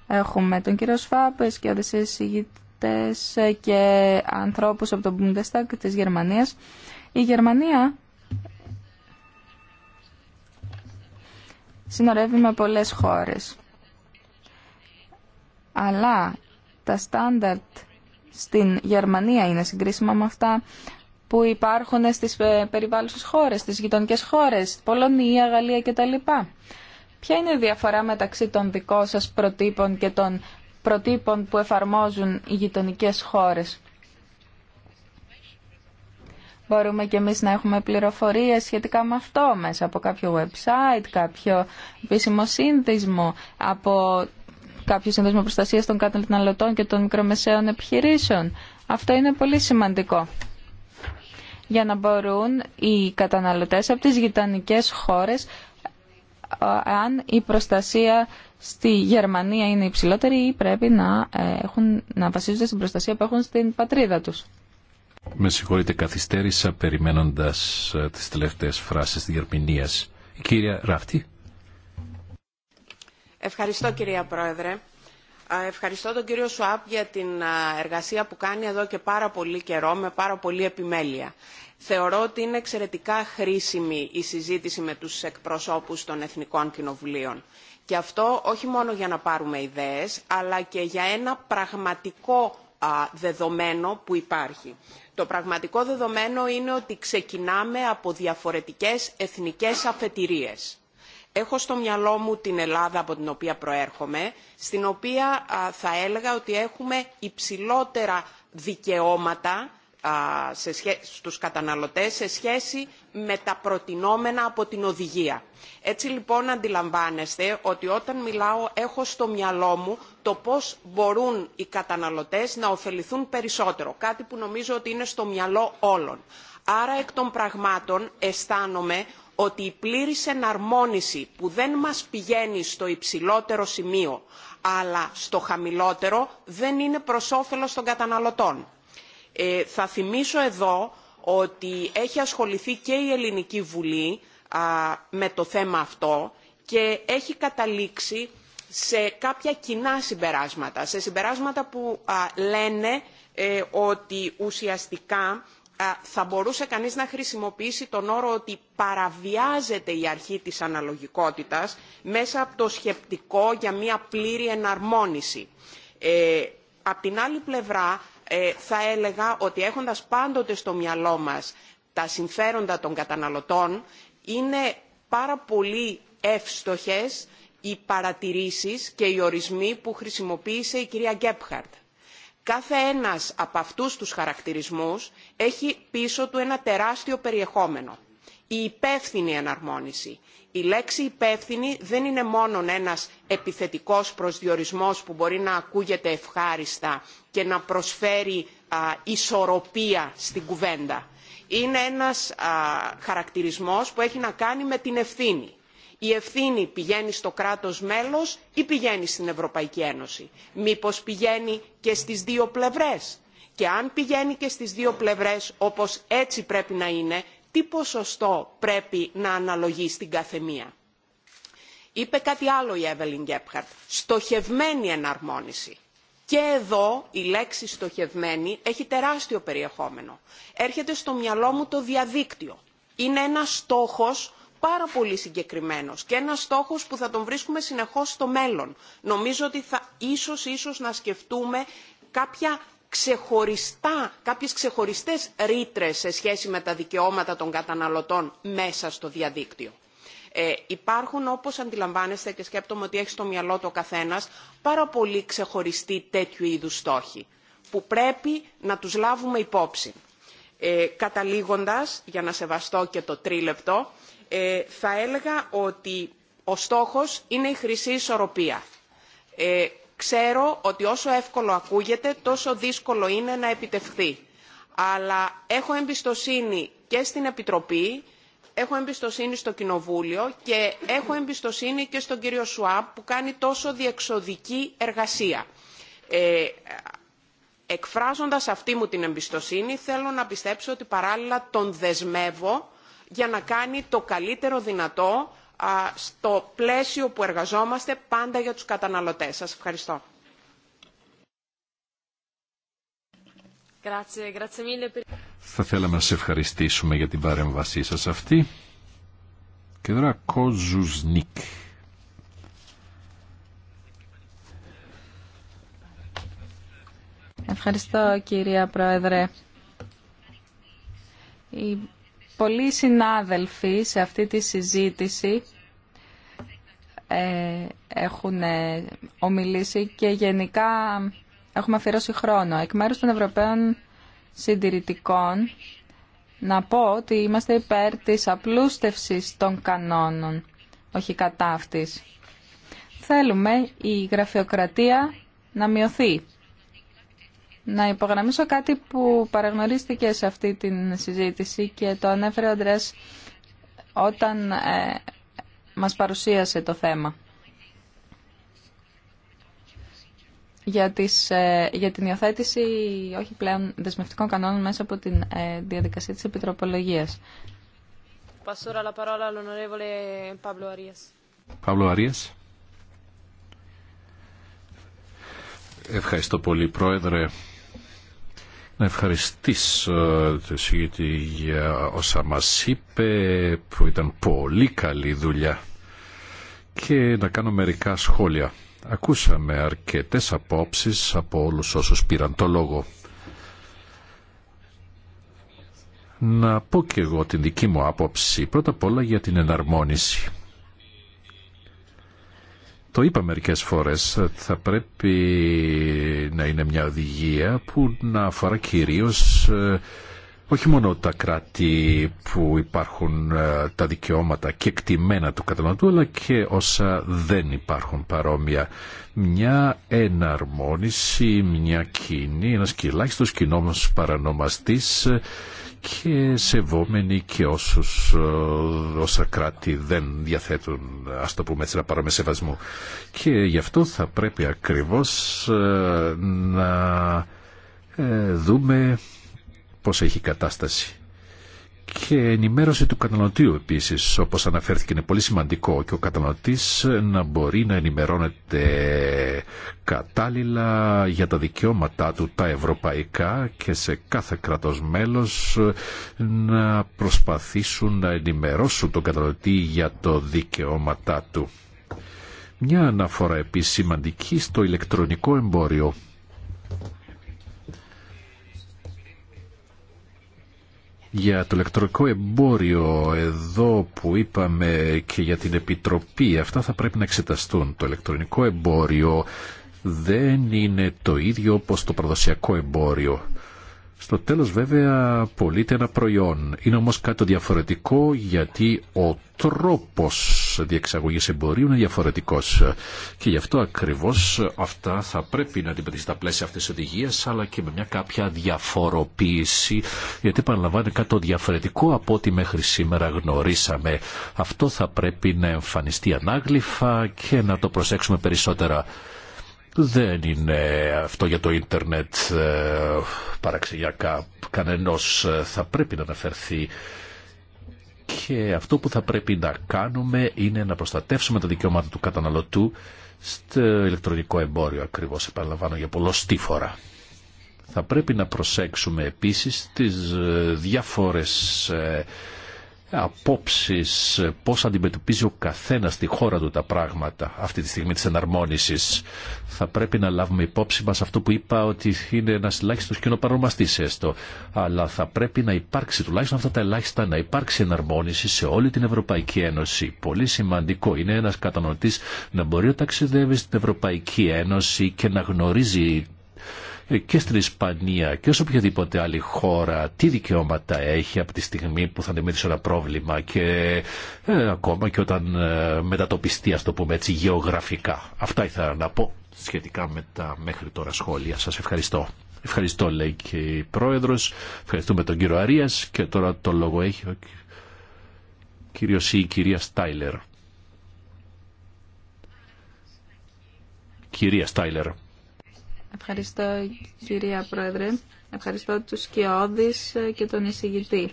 Έχουμε τον κύριο Σφάπες και τις ηγητές και ανθρώπους από τον Bundestag της Γερμανίας. Η Γερμανία συνορεύει με πολλές χώρες αλλά τα στάνταρτ στην Γερμανία είναι συγκρίσιμα με αυτά που υπάρχουν στις ε, περιβάλλουσες χώρες, στις γειτονικές χώρες, Πολωνία, Γαλλία κτλ. Ποια είναι η διαφορά μεταξύ των δικών σας προτύπων και των προτύπων που εφαρμόζουν οι γειτονικές χώρες. Μπορούμε και εμείς να έχουμε πληροφορίες σχετικά με αυτό μέσα από κάποιο website, κάποιο επίσημο σύνδεσμο, από κάποιο συνδέσμο προστασία των καταναλωτών και των μικρομεσαίων επιχειρήσεων. Αυτό είναι πολύ σημαντικό για να μπορούν οι καταναλωτές από τις γειτονικές χώρες αν η προστασία στη Γερμανία είναι υψηλότερη ή πρέπει να, ε, έχουν, να βασίζονται στην προστασία που έχουν στην πατρίδα τους.
Με συγχωρείτε, καθυστέρησα περιμένοντας ε, τις τελευταίες φράσεις της Γερμανίας. Η κυρία Ράφτη.
Ευχαριστώ κυρία Πρόεδρε. Ευχαριστώ τον κύριο Σουάπ για την εργασία που κάνει εδώ και πάρα πολύ καιρό με πάρα πολύ επιμέλεια. Θεωρώ ότι είναι εξαιρετικά χρήσιμη η συζήτηση με τους εκπροσώπους των Εθνικών Κοινοβουλίων. Και αυτό όχι μόνο για να πάρουμε ιδέες, αλλά και για ένα πραγματικό δεδομένο που υπάρχει. Το πραγματικό δεδομένο είναι ότι ξεκινάμε από διαφορετικές εθνικές αφετηρίες έχω στο μυαλό μου την Ελλάδα από την οποία προέρχομαι, στην οποία θα έλεγα ότι έχουμε υψηλότερα δικαιώματα σε στους καταναλωτές σε σχέση με τα προτινόμενα από την οδηγία. Έτσι λοιπόν αντιλαμβάνεστε ότι όταν μιλάω έχω στο μυαλό μου το πώς μπορούν οι καταναλωτές να ωφεληθούν περισσότερο, κάτι που νομίζω ότι είναι στο μυαλό όλων. Άρα εκ των πραγμάτων αισθάνομαι ότι η πλήρης εναρμόνιση που δεν μας πηγαίνει στο υψηλότερο σημείο αλλά στο χαμηλότερο δεν είναι προς όφελος των καταναλωτών. Ε, θα θυμίσω εδώ ότι έχει ασχοληθεί και η Ελληνική Βουλή με το θέμα αυτό και έχει καταλήξει σε κάποια κοινά συμπεράσματα. Σε συμπεράσματα που λένε ε, ότι ουσιαστικά ε, θα μπορούσε κανείς να χρησιμοποιήσει τον όρο ότι παραβιάζεται η αρχή της αναλογικότητας μέσα από το σκεπτικό για μια πλήρη εναρμόνιση. Ε, απ' την άλλη πλευρά ε, θα έλεγα ότι έχοντας πάντοτε στο μυαλό μας τα συμφέροντα των καταναλωτών είναι πάρα πολύ εύστοχες οι παρατηρήσεις και οι ορισμοί που χρησιμοποίησε η κυρία Γκέπχαρτ κάθε ένας από αυτούς τους χαρακτηρισμούς έχει πίσω του ένα τεράστιο περιεχόμενο. Η υπεύθυνη εναρμόνιση. Η λέξη υπεύθυνη δεν είναι μόνο ένας επιθετικός προσδιορισμός που μπορεί να ακούγεται ευχάριστα και να προσφέρει ισορροπία στην κουβέντα. Είναι ένας χαρακτηρισμός που έχει να κάνει με την ευθύνη η ευθύνη πηγαίνει στο κράτος μέλος ή πηγαίνει στην Ευρωπαϊκή Ένωση. Μήπως πηγαίνει και στις δύο πλευρές. Και αν πηγαίνει και στις δύο πλευρές όπως έτσι πρέπει να είναι, τι ποσοστό πρέπει να αναλογεί στην καθεμία. Είπε κάτι άλλο η Εύελιν Γκέπχαρτ. Στοχευμένη εναρμόνιση. Και εδώ η λέξη στοχευμένη έχει τεράστιο περιεχόμενο. Έρχεται στο μυαλό μου το διαδίκτυο. Είναι ένας στόχος πάρα πολύ συγκεκριμένος και ένας στόχος που θα τον βρίσκουμε συνεχώς στο μέλλον. Νομίζω ότι θα ίσως, ίσως να σκεφτούμε κάποια ξεχωριστά, κάποιες ξεχωριστές ρήτρες σε σχέση με τα δικαιώματα των καταναλωτών μέσα στο διαδίκτυο. Ε, υπάρχουν όπως αντιλαμβάνεστε και σκέπτομαι ότι έχει στο μυαλό το καθένας πάρα πολύ ξεχωριστοί τέτοιου είδους στόχοι που πρέπει να τους λάβουμε υπόψη. Ε, καταλήγοντας, για να σεβαστώ και το τρίλεπτο, ε, θα έλεγα ότι ο στόχος είναι η χρυσή ισορροπία. Ε, ξέρω ότι όσο εύκολο ακούγεται, τόσο δύσκολο είναι να επιτευχθεί. Αλλά έχω εμπιστοσύνη και στην Επιτροπή, έχω εμπιστοσύνη στο Κοινοβούλιο και έχω εμπιστοσύνη και στον κύριο Σουάμπ που κάνει τόσο διεξοδική εργασία. Ε, εκφράζοντας αυτή μου την εμπιστοσύνη, θέλω να πιστέψω ότι παράλληλα τον δεσμεύω για να κάνει το καλύτερο δυνατό στο πλαίσιο που εργαζόμαστε πάντα για τους καταναλωτές. Σας ευχαριστώ.
Θα θέλαμε να σε ευχαριστήσουμε για την παρέμβασή σας αυτή. Και τώρα νίκ
Ευχαριστώ κυρία Πρόεδρε. Η πολλοί συνάδελφοι σε αυτή τη συζήτηση ε, έχουν ε, ομιλήσει και γενικά έχουμε αφιερώσει χρόνο. Εκ μέρους των Ευρωπαίων Συντηρητικών να πω ότι είμαστε υπέρ της απλούστευσης των κανόνων, όχι κατά αυτής. Θέλουμε η γραφειοκρατία να μειωθεί. Να υπογραμμίσω κάτι που παραγνωρίστηκε σε αυτή την συζήτηση και το ανέφερε ο όταν ε, μας παρουσίασε το θέμα. Ε, για, την υιοθέτηση όχι πλέον δεσμευτικών κανόνων μέσα από τη ε, διαδικασία της επιτροπολογίας.
Αρίας. Ευχαριστώ πολύ, Πρόεδρε να ευχαριστήσω το για όσα μας είπε που ήταν πολύ καλή δουλειά και να κάνω μερικά σχόλια. Ακούσαμε αρκετές απόψεις από όλους όσους πήραν το λόγο. Να πω και εγώ την δική μου άποψη πρώτα απ' όλα για την εναρμόνιση. Το είπα μερικές φορές, θα πρέπει να είναι μια οδηγία που να αφορά κυρίως ε, όχι μόνο τα κράτη που υπάρχουν ε, τα δικαιώματα και εκτιμένα του καταναλωτού, αλλά και όσα δεν υπάρχουν παρόμοια. Μια εναρμόνιση, μια κοινή, ένας κυλάχιστος κοινόμος παρανομαστής και σεβόμενοι και όσους ε, όσα κράτη δεν διαθέτουν, ας το πούμε έτσι, να Και γι' αυτό θα πρέπει ακριβώς ε, να δούμε πώς έχει η κατάσταση. Και ενημέρωση του καταναλωτήου επίσης, όπως αναφέρθηκε, είναι πολύ σημαντικό και ο καταναλωτής να μπορεί να ενημερώνεται κατάλληλα για τα δικαιώματά του τα ευρωπαϊκά και σε κάθε κρατός μέλος να προσπαθήσουν να ενημερώσουν τον καταναλωτή για το δικαιώματά του. Μια αναφορά επίσης σημαντική στο ηλεκτρονικό εμπόριο για το ηλεκτρονικό εμπόριο εδώ που είπαμε και για την Επιτροπή αυτά θα πρέπει να εξεταστούν. Το ηλεκτρονικό εμπόριο δεν είναι το ίδιο όπως το παραδοσιακό εμπόριο. Στο τέλος βέβαια πωλείται ένα προϊόν. Είναι όμως κάτι διαφορετικό γιατί ο τρόπος διεξαγωγής εμπορίου είναι διαφορετικός. Και γι' αυτό ακριβώς αυτά θα πρέπει να αντιμετωπίσουν τα πλαίσια αυτής της οδηγίας, αλλά και με μια κάποια διαφοροποίηση, γιατί παραλαμβάνει κάτι διαφορετικό από ό,τι μέχρι σήμερα γνωρίσαμε. Αυτό θα πρέπει να εμφανιστεί ανάγλυφα και να το προσέξουμε περισσότερα. Δεν είναι αυτό για το ίντερνετ ε, παραξηγιακά κανενός ε, θα πρέπει να αναφερθεί και αυτό που θα πρέπει να κάνουμε είναι να προστατεύσουμε τα δικαιώματα του καταναλωτού στο ηλεκτρονικό εμπόριο ακριβώς, επαναλαμβάνω για πολλοστή φορά. Θα πρέπει να προσέξουμε επίσης τις ε, διάφορες ε, απόψεις, πώς αντιμετωπίζει ο καθένας στη χώρα του τα πράγματα αυτή τη στιγμή της εναρμόνισης. Θα πρέπει να λάβουμε υπόψη μας αυτό που είπα ότι είναι ένας ελάχιστος κοινοπαρομαστής έστω. Αλλά θα πρέπει να υπάρξει τουλάχιστον αυτά τα ελάχιστα να υπάρξει εναρμόνιση σε όλη την Ευρωπαϊκή Ένωση. Πολύ σημαντικό είναι ένας κατανοητής να μπορεί να ταξιδεύει στην Ευρωπαϊκή Ένωση και να γνωρίζει ε, και στην Ισπανία και σε οποιαδήποτε άλλη χώρα τι δικαιώματα έχει από τη στιγμή που θα αντιμετωπίσει ένα πρόβλημα και ε, ακόμα και όταν ε, μετατοπιστεί, ας το πούμε έτσι, γεωγραφικά. Αυτά ήθελα να πω σχετικά με τα μέχρι τώρα σχόλια. Σας ευχαριστώ. Ευχαριστώ λέει και η Πρόεδρος. Ευχαριστούμε τον κύριο Αρίας και τώρα το λόγο έχει ο η κυρία Στάιλερ. Κυρία Στάιλερ.
Ευχαριστώ κυρία Πρόεδρε. Ευχαριστώ τους Κιώδης και τον εισηγητή.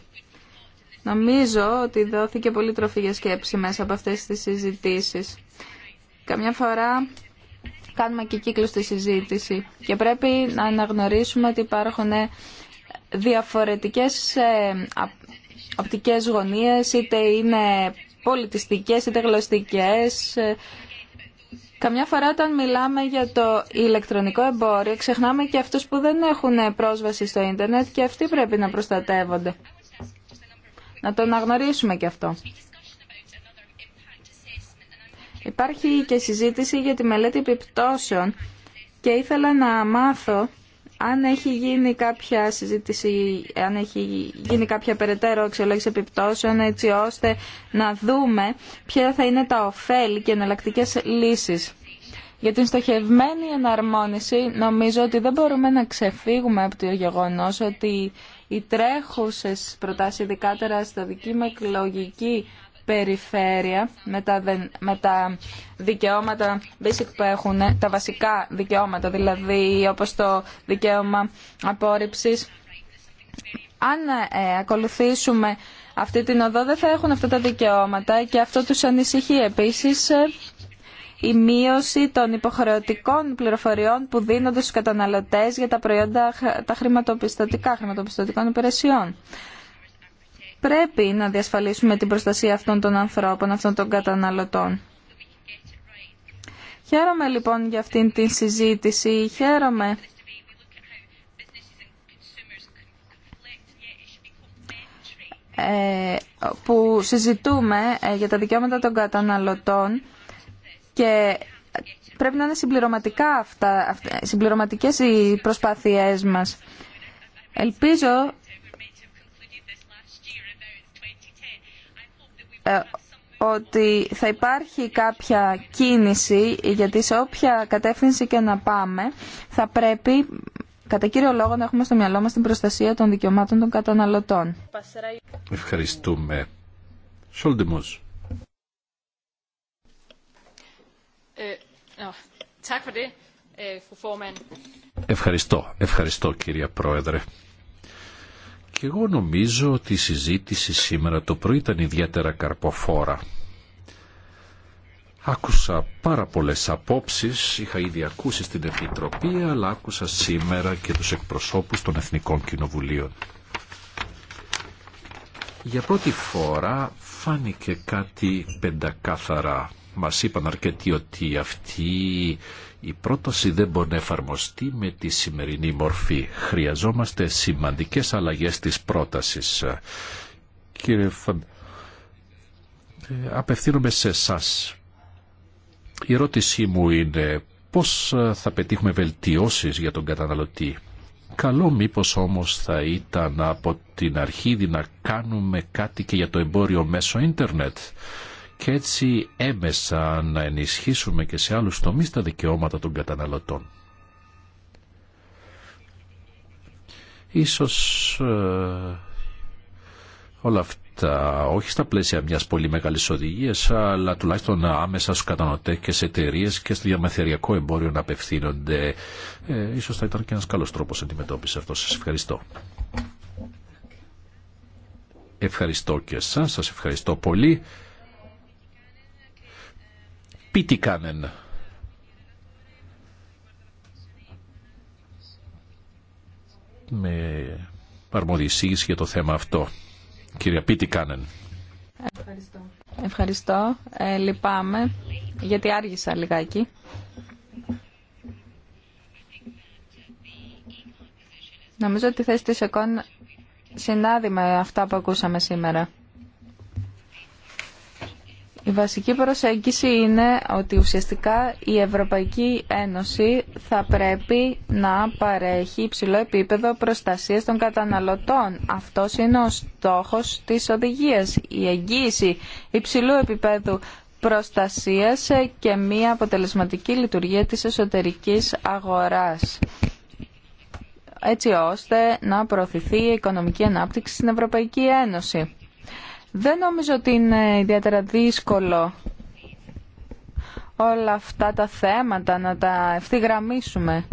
Νομίζω ότι δόθηκε πολύ τροφή για σκέψη μέσα από αυτές τις συζητήσεις. Καμιά φορά κάνουμε και κύκλους στη συζήτηση και πρέπει να αναγνωρίσουμε ότι υπάρχουν διαφορετικές ε, οπτικές γωνίες, είτε είναι πολιτιστικές είτε γλωστικές ε, Καμιά φορά όταν μιλάμε για το ηλεκτρονικό εμπόριο ξεχνάμε και αυτούς που δεν έχουν πρόσβαση στο ίντερνετ και αυτοί πρέπει να προστατεύονται. Να τον αναγνωρίσουμε και αυτό. Υπάρχει και συζήτηση για τη μελέτη επιπτώσεων και ήθελα να μάθω αν έχει γίνει κάποια συζήτηση, αν έχει γίνει κάποια περαιτέρω αξιολόγηση επιπτώσεων, έτσι ώστε να δούμε ποια θα είναι τα ωφέλη και εναλλακτικέ λύσεις. Για την στοχευμένη εναρμόνιση νομίζω ότι δεν μπορούμε να ξεφύγουμε από το γεγονό ότι οι τρέχουσες προτάσεις, ειδικά στα δική μου εκλογική περιφέρεια με τα, με τα δικαιώματα basic που έχουν, τα βασικά δικαιώματα, δηλαδή όπως το δικαίωμα απόρριψης. Αν ε, ακολουθήσουμε αυτή την οδό δεν θα έχουν αυτά τα δικαιώματα και αυτό τους ανησυχεί επίσης ε, η μείωση των υποχρεωτικών πληροφοριών που δίνονται στους καταναλωτές για τα προϊόντα τα χρηματοπιστωτικά, χρηματοπιστωτικών υπηρεσιών. Πρέπει να διασφαλίσουμε την προστασία αυτών των ανθρώπων, αυτών των καταναλωτών. Χαίρομαι λοιπόν για αυτήν την συζήτηση. Χαίρομαι ε, που συζητούμε ε, για τα δικαιώματα των καταναλωτών και πρέπει να είναι συμπληρωματικά αυτά, συμπληρωματικές οι προσπάθειές μας. Ελπίζω Ε, ότι θα υπάρχει κάποια κίνηση γιατί σε όποια κατεύθυνση και να πάμε θα πρέπει κατά κύριο λόγο να έχουμε στο μυαλό μας την προστασία των δικαιωμάτων των καταναλωτών.
Ευχαριστούμε.
Ε, ε,
ευχαριστώ, ευχαριστώ κυρία Πρόεδρε. Και εγώ νομίζω ότι η συζήτηση σήμερα το πρωί ήταν ιδιαίτερα καρποφόρα. Άκουσα πάρα πολλές απόψεις, είχα ήδη ακούσει στην Επιτροπή, αλλά άκουσα σήμερα και τους εκπροσώπους των Εθνικών Κοινοβουλίων. Για πρώτη φορά φάνηκε κάτι πεντακάθαρα. Μας είπαν αρκετοί ότι αυτή η πρόταση δεν μπορεί να εφαρμοστεί με τη σημερινή μορφή. Χρειαζόμαστε σημαντικές αλλαγές της πρότασης. Κύριε ε, απευθύνομαι σε εσά. Η ερώτησή μου είναι πώς θα πετύχουμε βελτιώσεις για τον καταναλωτή. Καλό μήπως όμως θα ήταν από την αρχή να κάνουμε κάτι και για το εμπόριο μέσω ίντερνετ και έτσι έμεσα να ενισχύσουμε και σε άλλους τομείς τα δικαιώματα των καταναλωτών. Ίσως ε, όλα αυτά, όχι στα πλαίσια μιας πολύ μεγάλης οδηγίας, αλλά τουλάχιστον άμεσα στους κατανοτές και σε εταιρείε και στο διαμεθεριακό εμπόριο να απευθύνονται. Ε, ίσως θα ήταν και ένας καλός τρόπος αντιμετώπιση αυτό. Σας ευχαριστώ. Ευχαριστώ και εσάς, σας ευχαριστώ πολύ. Κανέν, Με αρμοδιοσύνη για το θέμα αυτό. Κυρία Πίτικανεν. Ευχαριστώ.
Ευχαριστώ. Ε, λυπάμαι γιατί άργησα λιγάκι. Νομίζω ότι η θέση της ΕΚΟΝ συνάδει με αυτά που ακούσαμε σήμερα. Η βασική προσέγγιση είναι ότι ουσιαστικά η Ευρωπαϊκή Ένωση θα πρέπει να παρέχει υψηλό επίπεδο προστασίας των καταναλωτών. Αυτός είναι ο στόχος της οδηγίας, η εγγύηση υψηλού επίπεδου προστασίας και μία αποτελεσματική λειτουργία της εσωτερικής αγοράς έτσι ώστε να προωθηθεί η οικονομική ανάπτυξη στην Ευρωπαϊκή Ένωση. Δεν νομίζω ότι είναι ιδιαίτερα δύσκολο όλα αυτά τα θέματα να τα ευθυγραμμίσουμε,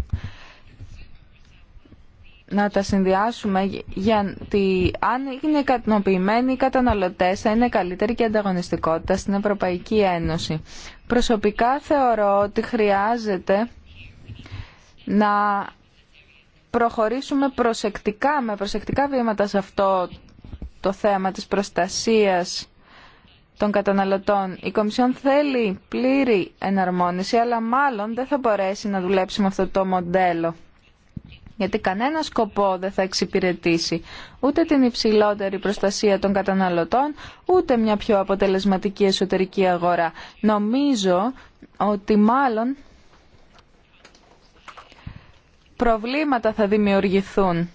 να τα συνδυάσουμε, γιατί αν είναι κατανοποιημένοι οι καταναλωτές θα είναι καλύτερη και ανταγωνιστικότητα στην Ευρωπαϊκή Ένωση. Προσωπικά θεωρώ ότι χρειάζεται να προχωρήσουμε προσεκτικά, με προσεκτικά βήματα σε αυτό το θέμα της προστασίας των καταναλωτών. Η Κομισιόν θέλει πλήρη εναρμόνιση, αλλά μάλλον δεν θα μπορέσει να δουλέψει με αυτό το μοντέλο. Γιατί κανένα σκοπό δεν θα εξυπηρετήσει ούτε την υψηλότερη προστασία των καταναλωτών, ούτε μια πιο αποτελεσματική εσωτερική αγορά. Νομίζω ότι μάλλον προβλήματα θα δημιουργηθούν.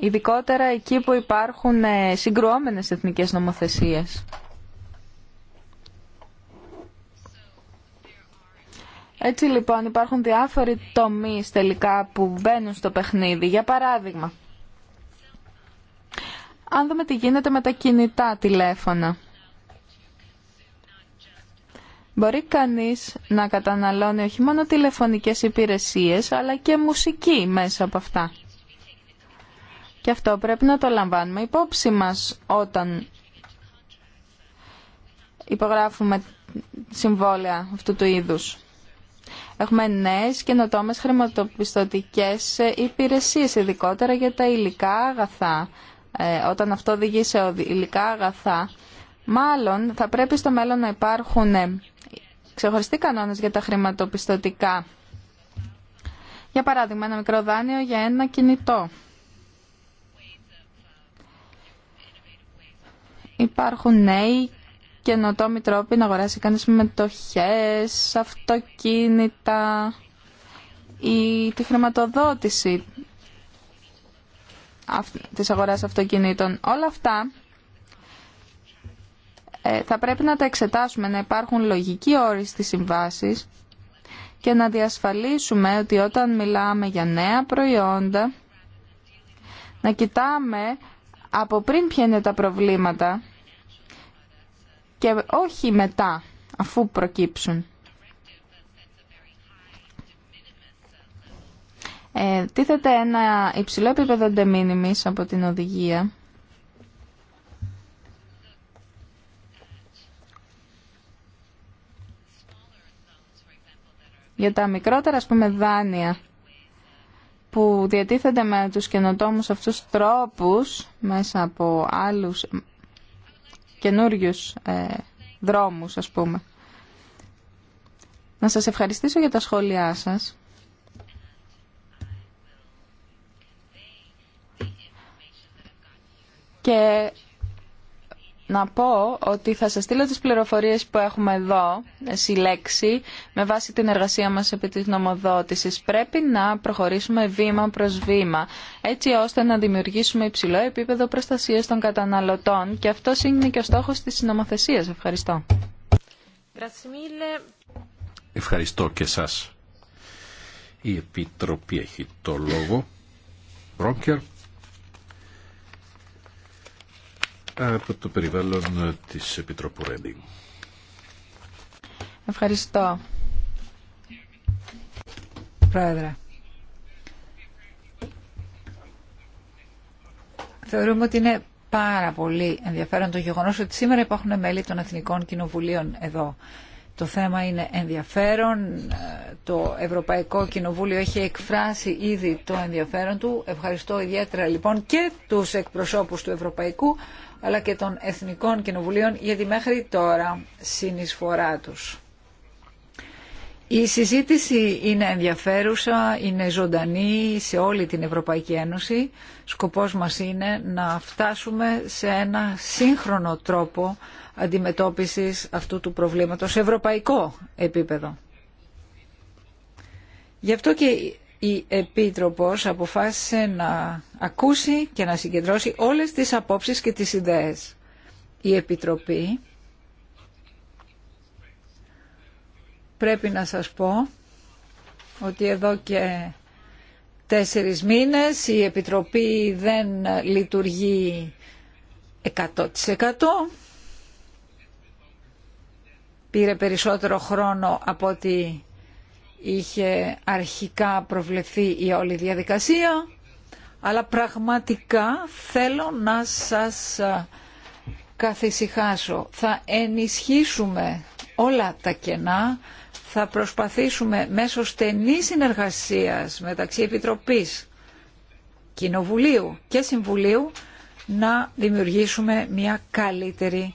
ειδικότερα εκεί που υπάρχουν ε, συγκρουόμενες εθνικές νομοθεσίες. Έτσι λοιπόν υπάρχουν διάφοροι τομείς τελικά που μπαίνουν στο παιχνίδι. Για παράδειγμα, αν δούμε τι γίνεται με τα κινητά τηλέφωνα. Μπορεί κανείς να καταναλώνει όχι μόνο τηλεφωνικές υπηρεσίες, αλλά και μουσική μέσα από αυτά. Και αυτό πρέπει να το λαμβάνουμε υπόψη μας όταν υπογράφουμε συμβόλαια αυτού του είδους. Έχουμε νέες καινοτόμες χρηματοπιστωτικές ε, υπηρεσίες, ειδικότερα για τα υλικά αγαθά. Ε, όταν αυτό οδηγεί σε υλικά αγαθά, μάλλον θα πρέπει στο μέλλον να υπάρχουν ε, ξεχωριστοί κανόνες για τα χρηματοπιστωτικά. Για παράδειγμα, ένα μικρό δάνειο για ένα κινητό. Υπάρχουν νέοι καινοτόμοι τρόποι να αγοράσει κανείς μετοχές, αυτοκίνητα ή τη χρηματοδότηση της αγοράς αυτοκινήτων. Όλα αυτά ε, θα πρέπει να τα εξετάσουμε, να υπάρχουν λογικοί όροι στις συμβάσεις και να διασφαλίσουμε ότι όταν μιλάμε για νέα προϊόντα να κοιτάμε από πριν ποια τα προβλήματα και όχι μετά, αφού προκύψουν. Ε, τίθεται ένα υψηλό επίπεδο ντεμίνιμης από την οδηγία. Για τα μικρότερα, ας πούμε, δάνεια που διατίθεται με τους καινοτόμους αυτούς τρόπους μέσα από άλλους καινούριου ε, δρόμους ας πούμε. Να σας ευχαριστήσω για τα σχόλιά σας. Και να πω ότι θα σας στείλω τις πληροφορίες που έχουμε εδώ συλλέξει με βάση την εργασία μας επί της νομοδότησης. Πρέπει να προχωρήσουμε βήμα προς βήμα έτσι ώστε να δημιουργήσουμε υψηλό επίπεδο προστασίας των καταναλωτών και αυτό είναι και ο στόχος της νομοθεσίας. Ευχαριστώ.
Ευχαριστώ και εσάς. Η Επιτροπή έχει το λόγο. από το περιβάλλον της Επιτροπού Ρέντι.
Ευχαριστώ. Πρόεδρε.
Θεωρούμε ότι είναι πάρα πολύ ενδιαφέρον το γεγονός ότι σήμερα υπάρχουν μέλη των Εθνικών Κοινοβουλίων εδώ. Το θέμα είναι ενδιαφέρον. Το Ευρωπαϊκό Κοινοβούλιο έχει εκφράσει ήδη το ενδιαφέρον του. Ευχαριστώ ιδιαίτερα λοιπόν και τους εκπροσώπους του Ευρωπαϊκού αλλά και των Εθνικών Κοινοβουλίων για τη μέχρι τώρα συνεισφορά τους. Η συζήτηση είναι ενδιαφέρουσα, είναι ζωντανή σε όλη την Ευρωπαϊκή Ένωση. Σκοπός μας είναι να φτάσουμε σε ένα σύγχρονο τρόπο αντιμετώπισης αυτού του προβλήματος σε ευρωπαϊκό επίπεδο. Γι' αυτό και η Επίτροπος αποφάσισε να ακούσει και να συγκεντρώσει όλες τις απόψεις και τις ιδέες. Η Επιτροπή πρέπει να σας πω ότι εδώ και τέσσερις μήνες η Επιτροπή δεν λειτουργεί 100% πήρε περισσότερο χρόνο από ότι είχε αρχικά προβλεφθεί η όλη διαδικασία αλλά πραγματικά θέλω να σας καθησυχάσω. Θα ενισχύσουμε όλα τα κενά, θα προσπαθήσουμε μέσω στενής συνεργασίας μεταξύ Επιτροπής, Κοινοβουλίου και Συμβουλίου να δημιουργήσουμε μια καλύτερη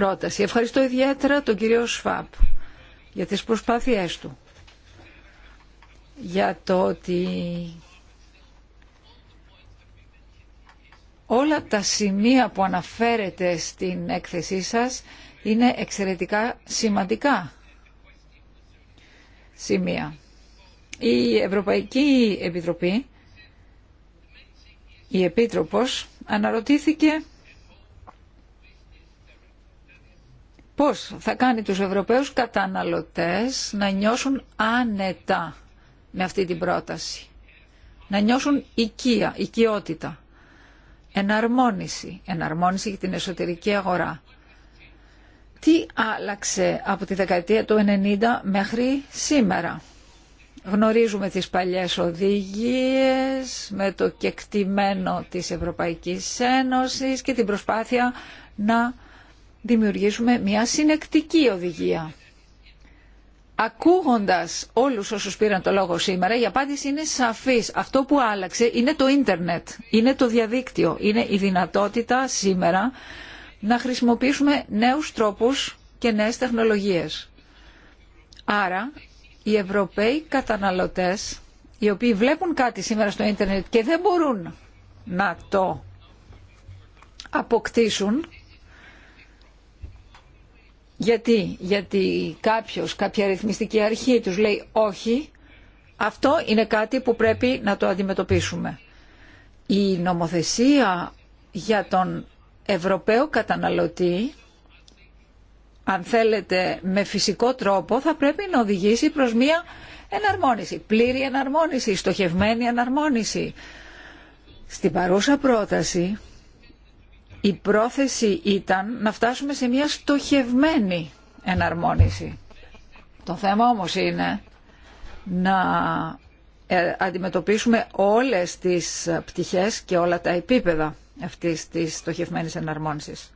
πρόταση. Ευχαριστώ ιδιαίτερα τον κύριο Σφάπ για τις προσπάθειές του, για το ότι όλα τα σημεία που αναφέρετε στην έκθεσή σας είναι εξαιρετικά σημαντικά σημεία. Η Ευρωπαϊκή Επιτροπή, η Επίτροπος, αναρωτήθηκε πώς θα κάνει τους Ευρωπαίους καταναλωτές να νιώσουν άνετα με αυτή την πρόταση. Να νιώσουν οικία, οικειότητα. Εναρμόνιση. Εναρμόνιση για την εσωτερική αγορά. Τι άλλαξε από τη δεκαετία του 90 μέχρι σήμερα. Γνωρίζουμε τις παλιές οδηγίες με το κεκτημένο της Ευρωπαϊκής Ένωσης και την προσπάθεια να δημιουργήσουμε μια συνεκτική οδηγία. Ακούγοντας όλους όσους πήραν το λόγο σήμερα, η απάντηση είναι σαφής. Αυτό που άλλαξε είναι το ίντερνετ, είναι το διαδίκτυο, είναι η δυνατότητα σήμερα να χρησιμοποιήσουμε νέους τρόπους και νέες τεχνολογίες. Άρα, οι Ευρωπαίοι καταναλωτές, οι οποίοι βλέπουν κάτι σήμερα στο ίντερνετ και δεν μπορούν να το αποκτήσουν, γιατί, γιατί κάποιος, κάποια αριθμιστική αρχή τους λέει όχι, αυτό είναι κάτι που πρέπει να το αντιμετωπίσουμε. Η νομοθεσία για τον Ευρωπαίο καταναλωτή, αν θέλετε με φυσικό τρόπο, θα πρέπει να οδηγήσει προς μία εναρμόνιση, πλήρη εναρμόνιση, στοχευμένη εναρμόνιση. Στην παρούσα πρόταση η πρόθεση ήταν να φτάσουμε σε μια στοχευμένη εναρμόνιση. Το θέμα όμως είναι να ε, αντιμετωπίσουμε όλες τις πτυχές και όλα τα επίπεδα αυτής της στοχευμένης εναρμόνισης.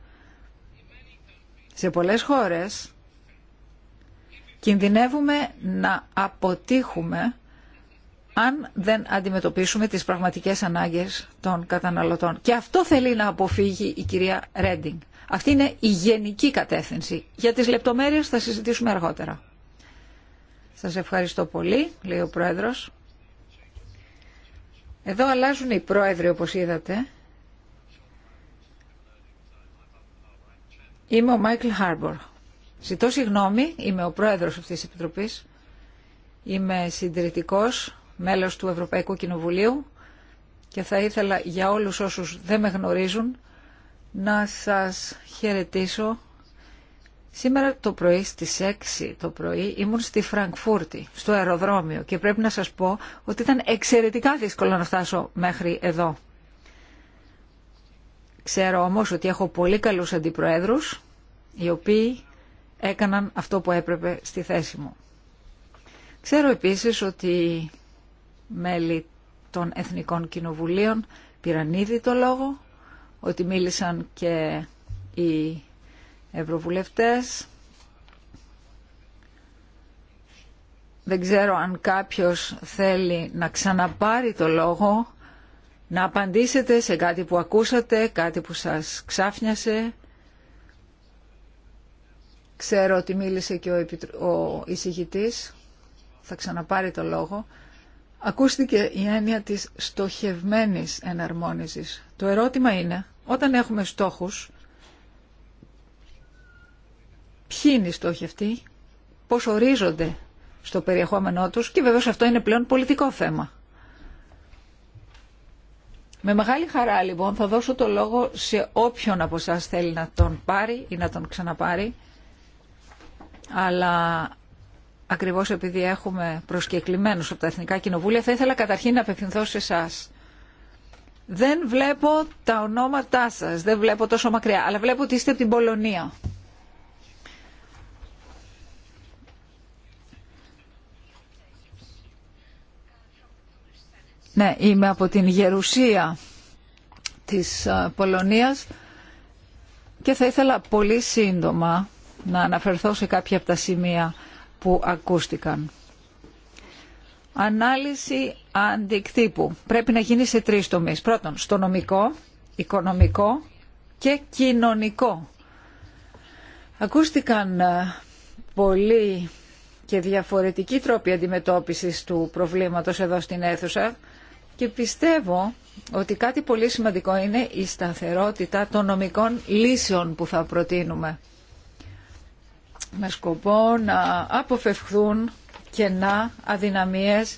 Σε πολλές χώρες κινδυνεύουμε να αποτύχουμε αν δεν αντιμετωπίσουμε τις πραγματικές ανάγκες των καταναλωτών. Και αυτό θέλει να αποφύγει η κυρία Ρέντινγκ. Αυτή είναι η γενική κατεύθυνση. Για τις λεπτομέρειες θα συζητήσουμε αργότερα. Σας ευχαριστώ πολύ, λέει ο Πρόεδρος. Εδώ αλλάζουν οι πρόεδροι, όπως είδατε. Είμαι ο Μάικλ Χάρμπορ. Ζητώ συγγνώμη, είμαι ο πρόεδρος αυτής της Επιτροπής. Είμαι συντηρητικός μέλος του Ευρωπαϊκού Κοινοβουλίου και θα ήθελα για όλους όσους δεν με γνωρίζουν να σας χαιρετήσω. Σήμερα το πρωί στις 6 το πρωί ήμουν στη Φραγκφούρτη, στο αεροδρόμιο και πρέπει να σας πω ότι ήταν εξαιρετικά δύσκολο να φτάσω μέχρι εδώ. Ξέρω όμως ότι έχω πολύ καλούς αντιπροέδρους οι οποίοι έκαναν αυτό που έπρεπε στη θέση μου. Ξέρω επίσης ότι μέλη των Εθνικών Κοινοβουλίων πήραν ήδη το λόγο, ότι μίλησαν και οι Ευρωβουλευτές. Δεν ξέρω αν κάποιος θέλει να ξαναπάρει το λόγο, να απαντήσετε σε κάτι που ακούσατε, κάτι που σας ξάφνιασε. Ξέρω ότι μίλησε και ο εισηγητής, θα ξαναπάρει το λόγο. Ακούστηκε η έννοια της στοχευμένης εναρμόνισης. Το ερώτημα είναι, όταν έχουμε στόχους, ποιοι είναι οι στόχοι αυτοί, πώς ορίζονται στο περιεχόμενό τους και βεβαίως αυτό είναι πλέον πολιτικό θέμα. Με μεγάλη χαρά λοιπόν θα δώσω το λόγο σε όποιον από εσά θέλει να τον πάρει ή να τον ξαναπάρει. Αλλά ακριβώς επειδή έχουμε προσκεκλημένους από τα Εθνικά Κοινοβούλια, θα ήθελα καταρχήν να απευθυνθώ σε εσά. Δεν βλέπω τα ονόματά σας, δεν βλέπω τόσο μακριά, αλλά βλέπω ότι είστε από την Πολωνία. Ναι, είμαι από την Γερουσία της Πολωνίας και θα ήθελα πολύ σύντομα να αναφερθώ σε κάποια από τα σημεία που ακούστηκαν. Ανάλυση αντικτύπου πρέπει να γίνει σε τρεις τομείς. Πρώτον, στο νομικό, οικονομικό και κοινωνικό. Ακούστηκαν ε, πολλοί και διαφορετικοί τρόποι αντιμετώπισης του προβλήματος εδώ στην αίθουσα και πιστεύω ότι κάτι πολύ σημαντικό είναι η σταθερότητα των νομικών λύσεων που θα προτείνουμε με σκοπό να αποφευχθούν κενά, αδυναμίες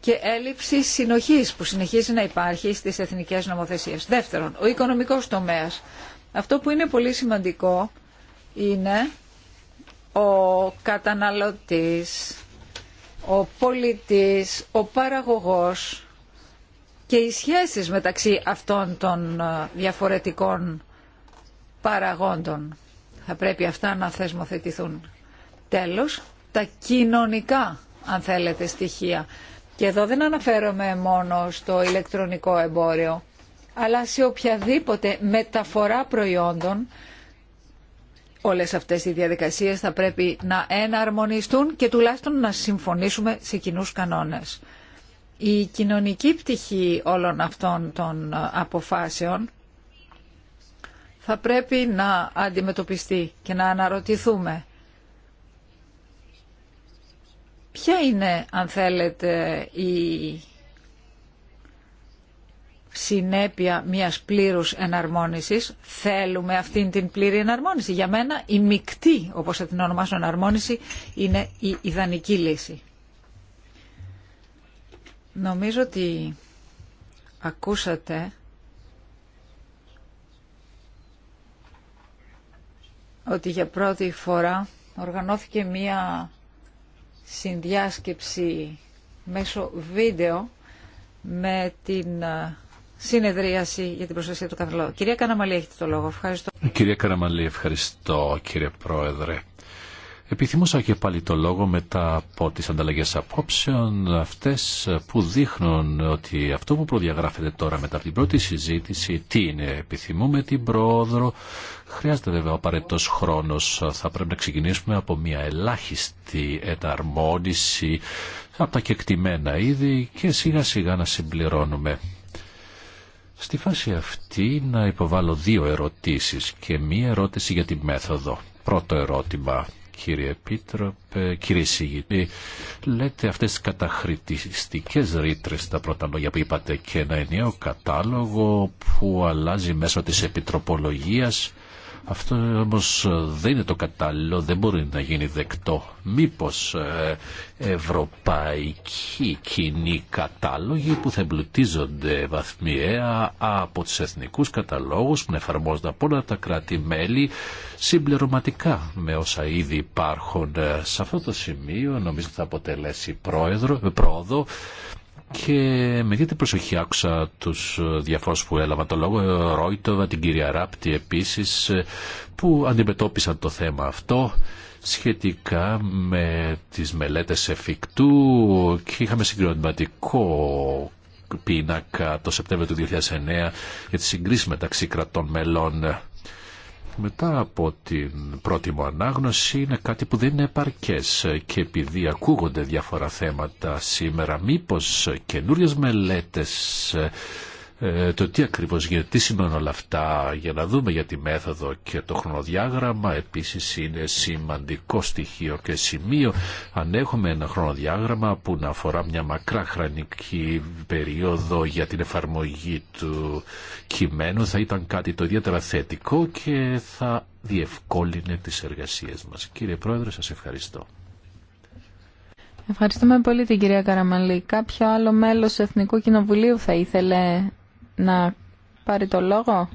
και έλλειψη συνοχής που συνεχίζει να υπάρχει στις εθνικές νομοθεσίες. Δεύτερον, ο οικονομικός τομέας. Αυτό που είναι πολύ σημαντικό είναι ο καταναλωτής, ο πολιτής, ο παραγωγός και οι σχέσεις μεταξύ αυτών των ε, διαφορετικών παραγόντων. Θα πρέπει αυτά να θεσμοθετηθούν. Τέλος, τα κοινωνικά, αν θέλετε, στοιχεία. Και εδώ δεν αναφέρομαι μόνο στο ηλεκτρονικό εμπόριο, αλλά σε οποιαδήποτε μεταφορά προϊόντων, όλες αυτές οι διαδικασίες θα πρέπει να εναρμονιστούν και τουλάχιστον να συμφωνήσουμε σε κοινού κανόνες. Η κοινωνική πτυχή όλων αυτών των αποφάσεων θα πρέπει να αντιμετωπιστεί και να αναρωτηθούμε ποια είναι, αν θέλετε, η συνέπεια μιας πλήρους εναρμόνισης. Θέλουμε αυτήν την πλήρη εναρμόνιση. Για μένα η μεικτή, όπως θα την ονομάσω εναρμόνιση, είναι η ιδανική λύση. Νομίζω ότι ακούσατε ότι για πρώτη φορά οργανώθηκε μία συνδιάσκεψη μέσω βίντεο με την ε, συνεδρίαση για την προστασία του καθλό. Κυρία Καναμαλή, έχετε το λόγο. Ευχαριστώ.
Κυρία Καναμαλή, ευχαριστώ κύριε Πρόεδρε. Επιθυμούσα και πάλι το λόγο μετά από τις ανταλλαγές απόψεων αυτές που δείχνουν ότι αυτό που προδιαγράφεται τώρα μετά από την πρώτη συζήτηση τι είναι επιθυμούμε την πρόοδο χρειάζεται βέβαια ο απαραίτητος χρόνος θα πρέπει να ξεκινήσουμε από μια ελάχιστη εναρμόνιση από τα κεκτημένα είδη και σιγά σιγά να συμπληρώνουμε. Στη φάση αυτή να υποβάλω δύο ερωτήσεις και μία ερώτηση για τη μέθοδο. Πρώτο ερώτημα κύριε Επίτροπε, κύριε Συγητή. Λέτε αυτές τι καταχρητιστικές ρήτρες στα πρώτα λόγια που είπατε και ένα ενιαίο κατάλογο που αλλάζει μέσω της επιτροπολογίας αυτό όμως δεν είναι το κατάλληλο, δεν μπορεί να γίνει δεκτό. Μήπως ε, ευρωπαϊκοί κοινοί κατάλογοι που θα εμπλουτίζονται βαθμιαία από τους εθνικούς καταλόγους που εφαρμόζονται από όλα τα κράτη-μέλη συμπληρωματικά με όσα ήδη υπάρχουν. Ε, σε αυτό το σημείο νομίζω θα αποτελέσει πρόεδρο, πρόοδο και με ιδιαίτερη προσοχή άκουσα τους ε, διαφόρους που έλαβαν το λόγο, ε, Ρόιτοβα, την κυρία Ράπτη επίσης, ε, που αντιμετώπισαν το θέμα αυτό σχετικά με τις μελέτες εφικτού και είχαμε συγκροτηματικό πίνακα το Σεπτέμβριο του 2009 για τις συγκρίσεις μεταξύ κρατών μελών μετά από την πρώτη μου ανάγνωση είναι κάτι που δεν είναι επαρκές και επειδή ακούγονται διάφορα θέματα σήμερα μήπως καινούριε μελέτες ε, το τι ακριβώς γίνεται, τι σημαίνουν όλα αυτά για να δούμε για τη μέθοδο και το χρονοδιάγραμμα επίσης είναι σημαντικό στοιχείο και σημείο αν έχουμε ένα χρονοδιάγραμμα που να αφορά μια μακρά χρονική περίοδο για την εφαρμογή του κειμένου θα ήταν κάτι το ιδιαίτερα θετικό και θα διευκόλυνε τις εργασίες μας. Κύριε Πρόεδρε σας ευχαριστώ.
Ευχαριστούμε πολύ την κυρία Καραμαλή. Κάποιο άλλο μέλος Εθνικού Κοινοβουλίου θα ήθελε να πάρει το λόγο.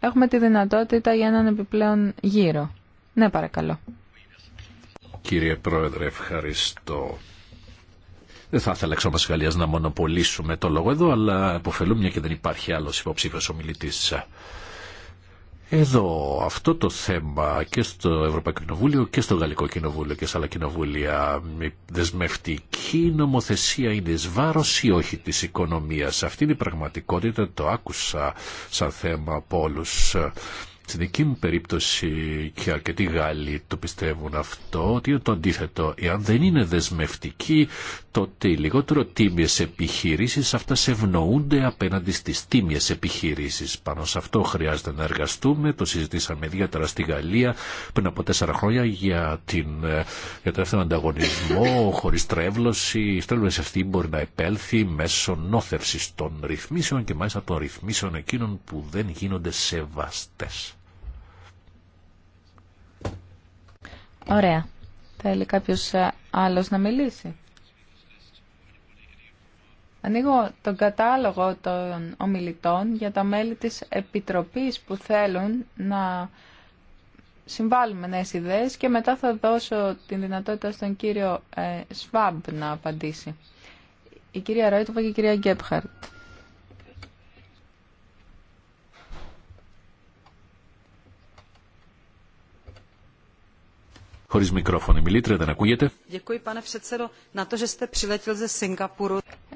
Έχουμε τη δυνατότητα για έναν επιπλέον γύρο. Ναι, παρακαλώ.
Κύριε Πρόεδρε, ευχαριστώ. Δεν θα ήθελα εξ Γαλλίας να μονοπολίσουμε το λόγο εδώ, αλλά αποφελούμε μια και δεν υπάρχει άλλος υποψήφιος ομιλητής. Εδώ αυτό το θέμα και στο Ευρωπαϊκό Κοινοβούλιο και στο Γαλλικό Κοινοβούλιο και σε άλλα κοινοβούλια δεσμευτική νομοθεσία είναι σβάρος η πραγματικότητα, το άκουσα σαν θέμα από όλου. Στην δική μου περίπτωση και αρκετοί Γάλλοι το πιστεύουν αυτό, ότι είναι το αντίθετο. Εάν δεν είναι δεσμευτική, τότε οι λιγότερο τίμιες επιχειρήσεις σε ευνοούνται απέναντι στις τίμιες επιχειρήσεις. Πάνω σε αυτό χρειάζεται να εργαστούμε, το συζητήσαμε ιδιαίτερα στη Γαλλία πριν από τέσσερα χρόνια για, την, για τον εύθερο ανταγωνισμό Χωρί τρέβλωση. Η στρέβλωση αυτή μπορεί να επέλθει μέσω νόθευσης των ρυθμίσεων και μάλιστα των ρυθμίσεων εκείνων που δεν γίνονται σεβαστές.
Ωραία. Θέλει κάποιος άλλος να μιλήσει. Ανοίγω τον κατάλογο των ομιλητών για τα μέλη της Επιτροπής που θέλουν να συμβάλουμε νέες ιδέες και μετά θα δώσω την δυνατότητα στον κύριο ε, Σβάμπ να απαντήσει. Η κυρία Ρόιτοβα και η κυρία Γκέπχαρτ.
Χωρίς μικρόφωνο. Μιλήτρια, δεν ακούγεται.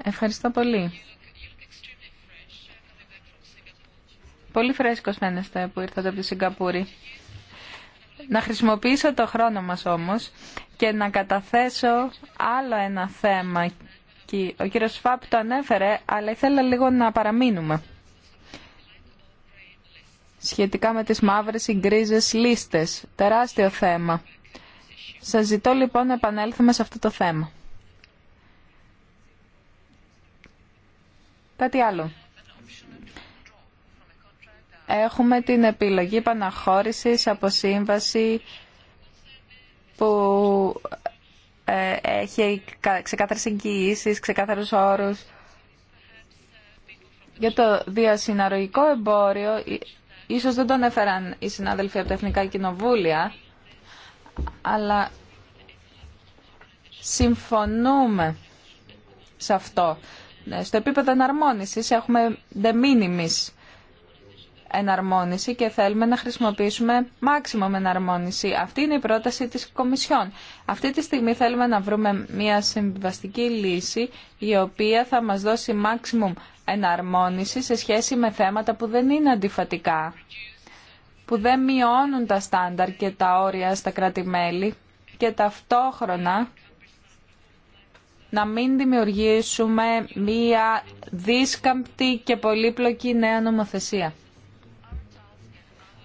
Ευχαριστώ πολύ. Πολύ φρέσκος φαίνεστε που ήρθατε από τη Σιγκαπούρη. Να χρησιμοποιήσω το χρόνο μας όμως και να καταθέσω άλλο ένα θέμα. Ο κύριος Φάπ το ανέφερε, αλλά ήθελα λίγο να παραμείνουμε. Σχετικά με τις μαύρες ή λίστες. Τεράστιο θέμα. Σας ζητώ λοιπόν να επανέλθουμε σε αυτό το θέμα. Κάτι άλλο. Έχουμε την επιλογή επαναχώρησης από σύμβαση που ε, έχει ξεκάθαρες εγγυήσεις, ξεκάθαρους όρους. Για το διασυναρρογικό εμπόριο, ίσως δεν τον έφεραν οι συνάδελφοι από τα Εθνικά Κοινοβούλια, αλλά συμφωνούμε σε αυτό. Στο επίπεδο εναρμόνισης έχουμε de minimis εναρμόνιση και θέλουμε να χρησιμοποιήσουμε maximum εναρμόνιση. Αυτή είναι η πρόταση της Κομισιόν. Αυτή τη στιγμή θέλουμε να βρούμε μια συμβιβαστική λύση η οποία θα μας δώσει maximum εναρμόνιση σε σχέση με θέματα που δεν είναι αντιφατικά που δεν μειώνουν τα στάνταρ και τα όρια στα κράτη-μέλη και ταυτόχρονα να μην δημιουργήσουμε μία δίσκαμπτη και πολύπλοκη νέα νομοθεσία.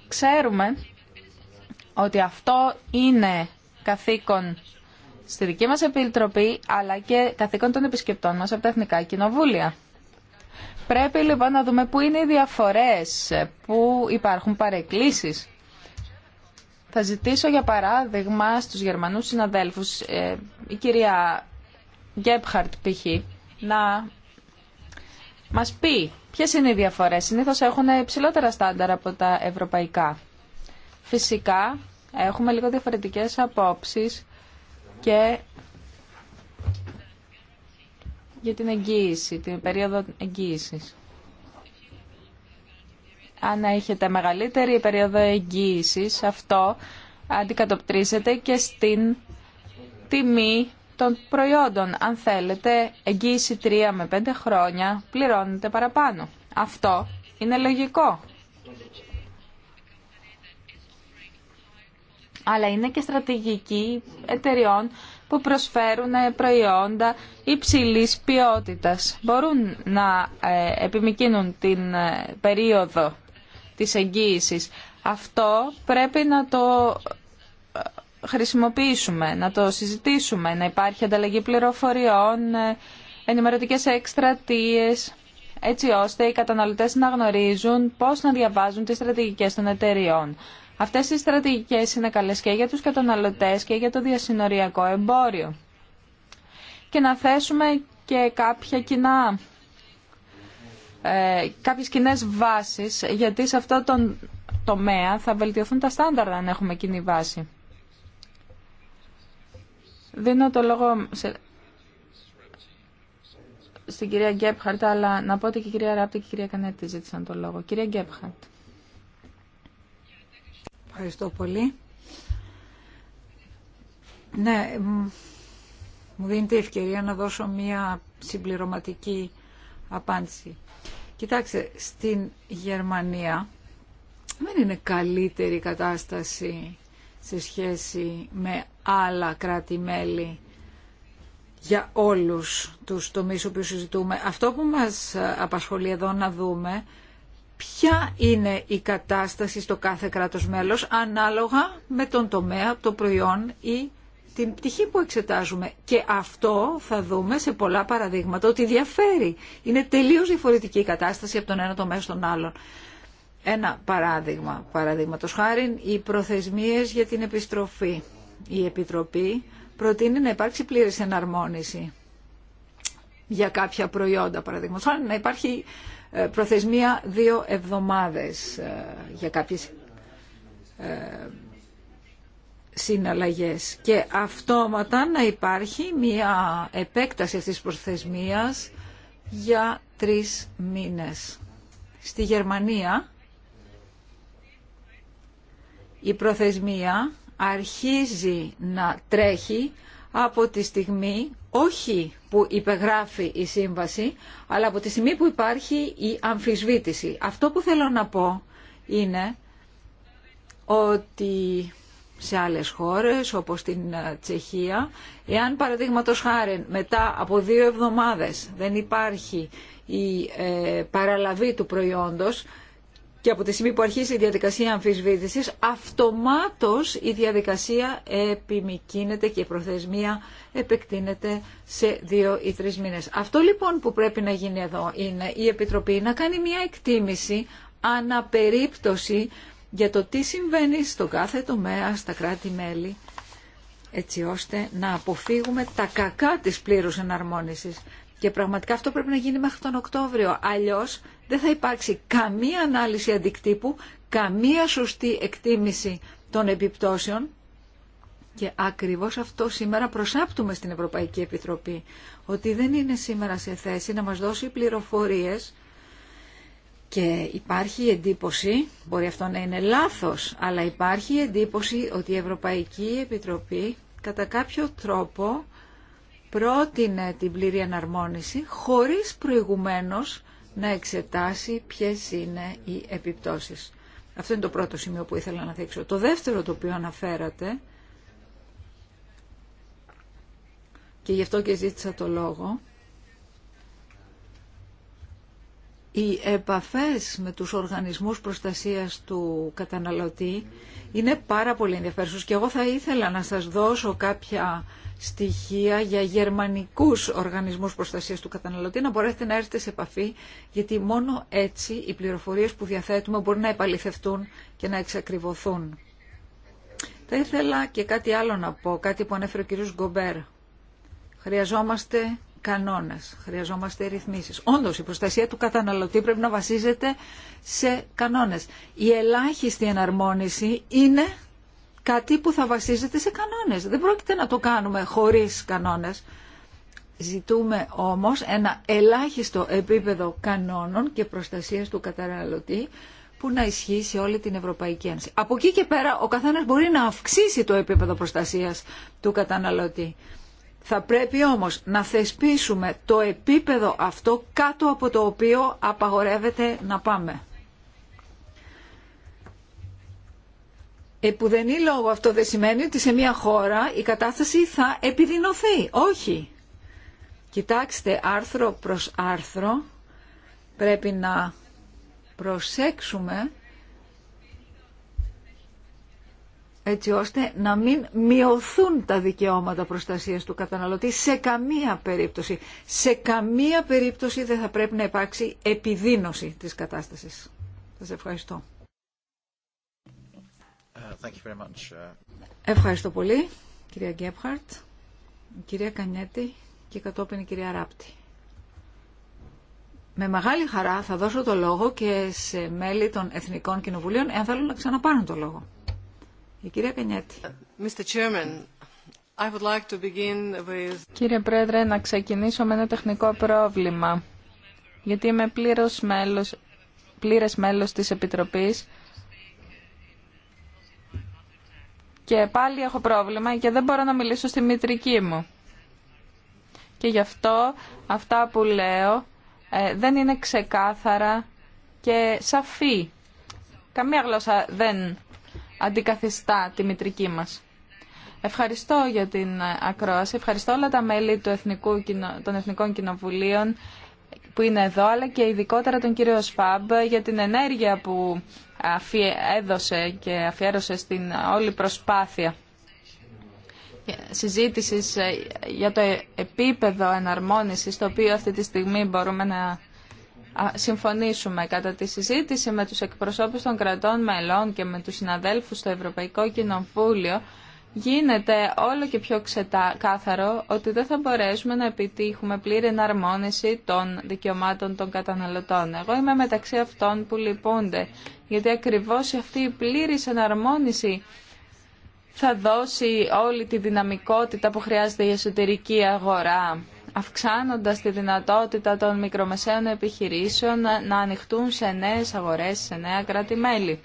Ξέρουμε ότι αυτό είναι καθήκον στη δική μας επιτροπή αλλά και καθήκον των επισκεπτών μας από τα Εθνικά Κοινοβούλια. Πρέπει λοιπόν να δούμε πού είναι οι διαφορές, πού υπάρχουν παρεκκλήσεις. Θα ζητήσω για παράδειγμα στους Γερμανούς συναδέλφους, ε, η κυρία Γκέπχαρτ π.χ. να μας πει ποιες είναι οι διαφορές. Συνήθως έχουν υψηλότερα στάνταρ από τα ευρωπαϊκά. Φυσικά έχουμε λίγο διαφορετικές απόψεις και για την εγγύηση, την περίοδο εγγύησης. Αν έχετε μεγαλύτερη περίοδο εγγύησης, αυτό αντικατοπτρίζεται και στην τιμή των προϊόντων. Αν θέλετε, εγγύηση 3 με 5 χρόνια πληρώνετε παραπάνω. Αυτό είναι λογικό. Αλλά είναι και στρατηγική εταιριών που προσφέρουν ε, προϊόντα υψηλής ποιότητας. Μπορούν να ε, επιμικίνουν την ε, περίοδο της εγγύησης. Αυτό πρέπει να το χρησιμοποιήσουμε, να το συζητήσουμε, να υπάρχει ανταλλαγή πληροφοριών, ενημερωτικές εκστρατείες, έτσι ώστε οι καταναλωτές να γνωρίζουν πώς να διαβάζουν τις στρατηγικές των εταιριών. Αυτές οι στρατηγικές είναι καλές και για τους καταναλωτέ και για το διασυνοριακό εμπόριο. Και να θέσουμε και κάποια κοινά, ε, κάποιες κοινέ βάσεις, γιατί σε αυτό το τομέα θα βελτιωθούν τα στάνταρτα αν έχουμε κοινή βάση. Δίνω το λόγο στην κυρία Γκέπχαρτ, αλλά να πω ότι και η κυρία Ράπτη και η κυρία Κανέτη ζήτησαν το λόγο. Κυρία Γκέπχαρτ. Ευχαριστώ πολύ. Ναι,
μου δίνεται ευκαιρία να δώσω μία συμπληρωματική απάντηση. Κοιτάξτε, στην Γερμανία δεν είναι καλύτερη η κατάσταση σε σχέση με άλλα κράτη-μέλη για όλους τους τομείς που συζητούμε. Αυτό που μας απασχολεί εδώ να δούμε ποια είναι η κατάσταση στο κάθε κράτος μέλος ανάλογα με τον τομέα, το προϊόν ή την πτυχή που εξετάζουμε. Και αυτό θα δούμε σε πολλά παραδείγματα ότι διαφέρει. Είναι τελείως διαφορετική η κατάσταση από τον ένα τομέα στον άλλον. Ένα παράδειγμα, παραδείγματος χάρη, οι προθεσμίες για την επιστροφή. Η Επιτροπή προτείνει να υπάρξει πλήρης εναρμόνιση για κάποια προϊόντα, παραδείγματος. Να υπάρχει ε, προθεσμία δύο εβδομάδες ε, για κάποιες ε, συναλλαγές και αυτόματα να υπάρχει μια επέκταση αυτής της προθεσμίας για τρεις μήνες. Στη Γερμανία η προθεσμία αρχίζει να τρέχει από τη στιγμή όχι που υπεγράφει η σύμβαση, αλλά από τη στιγμή που υπάρχει η αμφισβήτηση. Αυτό που θέλω να πω είναι ότι σε άλλες χώρες όπως την ε, Τσεχία εάν παραδείγματο χάρη μετά από δύο εβδομάδες δεν υπάρχει η ε, παραλαβή του προϊόντος και από τη στιγμή που αρχίζει η διαδικασία αμφισβήτησης, αυτομάτως η διαδικασία επιμηκύνεται και η προθεσμία επεκτείνεται σε δύο ή τρεις μήνες. Αυτό λοιπόν που πρέπει να γίνει εδώ είναι η Επιτροπή να κάνει μια εκτίμηση αναπερίπτωση για το τι συμβαίνει στο κάθε τομέα, στα κράτη-μέλη, έτσι ώστε να αποφύγουμε τα κακά της πλήρους εναρμόνισης. Και πραγματικά αυτό πρέπει να γίνει μέχρι τον Οκτώβριο. Αλλιώς δεν θα υπάρξει καμία ανάλυση αντικτύπου, καμία σωστή εκτίμηση των επιπτώσεων. Και ακριβώς αυτό σήμερα προσάπτουμε στην Ευρωπαϊκή Επιτροπή, ότι δεν είναι σήμερα σε θέση να μας δώσει πληροφορίες και υπάρχει εντύπωση, μπορεί αυτό να είναι λάθος, αλλά υπάρχει εντύπωση ότι η Ευρωπαϊκή Επιτροπή κατά κάποιο τρόπο πρότεινε την πλήρη αναρμόνιση χωρίς προηγουμένως να εξετάσει ποιες είναι οι επιπτώσεις. Αυτό είναι το πρώτο σημείο που ήθελα να δείξω. Το δεύτερο το οποίο αναφέρατε, και γι' αυτό και ζήτησα το λόγο, οι επαφές με τους οργανισμούς προστασίας του καταναλωτή είναι πάρα πολύ ενδιαφέρουσες και εγώ θα ήθελα να σας δώσω κάποια στοιχεία για γερμανικούς οργανισμούς προστασίας του καταναλωτή να μπορέσετε να έρθετε σε επαφή γιατί μόνο έτσι οι πληροφορίες που διαθέτουμε μπορούν να επαληθευτούν και να εξακριβωθούν. Θα ήθελα και κάτι άλλο να πω, κάτι που ανέφερε ο κ. Γκομπέρ. Χρειαζόμαστε κανόνες Χρειαζόμαστε ρυθμίσεις. Όντω η προστασία του καταναλωτή πρέπει να βασίζεται σε κανόνες. Η ελάχιστη εναρμόνιση είναι κάτι που θα βασίζεται σε κανόνες. Δεν πρόκειται να το κάνουμε χωρίς κανόνες. Ζητούμε όμως ένα ελάχιστο επίπεδο κανόνων και προστασίας του καταναλωτή που να ισχύει σε όλη την Ευρωπαϊκή Ένωση. Από εκεί και πέρα ο καθένα μπορεί να αυξήσει το επίπεδο προστασία του καταναλωτή. Θα πρέπει όμως να θεσπίσουμε το επίπεδο αυτό κάτω από το οποίο απαγορεύεται να πάμε. Επουδενή λόγο αυτό δεν σημαίνει ότι σε μια χώρα η κατάσταση θα επιδεινωθεί. Όχι. Κοιτάξτε άρθρο προς άρθρο πρέπει να προσέξουμε έτσι ώστε να μην μειωθούν τα δικαιώματα προστασίας του καταναλωτή σε καμία περίπτωση. Σε καμία περίπτωση δεν θα πρέπει να υπάρξει επιδείνωση της κατάστασης. Σας ευχαριστώ.
Uh, uh.
Ευχαριστώ πολύ, κυρία Γκέπχαρτ, κυρία Κανιέτη και κατόπιν η κυρία Ράπτη. Με μεγάλη χαρά θα δώσω το λόγο και σε μέλη των Εθνικών Κοινοβουλίων, εάν θέλουν να ξαναπάρουν το λόγο. Κύριε
Πρόεδρε, να ξεκινήσω με ένα τεχνικό πρόβλημα. Γιατί είμαι πλήρως μέλος, πλήρες μέλος της Επιτροπής και πάλι έχω πρόβλημα και δεν μπορώ να μιλήσω στη μητρική μου. Και γι' αυτό αυτά που λέω ε, δεν είναι ξεκάθαρα και σαφή. Καμία γλώσσα δεν αντικαθιστά τη μητρική μας. Ευχαριστώ για την ακρόαση. Ευχαριστώ όλα τα μέλη του Εθνικού, των Εθνικών Κοινοβουλίων που είναι εδώ, αλλά και ειδικότερα τον κύριο Σφάμπ για την ενέργεια που έδωσε και αφιέρωσε στην όλη προσπάθεια συζήτησης για το επίπεδο εναρμόνισης το οποίο αυτή τη στιγμή μπορούμε να συμφωνήσουμε κατά τη συζήτηση με τους εκπροσώπους των κρατών μελών και με τους συναδέλφους στο Ευρωπαϊκό Κοινοβούλιο γίνεται όλο και πιο ξεκάθαρο ότι δεν θα μπορέσουμε να επιτύχουμε πλήρη εναρμόνιση των δικαιωμάτων των καταναλωτών. Εγώ είμαι μεταξύ αυτών που λυπούνται, γιατί ακριβώς αυτή η πλήρης εναρμόνιση θα δώσει όλη τη δυναμικότητα που χρειάζεται η εσωτερική αγορά αυξάνοντας τη δυνατότητα των μικρομεσαίων επιχειρήσεων να ανοιχτούν σε νέες αγορές, σε νέα κράτη-μέλη.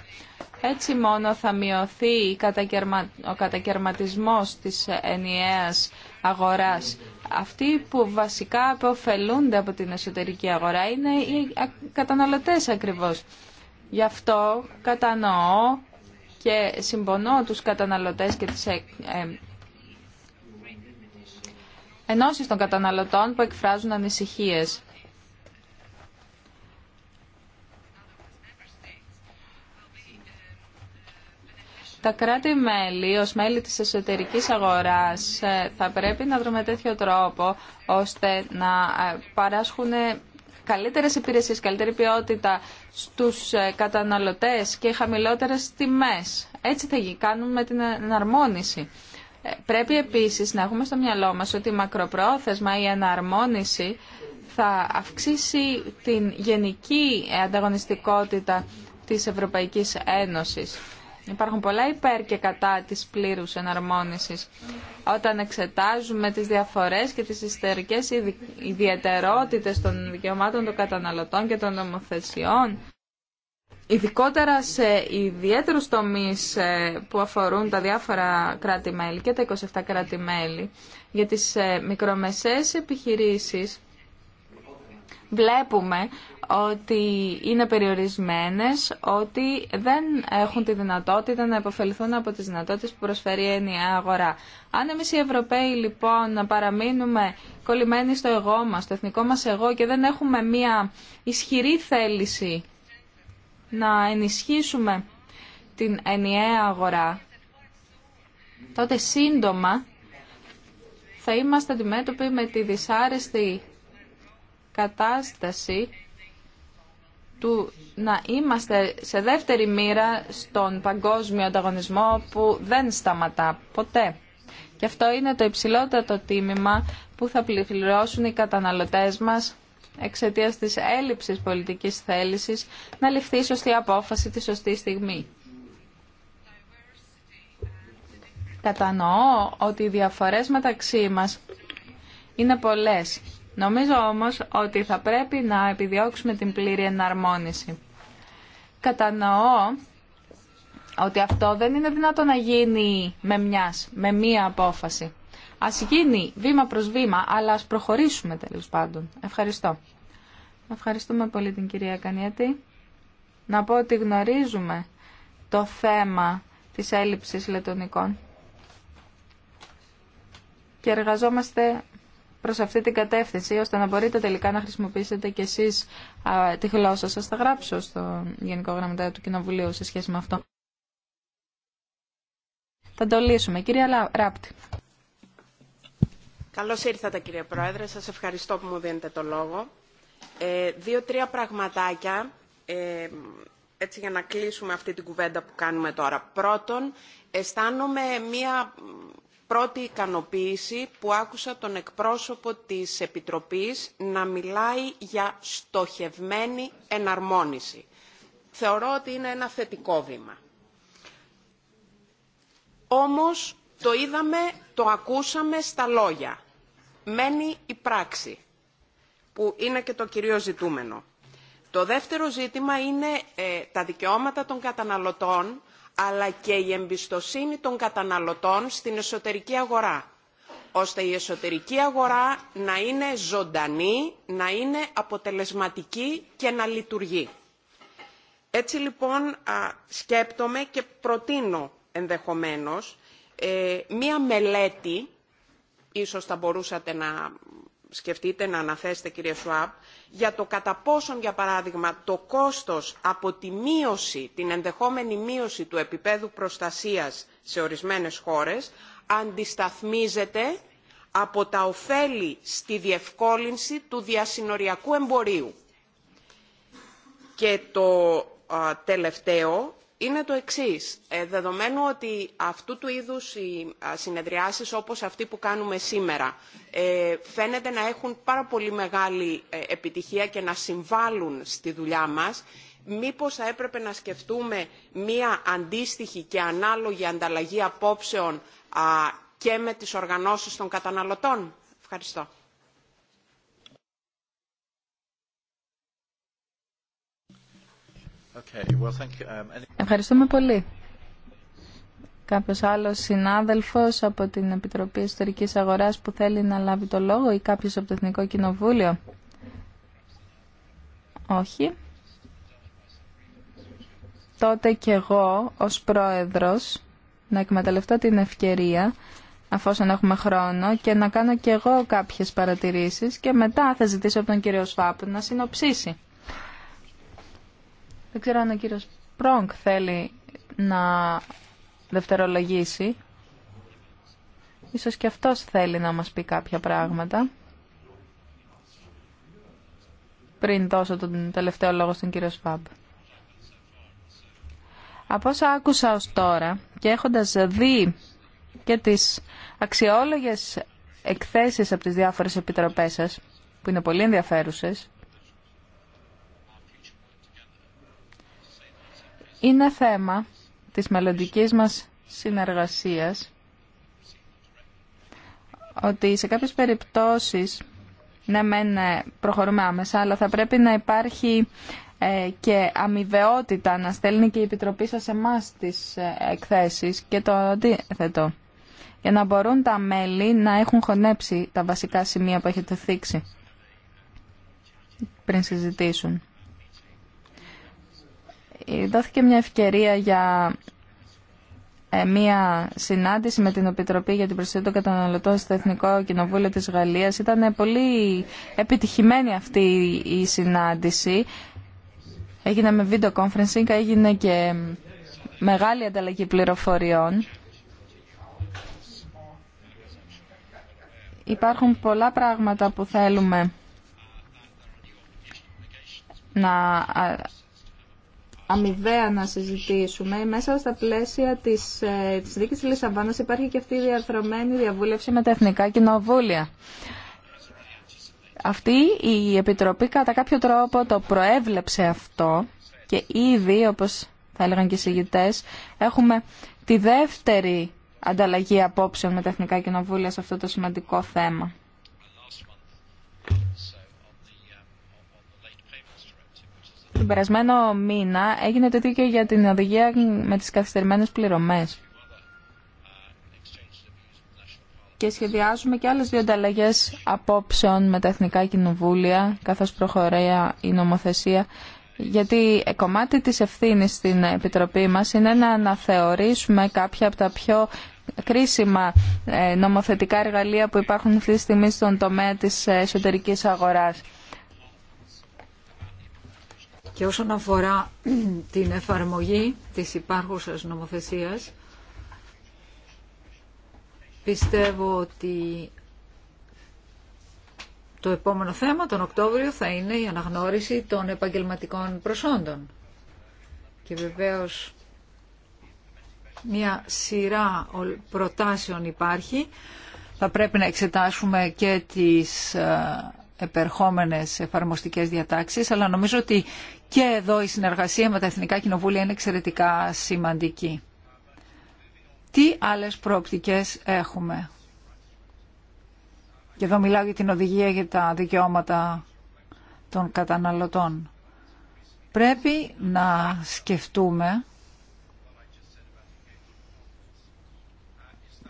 Έτσι μόνο θα μειωθεί ο κατακαιρματισμός της ενιαίας αγοράς. Αυτοί που βασικά αποφελούνται από την εσωτερική αγορά είναι οι καταναλωτές ακριβώς. Γι' αυτό κατανοώ και συμπονώ τους καταναλωτές και τις ε, ε, ενώσεις των καταναλωτών που εκφράζουν ανησυχίες. Τα κράτη-μέλη ως μέλη της εσωτερικής αγοράς ε, θα πρέπει να βρούμε τέτοιο τρόπο ώστε να ε, παράσχουν ε, καλύτερες υπηρεσίες, καλύτερη ποιότητα στους καταναλωτές και χαμηλότερες τιμές. Έτσι θα κάνουμε την εναρμόνιση. Πρέπει επίσης να έχουμε στο μυαλό μας ότι η μακροπρόθεσμα, η αναρμόνιση θα αυξήσει την γενική ανταγωνιστικότητα της Ευρωπαϊκής Ένωσης. Υπάρχουν πολλά υπέρ και κατά της πλήρους εναρμόνισης. Όταν εξετάζουμε τις διαφορές και τις ιστερικές ιδιαιτερότητες των δικαιωμάτων των καταναλωτών και των νομοθεσιών, ειδικότερα σε ιδιαίτερους τομείς ε, που αφορούν τα διάφορα κράτη-μέλη και τα 27 κράτη-μέλη για τις ε, μικρομεσαίες επιχειρήσεις βλέπουμε ότι είναι περιορισμένες, ότι δεν έχουν τη δυνατότητα να υποφεληθούν από τις δυνατότητες που προσφέρει η ενιαία αγορά. Αν εμείς οι Ευρωπαίοι λοιπόν να παραμείνουμε κολλημένοι στο εγώ μας, στο εθνικό μας εγώ και δεν έχουμε μια ισχυρή θέληση να ενισχύσουμε την ενιαία αγορά, τότε σύντομα θα είμαστε αντιμέτωποι με τη δυσάρεστη κατάσταση του να είμαστε σε δεύτερη μοίρα στον παγκόσμιο ανταγωνισμό που δεν σταματά ποτέ. Και αυτό είναι το υψηλότερο τίμημα που θα πληρώσουν οι καταναλωτές μας εξαιτίας της έλλειψης πολιτικής θέλησης να ληφθεί η σωστή απόφαση τη σωστή στιγμή. Κατανοώ ότι οι διαφορές μεταξύ μας είναι πολλές. Νομίζω όμως ότι θα πρέπει να επιδιώξουμε την πλήρη εναρμόνιση. Κατανοώ ότι αυτό δεν είναι δυνατό να γίνει με μιας, με μία απόφαση. Α γίνει βήμα προς βήμα, αλλά ας προχωρήσουμε τέλος πάντων. Ευχαριστώ. Ευχαριστούμε πολύ την κυρία Κανιέτη. Να πω ότι γνωρίζουμε το θέμα της έλλειψης λετωνικών και εργαζόμαστε προς αυτή την κατεύθυνση ώστε να μπορείτε τελικά να χρησιμοποιήσετε και εσείς τη γλώσσα σας. Θα γράψω στο Γενικό Γραμματέα του Κοινοβουλίου σε σχέση με αυτό. Θα το λύσουμε. Κυρία Ράπτη.
Καλώς ήρθατε κύριε Πρόεδρε, σας ευχαριστώ που μου δίνετε το λόγο. Ε, δύο-τρία πραγματάκια, ε, έτσι για να κλείσουμε αυτή την κουβέντα που κάνουμε τώρα. Πρώτον, αισθάνομαι μία πρώτη ικανοποίηση που άκουσα τον εκπρόσωπο της Επιτροπής να μιλάει για στοχευμένη εναρμόνιση. Θεωρώ ότι είναι ένα θετικό βήμα. Όμως το είδαμε, το ακούσαμε στα λόγια μένει η πράξη, που είναι και το κυρίως ζητούμενο. Το δεύτερο ζήτημα είναι ε, τα δικαιώματα των καταναλωτών, αλλά και η εμπιστοσύνη των καταναλωτών στην εσωτερική αγορά, ώστε η εσωτερική αγορά να είναι ζωντανή, να είναι αποτελεσματική και να λειτουργεί. Έτσι λοιπόν α, σκέπτομαι και προτείνω ενδεχομένως ε, μία μελέτη ίσως θα μπορούσατε να σκεφτείτε, να αναθέσετε κύριε Σουάπ, για το κατά πόσον, για παράδειγμα, το κόστος από τη μείωση, την ενδεχόμενη μείωση του επίπεδου προστασίας σε ορισμένες χώρες, αντισταθμίζεται από τα ωφέλη στη διευκόλυνση του διασυνοριακού εμπορίου. Και το τελευταίο, είναι το εξής. Ε, δεδομένου ότι αυτού του είδους οι συνεδριάσεις όπως αυτή που κάνουμε σήμερα ε, φαίνεται να έχουν πάρα πολύ μεγάλη ε, επιτυχία και να συμβάλλουν στη δουλειά μας, μήπως θα έπρεπε να σκεφτούμε μία αντίστοιχη και ανάλογη ανταλλαγή απόψεων και με τις οργανώσεις των καταναλωτών.
Ευχαριστώ. Um, Ευχαριστούμε
πολύ. Κάποιος άλλος συνάδελφος από την Επιτροπή Ιστορικής Αγοράς που θέλει να λάβει το λόγο ή κάποιος από το Εθνικό Κοινοβούλιο. Όχι. Τότε και εγώ ως πρόεδρος να εκμεταλλευτώ την ευκαιρία αφόσον έχουμε χρόνο και να κάνω και εγώ κάποιες παρατηρήσεις και μετά θα ζητήσω από τον κύριο Σφάπ να συνοψίσει. Δεν ξέρω αν ο κύριος Πρόγκ θέλει να δευτερολογήσει. Ίσως και αυτός θέλει να μας πει κάποια πράγματα. Πριν δώσω τον τελευταίο λόγο στον κύριο Σφάμπ. Από όσα άκουσα ως τώρα και έχοντας δει και τις αξιόλογες εκθέσεις από τις διάφορες επιτροπές σας, που είναι πολύ ενδιαφέρουσες, είναι θέμα της μελλοντική μας συνεργασίας ότι σε κάποιες περιπτώσεις ναι μεν ε, προχωρούμε άμεσα αλλά θα πρέπει να υπάρχει ε, και αμοιβαιότητα να στέλνει και η Επιτροπή σας εμάς τις ε, εκθέσεις και το αντίθετο για να μπορούν τα μέλη να έχουν χωνέψει τα βασικά σημεία που έχετε θίξει πριν συζητήσουν δόθηκε μια ευκαιρία για ε, μία συνάντηση με την Επιτροπή για την Προστασία των Καταναλωτών στο Εθνικό Κοινοβούλιο της Γαλλίας. Ήταν πολύ επιτυχημένη αυτή η συνάντηση. Έγινε με βιντεο conferencing, έγινε και μεγάλη ανταλλαγή πληροφοριών. Υπάρχουν πολλά πράγματα που θέλουμε να αμοιβαία να συζητήσουμε. Μέσα στα πλαίσια της, ε, της δίκης της υπάρχει και αυτή η διαρθρωμένη διαβούλευση με τα Εθνικά Κοινοβούλια. Αυτή η Επιτροπή κατά κάποιο τρόπο το προέβλεψε αυτό και ήδη, όπως θα έλεγαν και οι συγητές, έχουμε τη δεύτερη ανταλλαγή απόψεων με τα Εθνικά Κοινοβούλια σε αυτό το σημαντικό θέμα. Τον περασμένο μήνα έγινε το και για την οδηγία με τις καθυστερημένες πληρωμές. Και σχεδιάζουμε και άλλες δύο ανταλλαγές απόψεων με τα Εθνικά Κοινοβούλια, καθώς προχωρεί η νομοθεσία, γιατί κομμάτι της ευθύνης στην Επιτροπή μας είναι να αναθεωρήσουμε κάποια από τα πιο κρίσιμα ε, νομοθετικά εργαλεία που υπάρχουν αυτή τη στιγμή στον τομέα της ε, εσωτερικής αγοράς.
Και όσον αφορά την εφαρμογή της υπάρχουσας νομοθεσίας, πιστεύω ότι το επόμενο θέμα τον Οκτώβριο θα είναι η αναγνώριση των επαγγελματικών προσόντων. Και βεβαίως μια σειρά προτάσεων υπάρχει. Θα πρέπει να εξετάσουμε και τις ε, επερχόμενες εφαρμοστικές διατάξεις, αλλά νομίζω ότι και εδώ η συνεργασία με τα Εθνικά Κοινοβούλια είναι εξαιρετικά σημαντική. Τι άλλες προοπτικές έχουμε. Και εδώ μιλάω για την οδηγία για τα δικαιώματα των καταναλωτών. Πρέπει να σκεφτούμε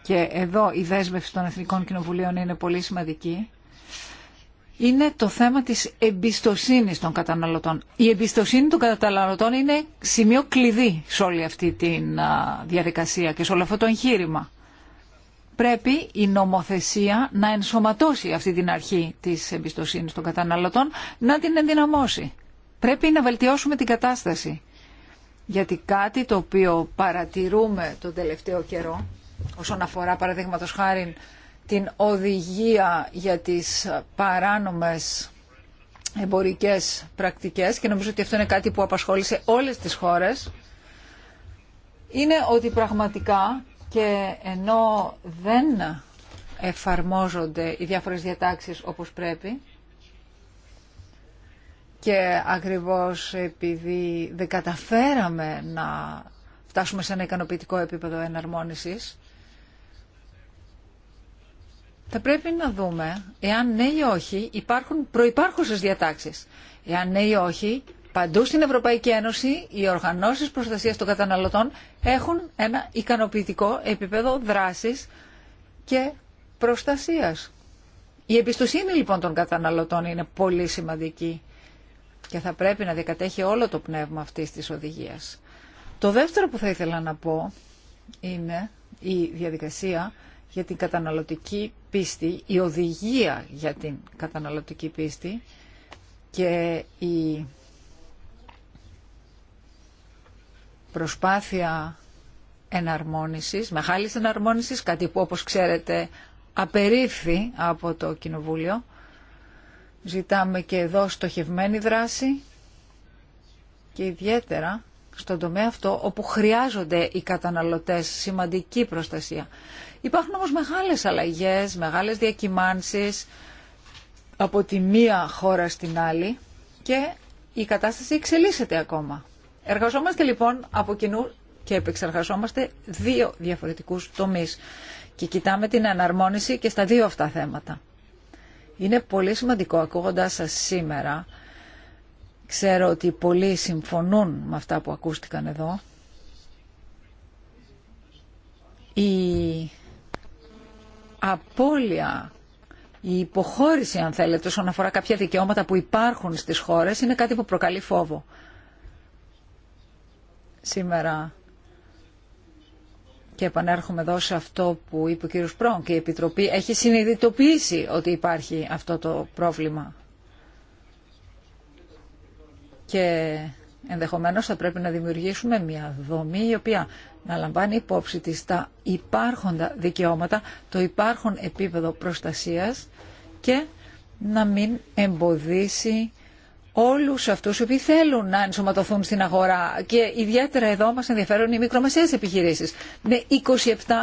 και εδώ η δέσμευση των Εθνικών Κοινοβουλίων είναι πολύ σημαντική είναι το θέμα της εμπιστοσύνης των καταναλωτών. Η εμπιστοσύνη των καταναλωτών είναι σημείο κλειδί σε όλη αυτή τη διαδικασία και σε όλο αυτό το εγχείρημα. Πρέπει η νομοθεσία να ενσωματώσει αυτή την αρχή της εμπιστοσύνης των καταναλωτών, να την ενδυναμώσει. Πρέπει να βελτιώσουμε την κατάσταση. Γιατί κάτι το οποίο παρατηρούμε τον τελευταίο καιρό, όσον αφορά παραδείγματο χάρη την οδηγία για τις παράνομες εμπορικές πρακτικές και νομίζω ότι αυτό είναι κάτι που απασχόλησε όλες τις χώρες είναι ότι πραγματικά και ενώ δεν εφαρμόζονται οι διάφορες διατάξεις όπως πρέπει και ακριβώς επειδή δεν καταφέραμε να φτάσουμε σε ένα ικανοποιητικό επίπεδο εναρμόνισης θα πρέπει να δούμε εάν ναι ή όχι υπάρχουν προϋπάρχουσες διατάξεις. Εάν ναι ή όχι, παντού στην Ευρωπαϊκή Ένωση οι οργανώσεις προστασίας των καταναλωτών έχουν ένα ικανοποιητικό επίπεδο δράσης και προστασίας. Η εμπιστοσύνη λοιπόν των καταναλωτών είναι πολύ σημαντική και θα πρέπει να διακατέχει όλο το πνεύμα αυτής της οδηγίας. Το δεύτερο που θα ήθελα να πω είναι η διαδικασία για την καταναλωτική πίστη, η οδηγία για την καταναλωτική πίστη και η προσπάθεια εναρμόνισης, μεγάλης εναρμόνισης, κάτι που όπως ξέρετε απερίφθη από το Κοινοβούλιο. Ζητάμε και εδώ στοχευμένη δράση και ιδιαίτερα στον τομέα αυτό όπου χρειάζονται οι καταναλωτές σημαντική προστασία. Υπάρχουν όμως μεγάλες αλλαγές, μεγάλες διακυμάνσεις από τη μία χώρα στην άλλη και η κατάσταση εξελίσσεται ακόμα. Εργαζόμαστε λοιπόν από κοινού και επεξεργαζόμαστε δύο διαφορετικούς τομείς και κοιτάμε την αναρμόνιση και στα δύο αυτά θέματα. Είναι πολύ σημαντικό ακούγοντάς σας σήμερα Ξέρω ότι πολλοί συμφωνούν με αυτά που ακούστηκαν εδώ. Η απώλεια, η υποχώρηση αν θέλετε όσον αφορά κάποια δικαιώματα που υπάρχουν στις χώρες είναι κάτι που προκαλεί φόβο. Σήμερα και επανέρχομαι εδώ σε αυτό που είπε ο κύριος Πρόν και η Επιτροπή έχει συνειδητοποιήσει ότι υπάρχει αυτό το πρόβλημα και ενδεχομένως θα πρέπει να δημιουργήσουμε μια δομή η οποία να λαμβάνει υπόψη της τα υπάρχοντα δικαιώματα, το υπάρχον επίπεδο προστασίας και να μην εμποδίσει όλους αυτούς οι οποίοι θέλουν να ενσωματωθούν στην αγορά και ιδιαίτερα εδώ μας ενδιαφέρουν οι μικρομεσαίες επιχειρήσεις με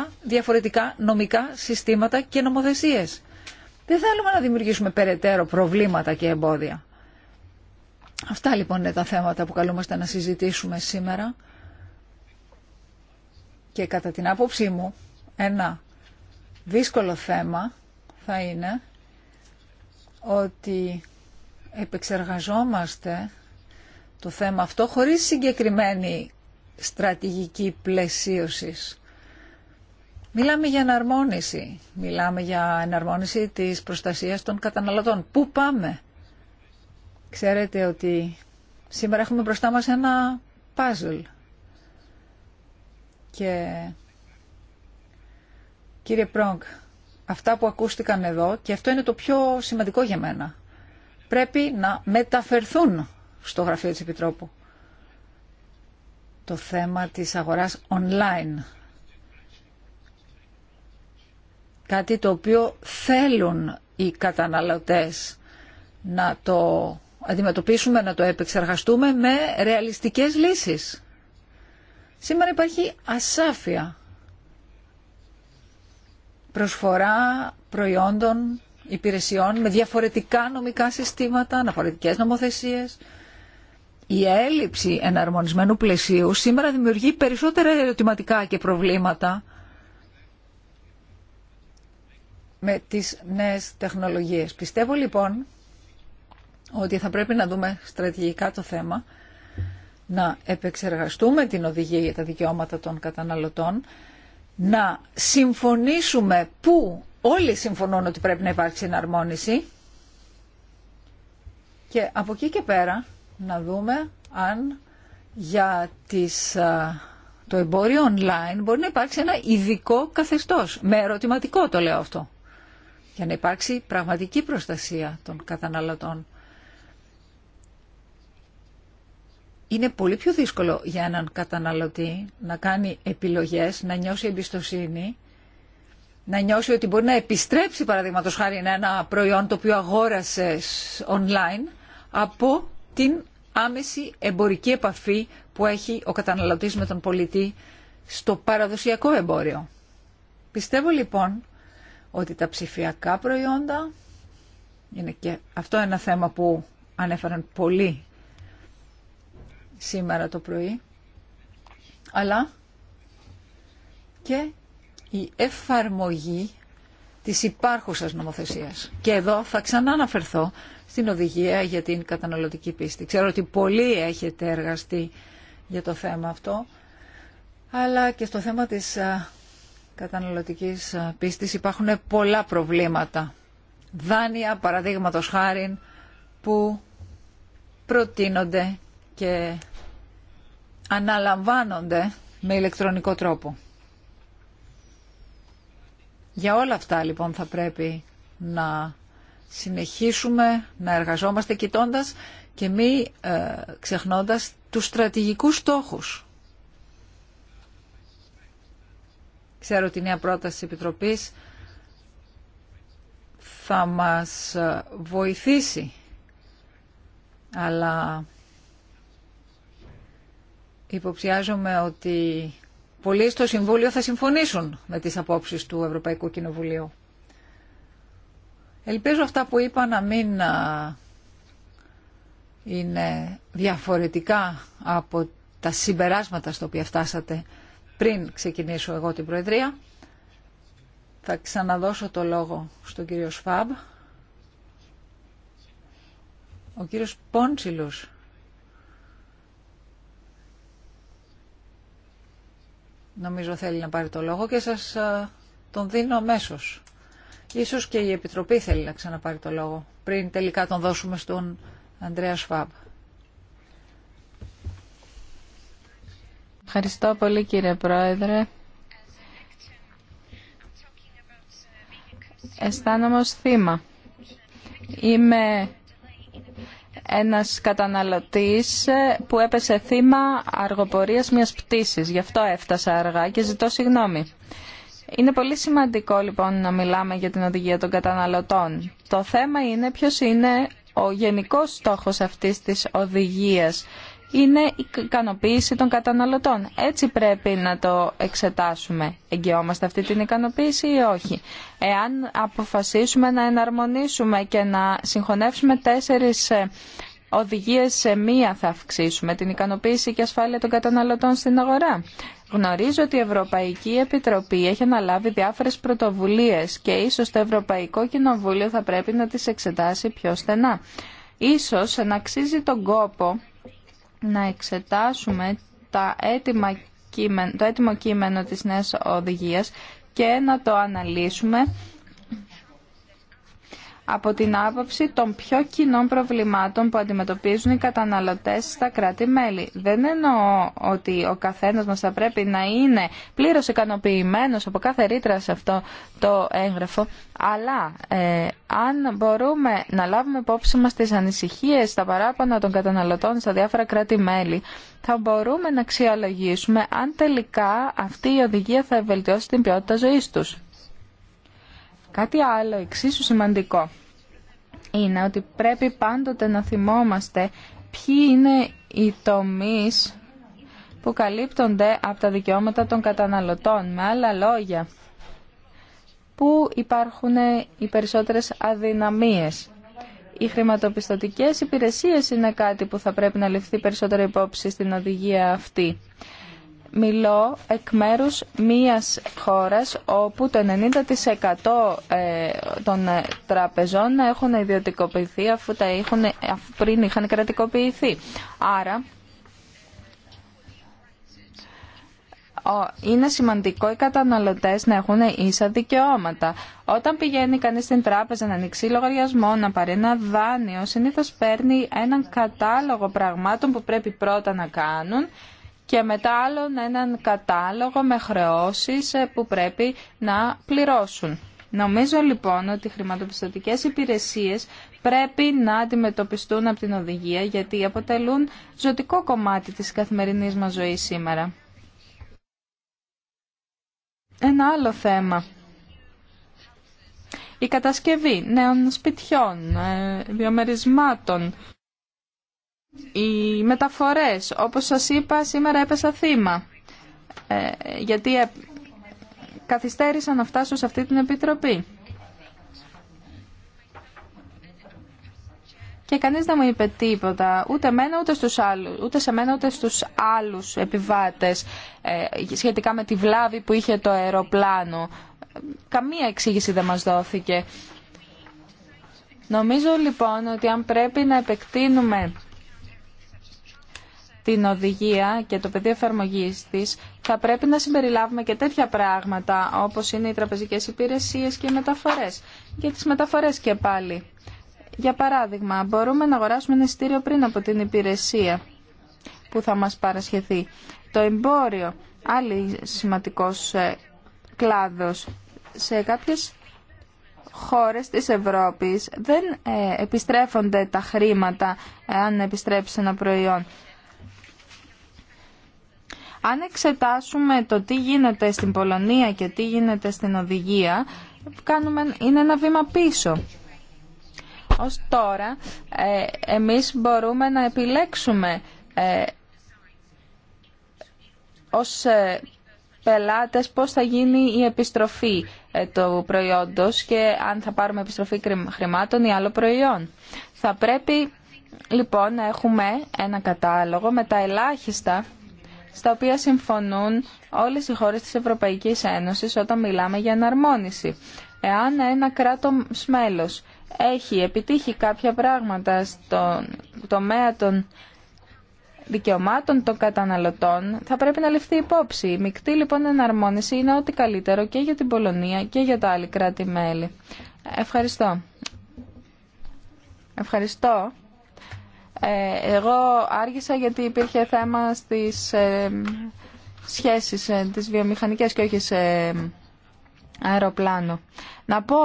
27 διαφορετικά νομικά συστήματα και νομοθεσίες. Δεν θέλουμε να δημιουργήσουμε περαιτέρω προβλήματα και εμπόδια. Αυτά λοιπόν είναι τα θέματα που καλούμαστε να συζητήσουμε σήμερα. Και κατά την άποψή μου, ένα δύσκολο θέμα θα είναι ότι επεξεργαζόμαστε το θέμα αυτό χωρίς συγκεκριμένη στρατηγική πλαισίωσης. Μιλάμε για εναρμόνιση. Μιλάμε για εναρμόνιση της προστασίας των καταναλωτών. Πού πάμε. Ξέρετε ότι σήμερα έχουμε μπροστά μας ένα παζλ. Και κύριε Πρόγκ, αυτά που ακούστηκαν εδώ, και αυτό είναι το πιο σημαντικό για μένα, πρέπει να μεταφερθούν στο γραφείο της Επιτρόπου. Το θέμα της αγοράς online. Κάτι το οποίο θέλουν οι καταναλωτές να το αντιμετωπίσουμε, να το επεξεργαστούμε με ρεαλιστικές λύσεις. Σήμερα υπάρχει ασάφεια προσφορά προϊόντων, υπηρεσιών με διαφορετικά νομικά συστήματα, αναφορετικές νομοθεσίες. Η έλλειψη εναρμονισμένου πλαισίου σήμερα δημιουργεί περισσότερα ερωτηματικά και προβλήματα με τις νέες τεχνολογίες. Πιστεύω λοιπόν ότι θα πρέπει να δούμε στρατηγικά το θέμα, να επεξεργαστούμε την οδηγία για τα δικαιώματα των καταναλωτών, να συμφωνήσουμε που όλοι συμφωνούν ότι πρέπει να υπάρξει εναρμόνιση και από εκεί και πέρα να δούμε αν για τις, το εμπόριο online μπορεί να υπάρξει ένα ειδικό καθεστώς. Με ερωτηματικό το λέω αυτό. Για να υπάρξει πραγματική προστασία των καταναλωτών. είναι πολύ πιο δύσκολο για έναν καταναλωτή να κάνει επιλογές, να νιώσει εμπιστοσύνη, να νιώσει ότι μπορεί να επιστρέψει παραδείγματο χάρη ένα προϊόν το οποίο αγόρασε online από την άμεση εμπορική επαφή που έχει ο καταναλωτής με τον πολιτή στο παραδοσιακό εμπόριο. Πιστεύω λοιπόν ότι τα ψηφιακά προϊόντα είναι και αυτό ένα θέμα που ανέφεραν πολλοί σήμερα το πρωί, αλλά και η εφαρμογή της υπάρχουσας νομοθεσίας. Και εδώ θα ξανά αναφερθώ στην οδηγία για την καταναλωτική πίστη. Ξέρω ότι πολλοί έχετε εργαστεί για το θέμα αυτό, αλλά και στο θέμα της καταναλωτικής πίστης υπάρχουν πολλά προβλήματα. Δάνεια, παραδείγματος χάριν, που προτείνονται και αναλαμβάνονται με ηλεκτρονικό τρόπο. Για όλα αυτά λοιπόν θα πρέπει να συνεχίσουμε να εργαζόμαστε κοιτώντας και μη ε, ξεχνώντας τους στρατηγικούς στόχους. Ξέρω ότι η νέα πρόταση Επιτροπής θα μας ε, βοηθήσει, αλλά Υποψιάζομαι ότι πολλοί στο Συμβούλιο θα συμφωνήσουν με τις απόψεις του Ευρωπαϊκού Κοινοβουλίου. Ελπίζω αυτά που είπα να μην είναι διαφορετικά από τα συμπεράσματα στο οποία φτάσατε πριν ξεκινήσω εγώ την Προεδρία. Θα ξαναδώσω το λόγο στον κύριο Σφάμπ. Ο κύριος Πόντσιλος νομίζω θέλει να πάρει το λόγο και σας ε, τον δίνω αμέσως. Ίσως και η Επιτροπή θέλει να ξαναπάρει το λόγο πριν τελικά τον δώσουμε στον Ανδρέα Σφάμπ.
Ευχαριστώ πολύ κύριε Πρόεδρε. Αισθάνομαι ως θύμα. Είμαι ένας καταναλωτής ε, που έπεσε θύμα αργοπορίας μιας πτήσης. Γι' αυτό έφτασα αργά και ζητώ συγγνώμη. Είναι πολύ σημαντικό λοιπόν να μιλάμε για την οδηγία των καταναλωτών. Το θέμα είναι ποιος είναι ο γενικός στόχος αυτής της οδηγίας είναι η ικανοποίηση των καταναλωτών. Έτσι πρέπει να το εξετάσουμε. Εγγυόμαστε αυτή την ικανοποίηση ή όχι. Εάν αποφασίσουμε να εναρμονίσουμε και να συγχωνεύσουμε τέσσερις ε, οδηγίες σε μία θα αυξήσουμε την ικανοποίηση και ασφάλεια των καταναλωτών στην αγορά. Γνωρίζω ότι η Ευρωπαϊκή Επιτροπή έχει αναλάβει διάφορες πρωτοβουλίες και ίσως το Ευρωπαϊκό Κοινοβούλιο θα πρέπει να τις εξετάσει πιο στενά. Ίσως να αξίζει τον κόπο να εξετάσουμε τα έτοιμα το έτοιμο κείμενο της νέας οδηγίας και να το αναλύσουμε από την άποψη των πιο κοινών προβλημάτων που αντιμετωπίζουν οι καταναλωτές στα κράτη-μέλη. Δεν εννοώ ότι ο καθένας μας θα πρέπει να είναι πλήρως ικανοποιημένος από κάθε ρήτρα σε αυτό το έγγραφο, αλλά ε, αν μπορούμε να λάβουμε υπόψη μας τις ανησυχίες, τα παράπονα των καταναλωτών στα διάφορα κράτη-μέλη, θα μπορούμε να αξιολογήσουμε αν τελικά αυτή η οδηγία θα βελτιώσει την ποιότητα ζωής τους. Κάτι άλλο εξίσου σημαντικό είναι ότι πρέπει πάντοτε να θυμόμαστε ποιοι είναι οι τομείς που καλύπτονται από τα δικαιώματα των καταναλωτών. Με άλλα λόγια, πού υπάρχουν οι περισσότερες αδυναμίες. Οι χρηματοπιστωτικές υπηρεσίες είναι κάτι που θα πρέπει να ληφθεί περισσότερο υπόψη στην οδηγία αυτή μιλώ εκ μέρους μίας χώρας όπου το 90% ε, των ε, τραπεζών έχουν ιδιωτικοποιηθεί αφού τα αφού πριν είχαν κρατικοποιηθεί. Άρα είναι σημαντικό οι καταναλωτές να έχουν ίσα δικαιώματα. Όταν πηγαίνει κανείς στην τράπεζα να ανοίξει λογαριασμό, να πάρει ένα δάνειο, συνήθως παίρνει έναν κατάλογο πραγμάτων που πρέπει πρώτα να κάνουν και μετά άλλον έναν κατάλογο με χρεώσεις ε, που πρέπει να πληρώσουν. Νομίζω λοιπόν ότι οι χρηματοπιστωτικές υπηρεσίες πρέπει να αντιμετωπιστούν από την οδηγία γιατί αποτελούν ζωτικό κομμάτι της καθημερινής μας ζωής σήμερα. Ένα άλλο θέμα. Η κατασκευή νέων σπιτιών, ε, βιομερισμάτων, οι μεταφορές, όπως σας είπα, σήμερα έπεσα θύμα. Ε, γιατί ε, καθυστέρησα να φτάσω σε αυτή την επιτροπή. Και κανείς δεν μου είπε τίποτα, ούτε εμένα ούτε στους άλλους, ούτε σε μένα ούτε στους άλλους επιβάτες ε, σχετικά με τη βλάβη που είχε το αεροπλάνο. Καμία εξήγηση δεν μας δόθηκε. Νομίζω λοιπόν ότι αν πρέπει να επεκτείνουμε την οδηγία και το πεδίο εφαρμογή τη, θα πρέπει να συμπεριλάβουμε και τέτοια πράγματα όπω είναι οι τραπεζικέ υπηρεσίε και οι μεταφορέ. Για τι μεταφορέ και πάλι. Για παράδειγμα, μπορούμε να αγοράσουμε ένα πριν από την υπηρεσία που θα μας παρασχεθεί. Το εμπόριο, άλλη σημαντικός ε, κλάδος. Σε κάποιες χώρες της Ευρώπης δεν ε, επιστρέφονται τα χρήματα ε, αν επιστρέψει ένα προϊόν. Αν εξετάσουμε το τι γίνεται στην Πολωνία και τι γίνεται στην οδηγία, κάνουμε, είναι ένα βήμα πίσω. Ως τώρα, ε, εμείς μπορούμε να επιλέξουμε ε, ως ε, πελάτες πώς θα γίνει η επιστροφή ε, του προϊόντος και αν θα πάρουμε επιστροφή χρημάτων ή άλλο προϊόν. Θα πρέπει λοιπόν να έχουμε ένα κατάλογο με τα ελάχιστα στα οποία συμφωνούν όλες οι χώρες της Ευρωπαϊκής Ένωσης όταν μιλάμε για εναρμόνιση. Εάν ένα κράτος μέλος έχει επιτύχει κάποια πράγματα στο τομέα των δικαιωμάτων των καταναλωτών θα πρέπει να ληφθεί υπόψη. Η μεικτή λοιπόν εναρμόνιση είναι ό,τι καλύτερο και για την Πολωνία και για τα άλλη κράτη-μέλη. Ευχαριστώ. Ευχαριστώ ε, εγώ άργησα γιατί υπήρχε θέμα στις ε, σχέσεις, ε, της βιομηχανικές και όχι σε αεροπλάνο. Να πω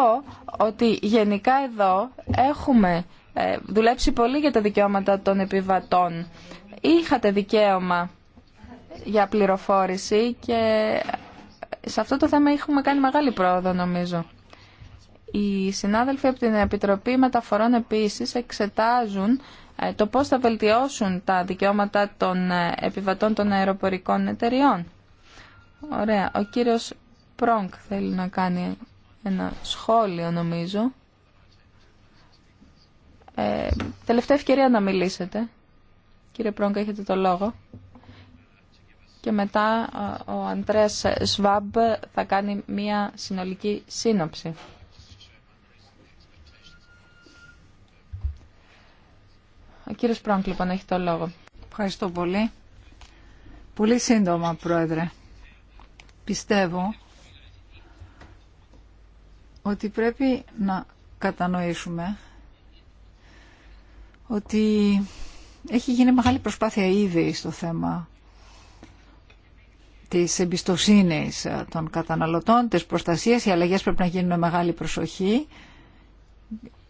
ότι γενικά εδώ έχουμε δουλέψει πολύ για τα δικαιώματα των επιβατών. Είχατε δικαίωμα για πληροφόρηση και σε αυτό το θέμα έχουμε κάνει μεγάλη πρόοδο νομίζω. Οι συνάδελφοι από την Επιτροπή Μεταφορών επίσης εξετάζουν ε, το πώς θα βελτιώσουν τα δικαιώματα των ε, επιβατών των αεροπορικών εταιριών. Ωραία. Ο κύριος Πρόγκ θέλει να κάνει ένα σχόλιο νομίζω. Ε, τελευταία ευκαιρία να μιλήσετε. Κύριε Πρόγκ, έχετε το λόγο. Και μετά ε, ο Αντρέας Σβάμπ θα κάνει μία συνολική σύνοψη. Ο κύριος Πρόγκ, λοιπόν, έχει το λόγο. Ευχαριστώ
πολύ. Πολύ σύντομα, Πρόεδρε. Πιστεύω ότι πρέπει να κατανοήσουμε ότι έχει γίνει μεγάλη προσπάθεια ήδη στο θέμα της εμπιστοσύνης των καταναλωτών, της προστασίας. Οι αλλαγές πρέπει να γίνουν με μεγάλη προσοχή.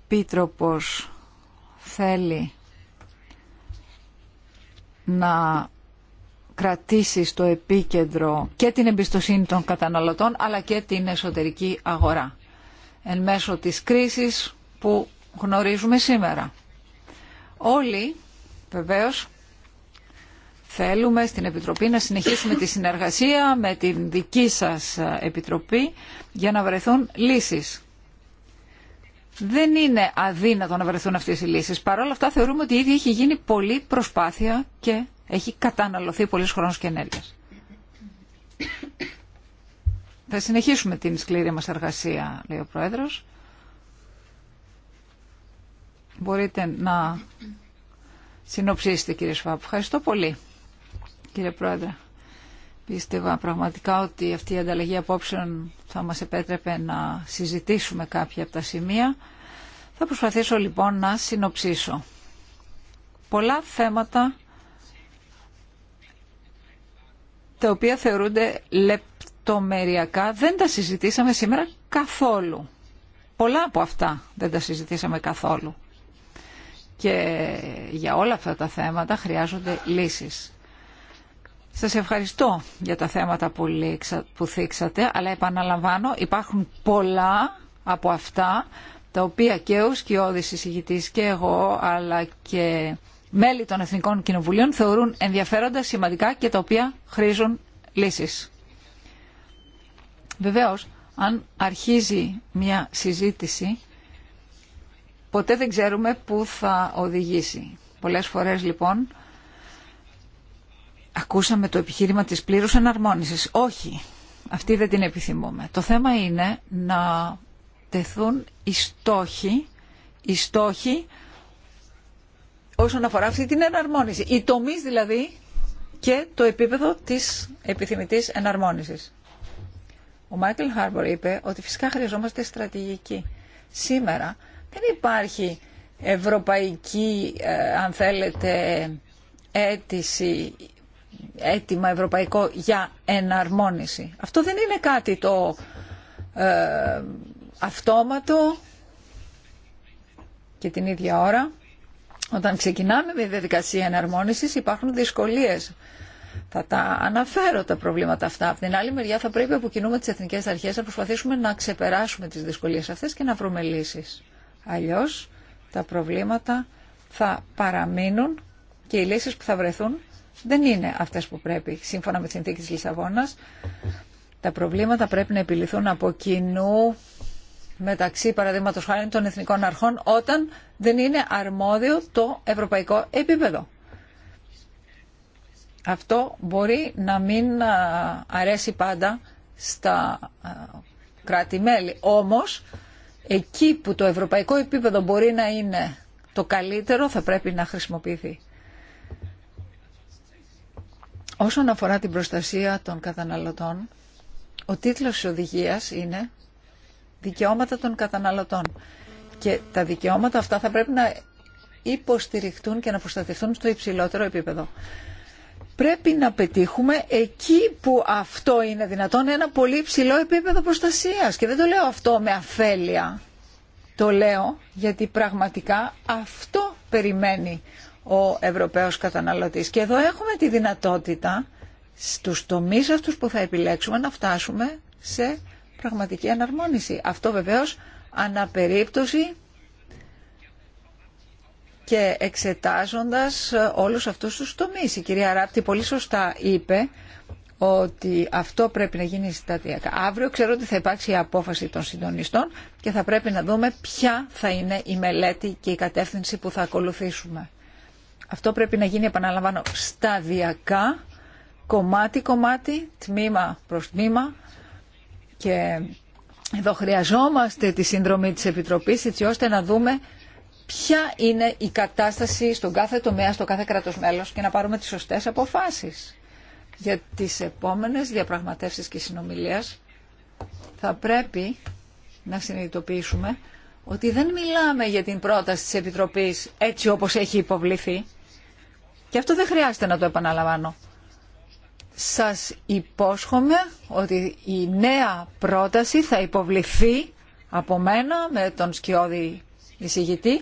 Πίτροπος θέλει να κρατήσει στο επίκεντρο και την εμπιστοσύνη των καταναλωτών αλλά και την εσωτερική αγορά εν μέσω της κρίσης που γνωρίζουμε σήμερα. Όλοι βεβαίως θέλουμε στην Επιτροπή να συνεχίσουμε τη συνεργασία με την δική σας Επιτροπή για να βρεθούν λύσεις δεν είναι αδύνατο να βρεθούν αυτές οι λύσεις. Παρ' όλα αυτά θεωρούμε ότι ήδη έχει γίνει πολλή προσπάθεια και έχει καταναλωθεί πολλή χρόνος και ενέργεια. Θα συνεχίσουμε την σκληρή μας εργασία, λέει ο Πρόεδρος. Μπορείτε να συνοψίσετε, κύριε Σφάπ. Ευχαριστώ πολύ, κύριε Πρόεδρε. Πίστευα πραγματικά ότι αυτή η ανταλλαγή απόψεων θα μας επέτρεπε να συζητήσουμε κάποια από τα σημεία. Θα προσπαθήσω λοιπόν να συνοψίσω. Πολλά θέματα τα οποία θεωρούνται λεπτομεριακά δεν τα συζητήσαμε σήμερα καθόλου. Πολλά από αυτά δεν τα συζητήσαμε καθόλου. Και για όλα αυτά τα θέματα χρειάζονται λύσεις. Σας ευχαριστώ για τα θέματα που θίξατε, αλλά επαναλαμβάνω υπάρχουν πολλά από αυτά τα οποία και ο Σκιώδης εισηγητής και εγώ αλλά και μέλη των Εθνικών Κοινοβουλίων θεωρούν ενδιαφέροντα, σημαντικά και τα οποία χρήζουν λύσεις. Βεβαίως, αν αρχίζει μια συζήτηση, ποτέ δεν ξέρουμε πού θα οδηγήσει. Πολλές φορές λοιπόν Ακούσαμε το επιχείρημα της πλήρους εναρμόνισης. Όχι, αυτή δεν την επιθυμούμε. Το θέμα είναι να τεθούν οι στόχοι, οι όσον αφορά αυτή την εναρμόνιση. Οι τομεί δηλαδή και το επίπεδο της επιθυμητής εναρμόνισης. Ο Μάικλ Χάρμπορ είπε ότι φυσικά χρειαζόμαστε στρατηγική. Σήμερα δεν υπάρχει ευρωπαϊκή, ε, αν θέλετε, αίτηση αίτημα ευρωπαϊκό για εναρμόνιση. Αυτό δεν είναι κάτι το ε, αυτόματο και την ίδια ώρα. Όταν ξεκινάμε με διαδικασία εναρμόνισης υπάρχουν δυσκολίες. Θα τα αναφέρω τα προβλήματα αυτά. Από την άλλη μεριά θα πρέπει από κοινού τις εθνικές αρχές να προσπαθήσουμε να ξεπεράσουμε τις δυσκολίες αυτές και να βρούμε λύσεις. Αλλιώς τα προβλήματα θα παραμείνουν και οι λύσεις που θα βρεθούν δεν είναι αυτές που πρέπει σύμφωνα με τη συνθήκη της Λισαβόνας. Τα προβλήματα πρέπει να επιληθούν από κοινού μεταξύ παραδείγματο χάρη των εθνικών αρχών όταν δεν είναι αρμόδιο το ευρωπαϊκό επίπεδο. Αυτό μπορεί να μην αρέσει πάντα στα κράτη-μέλη. Όμως, εκεί που το ευρωπαϊκό επίπεδο μπορεί να είναι το καλύτερο, θα πρέπει να χρησιμοποιηθεί. Όσον αφορά την προστασία των καταναλωτών, ο τίτλος της οδηγίας είναι «Δικαιώματα των καταναλωτών». Και τα δικαιώματα αυτά θα πρέπει να υποστηριχτούν και να προστατευτούν στο υψηλότερο επίπεδο. Πρέπει να πετύχουμε εκεί που αυτό είναι δυνατόν ένα πολύ υψηλό επίπεδο προστασίας. Και δεν το λέω αυτό με αφέλεια. Το λέω γιατί πραγματικά αυτό περιμένει ο Ευρωπαίος καταναλωτής. Και εδώ έχουμε τη δυνατότητα στους τομείς αυτούς που θα επιλέξουμε να φτάσουμε σε πραγματική αναρμόνιση. Αυτό βεβαίως αναπερίπτωση και εξετάζοντας όλους αυτούς τους τομείς. Η κυρία Ράπτη πολύ σωστά είπε ότι αυτό πρέπει να γίνει συστατιακά. Αύριο ξέρω ότι θα υπάρξει η απόφαση των συντονιστών και θα πρέπει να δούμε ποια θα είναι η μελέτη και η κατεύθυνση που θα ακολουθήσουμε. Αυτό πρέπει να γίνει, επαναλαμβάνω, σταδιακά, κομμάτι-κομμάτι, τμήμα προς τμήμα και εδώ χρειαζόμαστε τη συνδρομή της Επιτροπής έτσι ώστε να δούμε ποια είναι η κατάσταση στον κάθε τομέα, στο κάθε κράτος μέλος και να πάρουμε τις σωστές αποφάσεις. Για τις επόμενες διαπραγματεύσεις και συνομιλίες θα πρέπει να συνειδητοποιήσουμε ότι δεν μιλάμε για την πρόταση της Επιτροπής έτσι όπως έχει υποβληθεί. Και αυτό δεν χρειάζεται να το επαναλαμβάνω. Σας υπόσχομαι ότι η νέα πρόταση θα υποβληθεί από μένα με τον σκιώδη εισηγητή.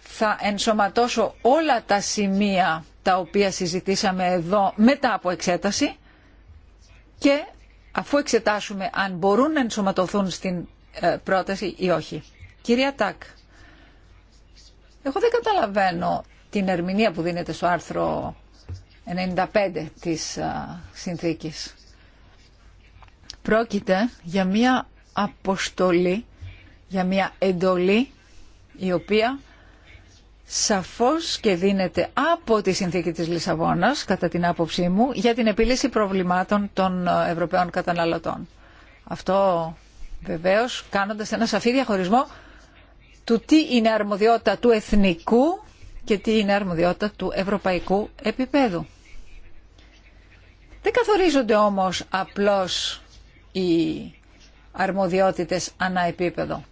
Θα ενσωματώσω όλα τα σημεία τα οποία συζητήσαμε εδώ μετά από εξέταση και αφού εξετάσουμε αν μπορούν να ενσωματωθούν στην ε, πρόταση ή όχι. Κυρία Τάκ, εγώ δεν καταλαβαίνω την ερμηνεία που δίνεται στο άρθρο 95 της συνθήκης. Πρόκειται για μία αποστολή, για μία εντολή η οποία σαφώς και δίνεται από τη συνθήκη της Λισαβόνας, κατά την άποψή μου, για την επίλυση προβλημάτων των Ευρωπαίων καταναλωτών. Αυτό βεβαίως κάνοντας ένα σαφή διαχωρισμό του τι είναι αρμοδιότητα του εθνικού και τι είναι αρμοδιότητα του ευρωπαϊκού επίπεδου. Δεν καθορίζονται όμως απλώς οι αρμοδιότητες ανά επίπεδο.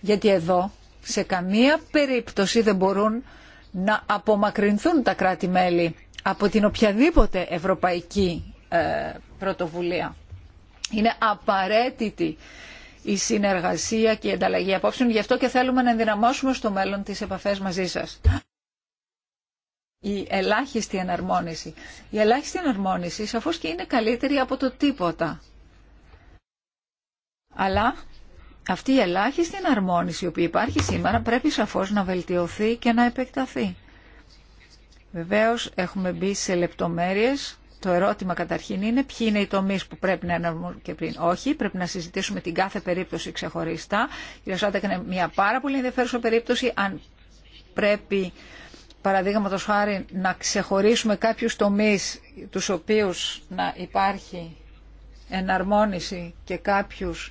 Γιατί εδώ σε καμία περίπτωση δεν μπορούν να απομακρυνθούν τα κράτη-μέλη από την οποιαδήποτε ευρωπαϊκή ε, πρωτοβουλία. Είναι απαραίτητη η συνεργασία και η ανταλλαγή απόψεων. Γι' αυτό και θέλουμε να ενδυναμώσουμε στο μέλλον τις επαφές μαζί σας η ελάχιστη εναρμόνιση. Η ελάχιστη εναρμόνιση σαφώς και είναι καλύτερη από το τίποτα. Αλλά αυτή η ελάχιστη εναρμόνιση που υπάρχει σήμερα πρέπει σαφώς να βελτιωθεί και να επεκταθεί. Βεβαίως έχουμε μπει σε λεπτομέρειες. Το ερώτημα καταρχήν είναι ποιοι είναι οι τομείς που πρέπει να εναρμονίσουν και πριν όχι. Πρέπει να συζητήσουμε την κάθε περίπτωση ξεχωριστά. Η Ρωσάντα έκανε μια πάρα πολύ ενδιαφέρουσα περίπτωση αν πρέπει παραδείγματο χάρη να ξεχωρίσουμε κάποιους τομείς τους οποίους να υπάρχει εναρμόνιση και κάποιους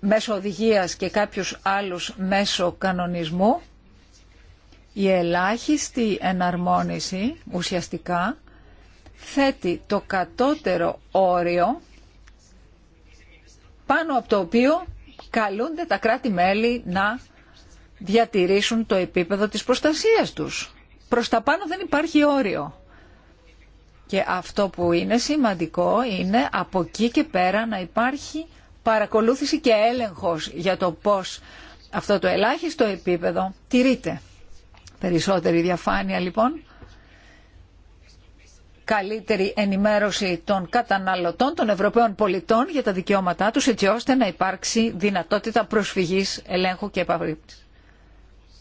μέσω οδηγίας και κάποιους άλλους μέσω κανονισμού η ελάχιστη εναρμόνιση ουσιαστικά θέτει το κατώτερο όριο πάνω από το οποίο καλούνται τα κράτη-μέλη να διατηρήσουν το επίπεδο της προστασίας τους. Προς τα πάνω δεν υπάρχει όριο. Και αυτό που είναι σημαντικό είναι από εκεί και πέρα να υπάρχει παρακολούθηση και έλεγχος για το πώς αυτό το ελάχιστο επίπεδο τηρείται. Περισσότερη διαφάνεια λοιπόν, καλύτερη ενημέρωση των καταναλωτών, των Ευρωπαίων πολιτών για τα δικαιώματά τους έτσι ώστε να υπάρξει δυνατότητα προσφυγής, ελέγχου και επαφή.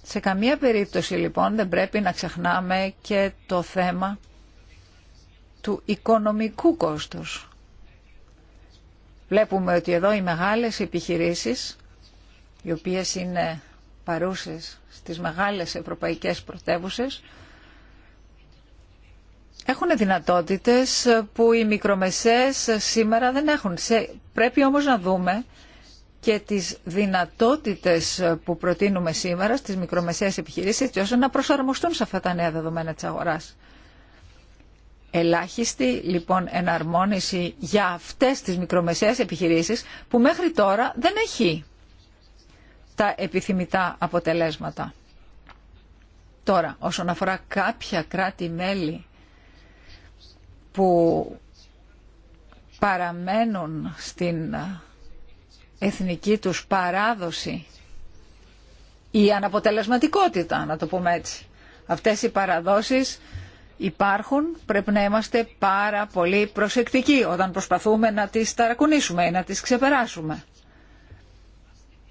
Σε καμία περίπτωση λοιπόν δεν πρέπει να ξεχνάμε και το θέμα του οικονομικού κόστους. Βλέπουμε ότι εδώ οι μεγάλες επιχειρήσεις, οι οποίες είναι παρούσες στις μεγάλες ευρωπαϊκές πρωτεύουσες, έχουν δυνατότητες που οι μικρομεσαίες σήμερα δεν έχουν. Πρέπει όμως να δούμε και τις δυνατότητες που προτείνουμε σήμερα στις μικρομεσαίες επιχειρήσεις έτσι ώστε να προσαρμοστούν σε αυτά τα νέα δεδομένα της αγοράς. Ελάχιστη λοιπόν εναρμόνιση για αυτές τις μικρομεσαίες επιχειρήσεις που μέχρι τώρα δεν έχει τα επιθυμητά αποτελέσματα. Τώρα, όσον αφορά κάποια κράτη-μέλη που παραμένουν στην εθνική τους παράδοση, η αναποτελεσματικότητα, να το πούμε έτσι. Αυτές οι παραδόσεις υπάρχουν, πρέπει να είμαστε πάρα πολύ προσεκτικοί όταν προσπαθούμε να τις ταρακουνήσουμε ή να τις ξεπεράσουμε.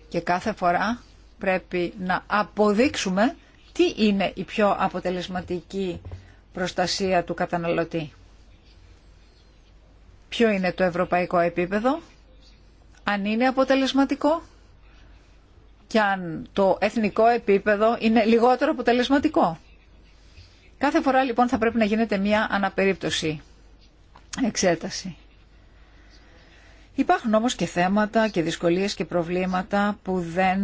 Και κάθε φορά πρέπει να αποδείξουμε τι είναι η πιο αποτελεσματική προστασία του καταναλωτή. Ποιο είναι το ευρωπαϊκό επίπεδο, αν είναι αποτελεσματικό και αν το εθνικό επίπεδο είναι λιγότερο αποτελεσματικό. Κάθε φορά λοιπόν θα πρέπει να γίνεται μια αναπερίπτωση εξέταση. Υπάρχουν όμως και θέματα και δυσκολίες και προβλήματα που δεν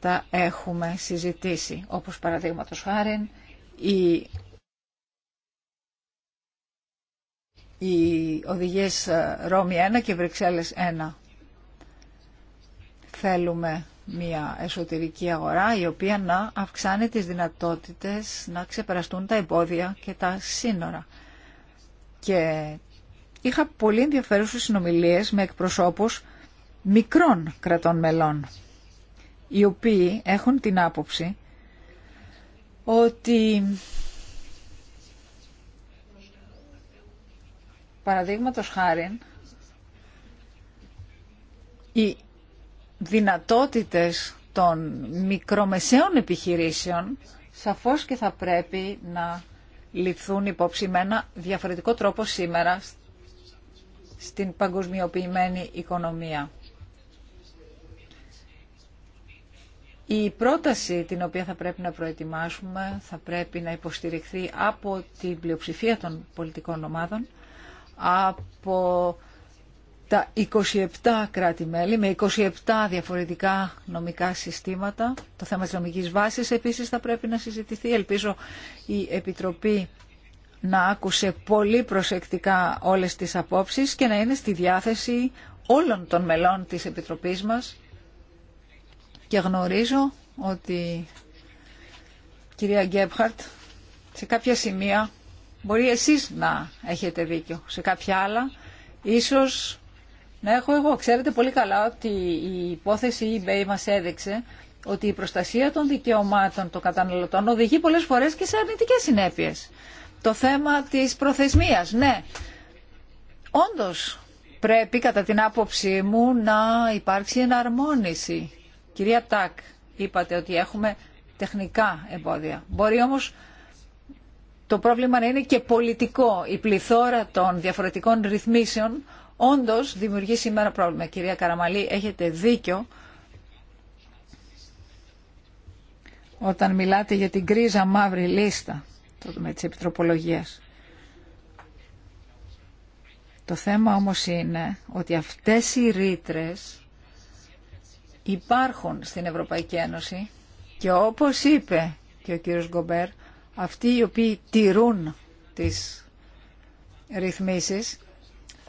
τα έχουμε συζητήσει, όπως παραδείγματος χάρη οι οδηγίες Ρώμη 1 και Βρυξέλλες 1. Θέλουμε μια εσωτερική αγορά η οποία να αυξάνει τις δυνατότητες να ξεπεραστούν τα εμπόδια και τα σύνορα. Και είχα πολύ ενδιαφέρουσες συνομιλίες με εκπροσώπους μικρών κρατών μελών, οι οποίοι έχουν την άποψη ότι παραδείγματος χάρη η δυνατότητες των μικρομεσαίων επιχειρήσεων, σαφώς και θα πρέπει να ληφθούν υπόψη με ένα διαφορετικό τρόπο σήμερα στην παγκοσμιοποιημένη οικονομία. Η πρόταση την οποία θα πρέπει να προετοιμάσουμε θα πρέπει να υποστηριχθεί από την πλειοψηφία των πολιτικών ομάδων, από τα 27 κράτη-μέλη με 27 διαφορετικά νομικά συστήματα. Το θέμα της νομικής βάσης επίσης θα πρέπει να συζητηθεί. Ελπίζω η Επιτροπή να άκουσε πολύ προσεκτικά όλες τις απόψεις και να είναι στη διάθεση όλων των μελών της Επιτροπής μας. Και γνωρίζω ότι κυρία Γκέμπχαρτ σε κάποια σημεία μπορεί εσείς να έχετε δίκιο, σε κάποια άλλα ίσως να έχω εγώ. Ξέρετε πολύ καλά ότι η υπόθεση eBay μας έδειξε ότι η προστασία των δικαιωμάτων των καταναλωτών οδηγεί πολλές φορές και σε αρνητικές συνέπειες. Το θέμα της προθεσμίας, ναι. Όντως πρέπει κατά την άποψή μου να υπάρξει εναρμόνιση. Κυρία Τάκ, είπατε ότι έχουμε τεχνικά εμπόδια. Μπορεί όμως το πρόβλημα να είναι και πολιτικό. Η πληθώρα των διαφορετικών ρυθμίσεων όντως δημιουργεί σήμερα πρόβλημα. Κυρία Καραμαλή, έχετε δίκιο όταν μιλάτε για την κρίζα μαύρη λίστα με τις επιτροπολογίες. Το θέμα όμως είναι ότι αυτές οι ρήτρε υπάρχουν στην Ευρωπαϊκή Ένωση και όπως είπε και ο κύριος Γκομπέρ, αυτοί οι οποίοι τηρούν τις ρυθμίσεις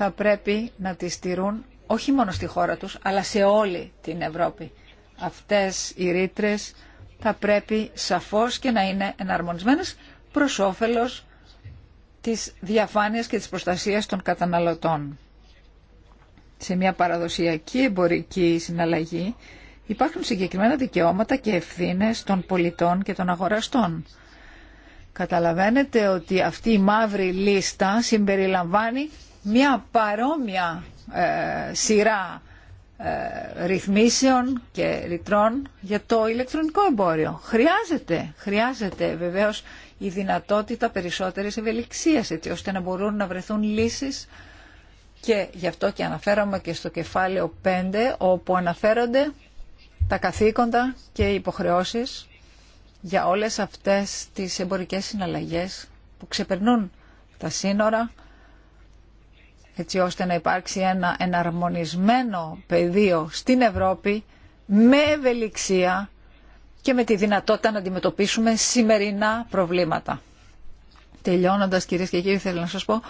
θα πρέπει να τη στηρούν όχι μόνο στη χώρα τους, αλλά σε όλη την Ευρώπη. Αυτές οι ρήτρε θα πρέπει σαφώς και να είναι εναρμονισμένες προς όφελος της διαφάνειας και της προστασίας των καταναλωτών. Σε μια παραδοσιακή εμπορική συναλλαγή υπάρχουν συγκεκριμένα δικαιώματα και ευθύνες των πολιτών και των αγοραστών. Καταλαβαίνετε ότι αυτή η μαύρη λίστα συμπεριλαμβάνει μια παρόμοια ε, σειρά ε, ρυθμίσεων και ρητρών για το ηλεκτρονικό εμπόριο. Χρειάζεται, χρειάζεται βεβαίως η δυνατότητα περισσότερης ευελιξίας έτσι ώστε να μπορούν να βρεθούν λύσεις και γι' αυτό και αναφέραμε και στο κεφάλαιο 5 όπου αναφέρονται τα καθήκοντα και οι υποχρεώσεις για όλες αυτές τις εμπορικές συναλλαγές που ξεπερνούν τα σύνορα έτσι ώστε να υπάρξει ένα εναρμονισμένο πεδίο στην Ευρώπη με ευελιξία και με τη δυνατότητα να αντιμετωπίσουμε σημερινά προβλήματα. Τελειώνοντας κυρίες και κύριοι θέλω να σας πω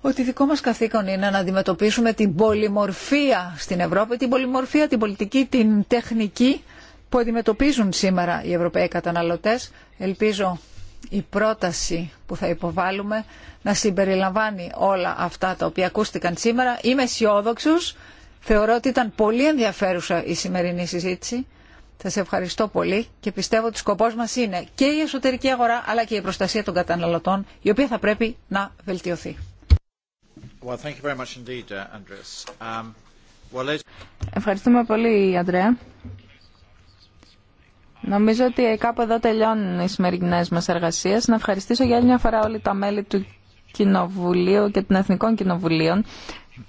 ότι δικό μας καθήκον είναι να αντιμετωπίσουμε την πολυμορφία στην Ευρώπη, την πολυμορφία, την πολιτική, την τεχνική που αντιμετωπίζουν σήμερα οι Ευρωπαίοι καταναλωτές. Ελπίζω η πρόταση που θα υποβάλουμε να συμπεριλαμβάνει όλα αυτά τα οποία ακούστηκαν σήμερα. Είμαι αισιόδοξο. Θεωρώ ότι ήταν πολύ ενδιαφέρουσα η σημερινή συζήτηση. Θα σε ευχαριστώ πολύ και πιστεύω ότι σκοπό μα είναι και η εσωτερική αγορά αλλά και η προστασία των καταναλωτών, η οποία θα πρέπει
να βελτιωθεί. Ευχαριστούμε πολύ, Αντρέα. Νομίζω ότι κάπου εδώ τελειώνουν οι σημερινέ μα εργασίε. Να ευχαριστήσω για άλλη μια φορά όλοι τα μέλη του Κοινοβουλίου και των Εθνικών Κοινοβουλίων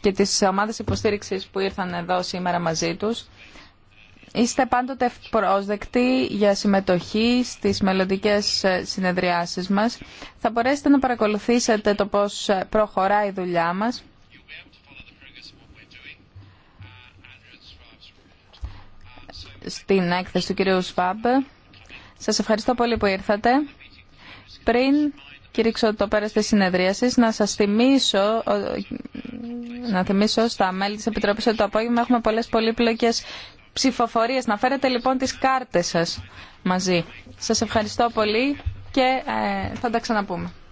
και τις ομάδες υποστήριξη που ήρθαν εδώ σήμερα μαζί τους. Είστε πάντοτε πρόσδεκτοι για συμμετοχή στις μελλοντικέ ε, συνεδριάσεις μας. Θα μπορέσετε να παρακολουθήσετε το πώς προχωράει η δουλειά μας. στην έκθεση του κυρίου Σφάμπ. Σας ευχαριστώ πολύ που ήρθατε. Πριν κηρύξω το πέρας της συνεδρίασης, να σας θυμίσω, να θυμίσω στα μέλη της Επιτροπής ότι το απόγευμα έχουμε πολλές πολύπλοκες ψηφοφορίες. Να φέρετε λοιπόν τις κάρτες σας μαζί. Σας ευχαριστώ πολύ και ε, θα τα ξαναπούμε.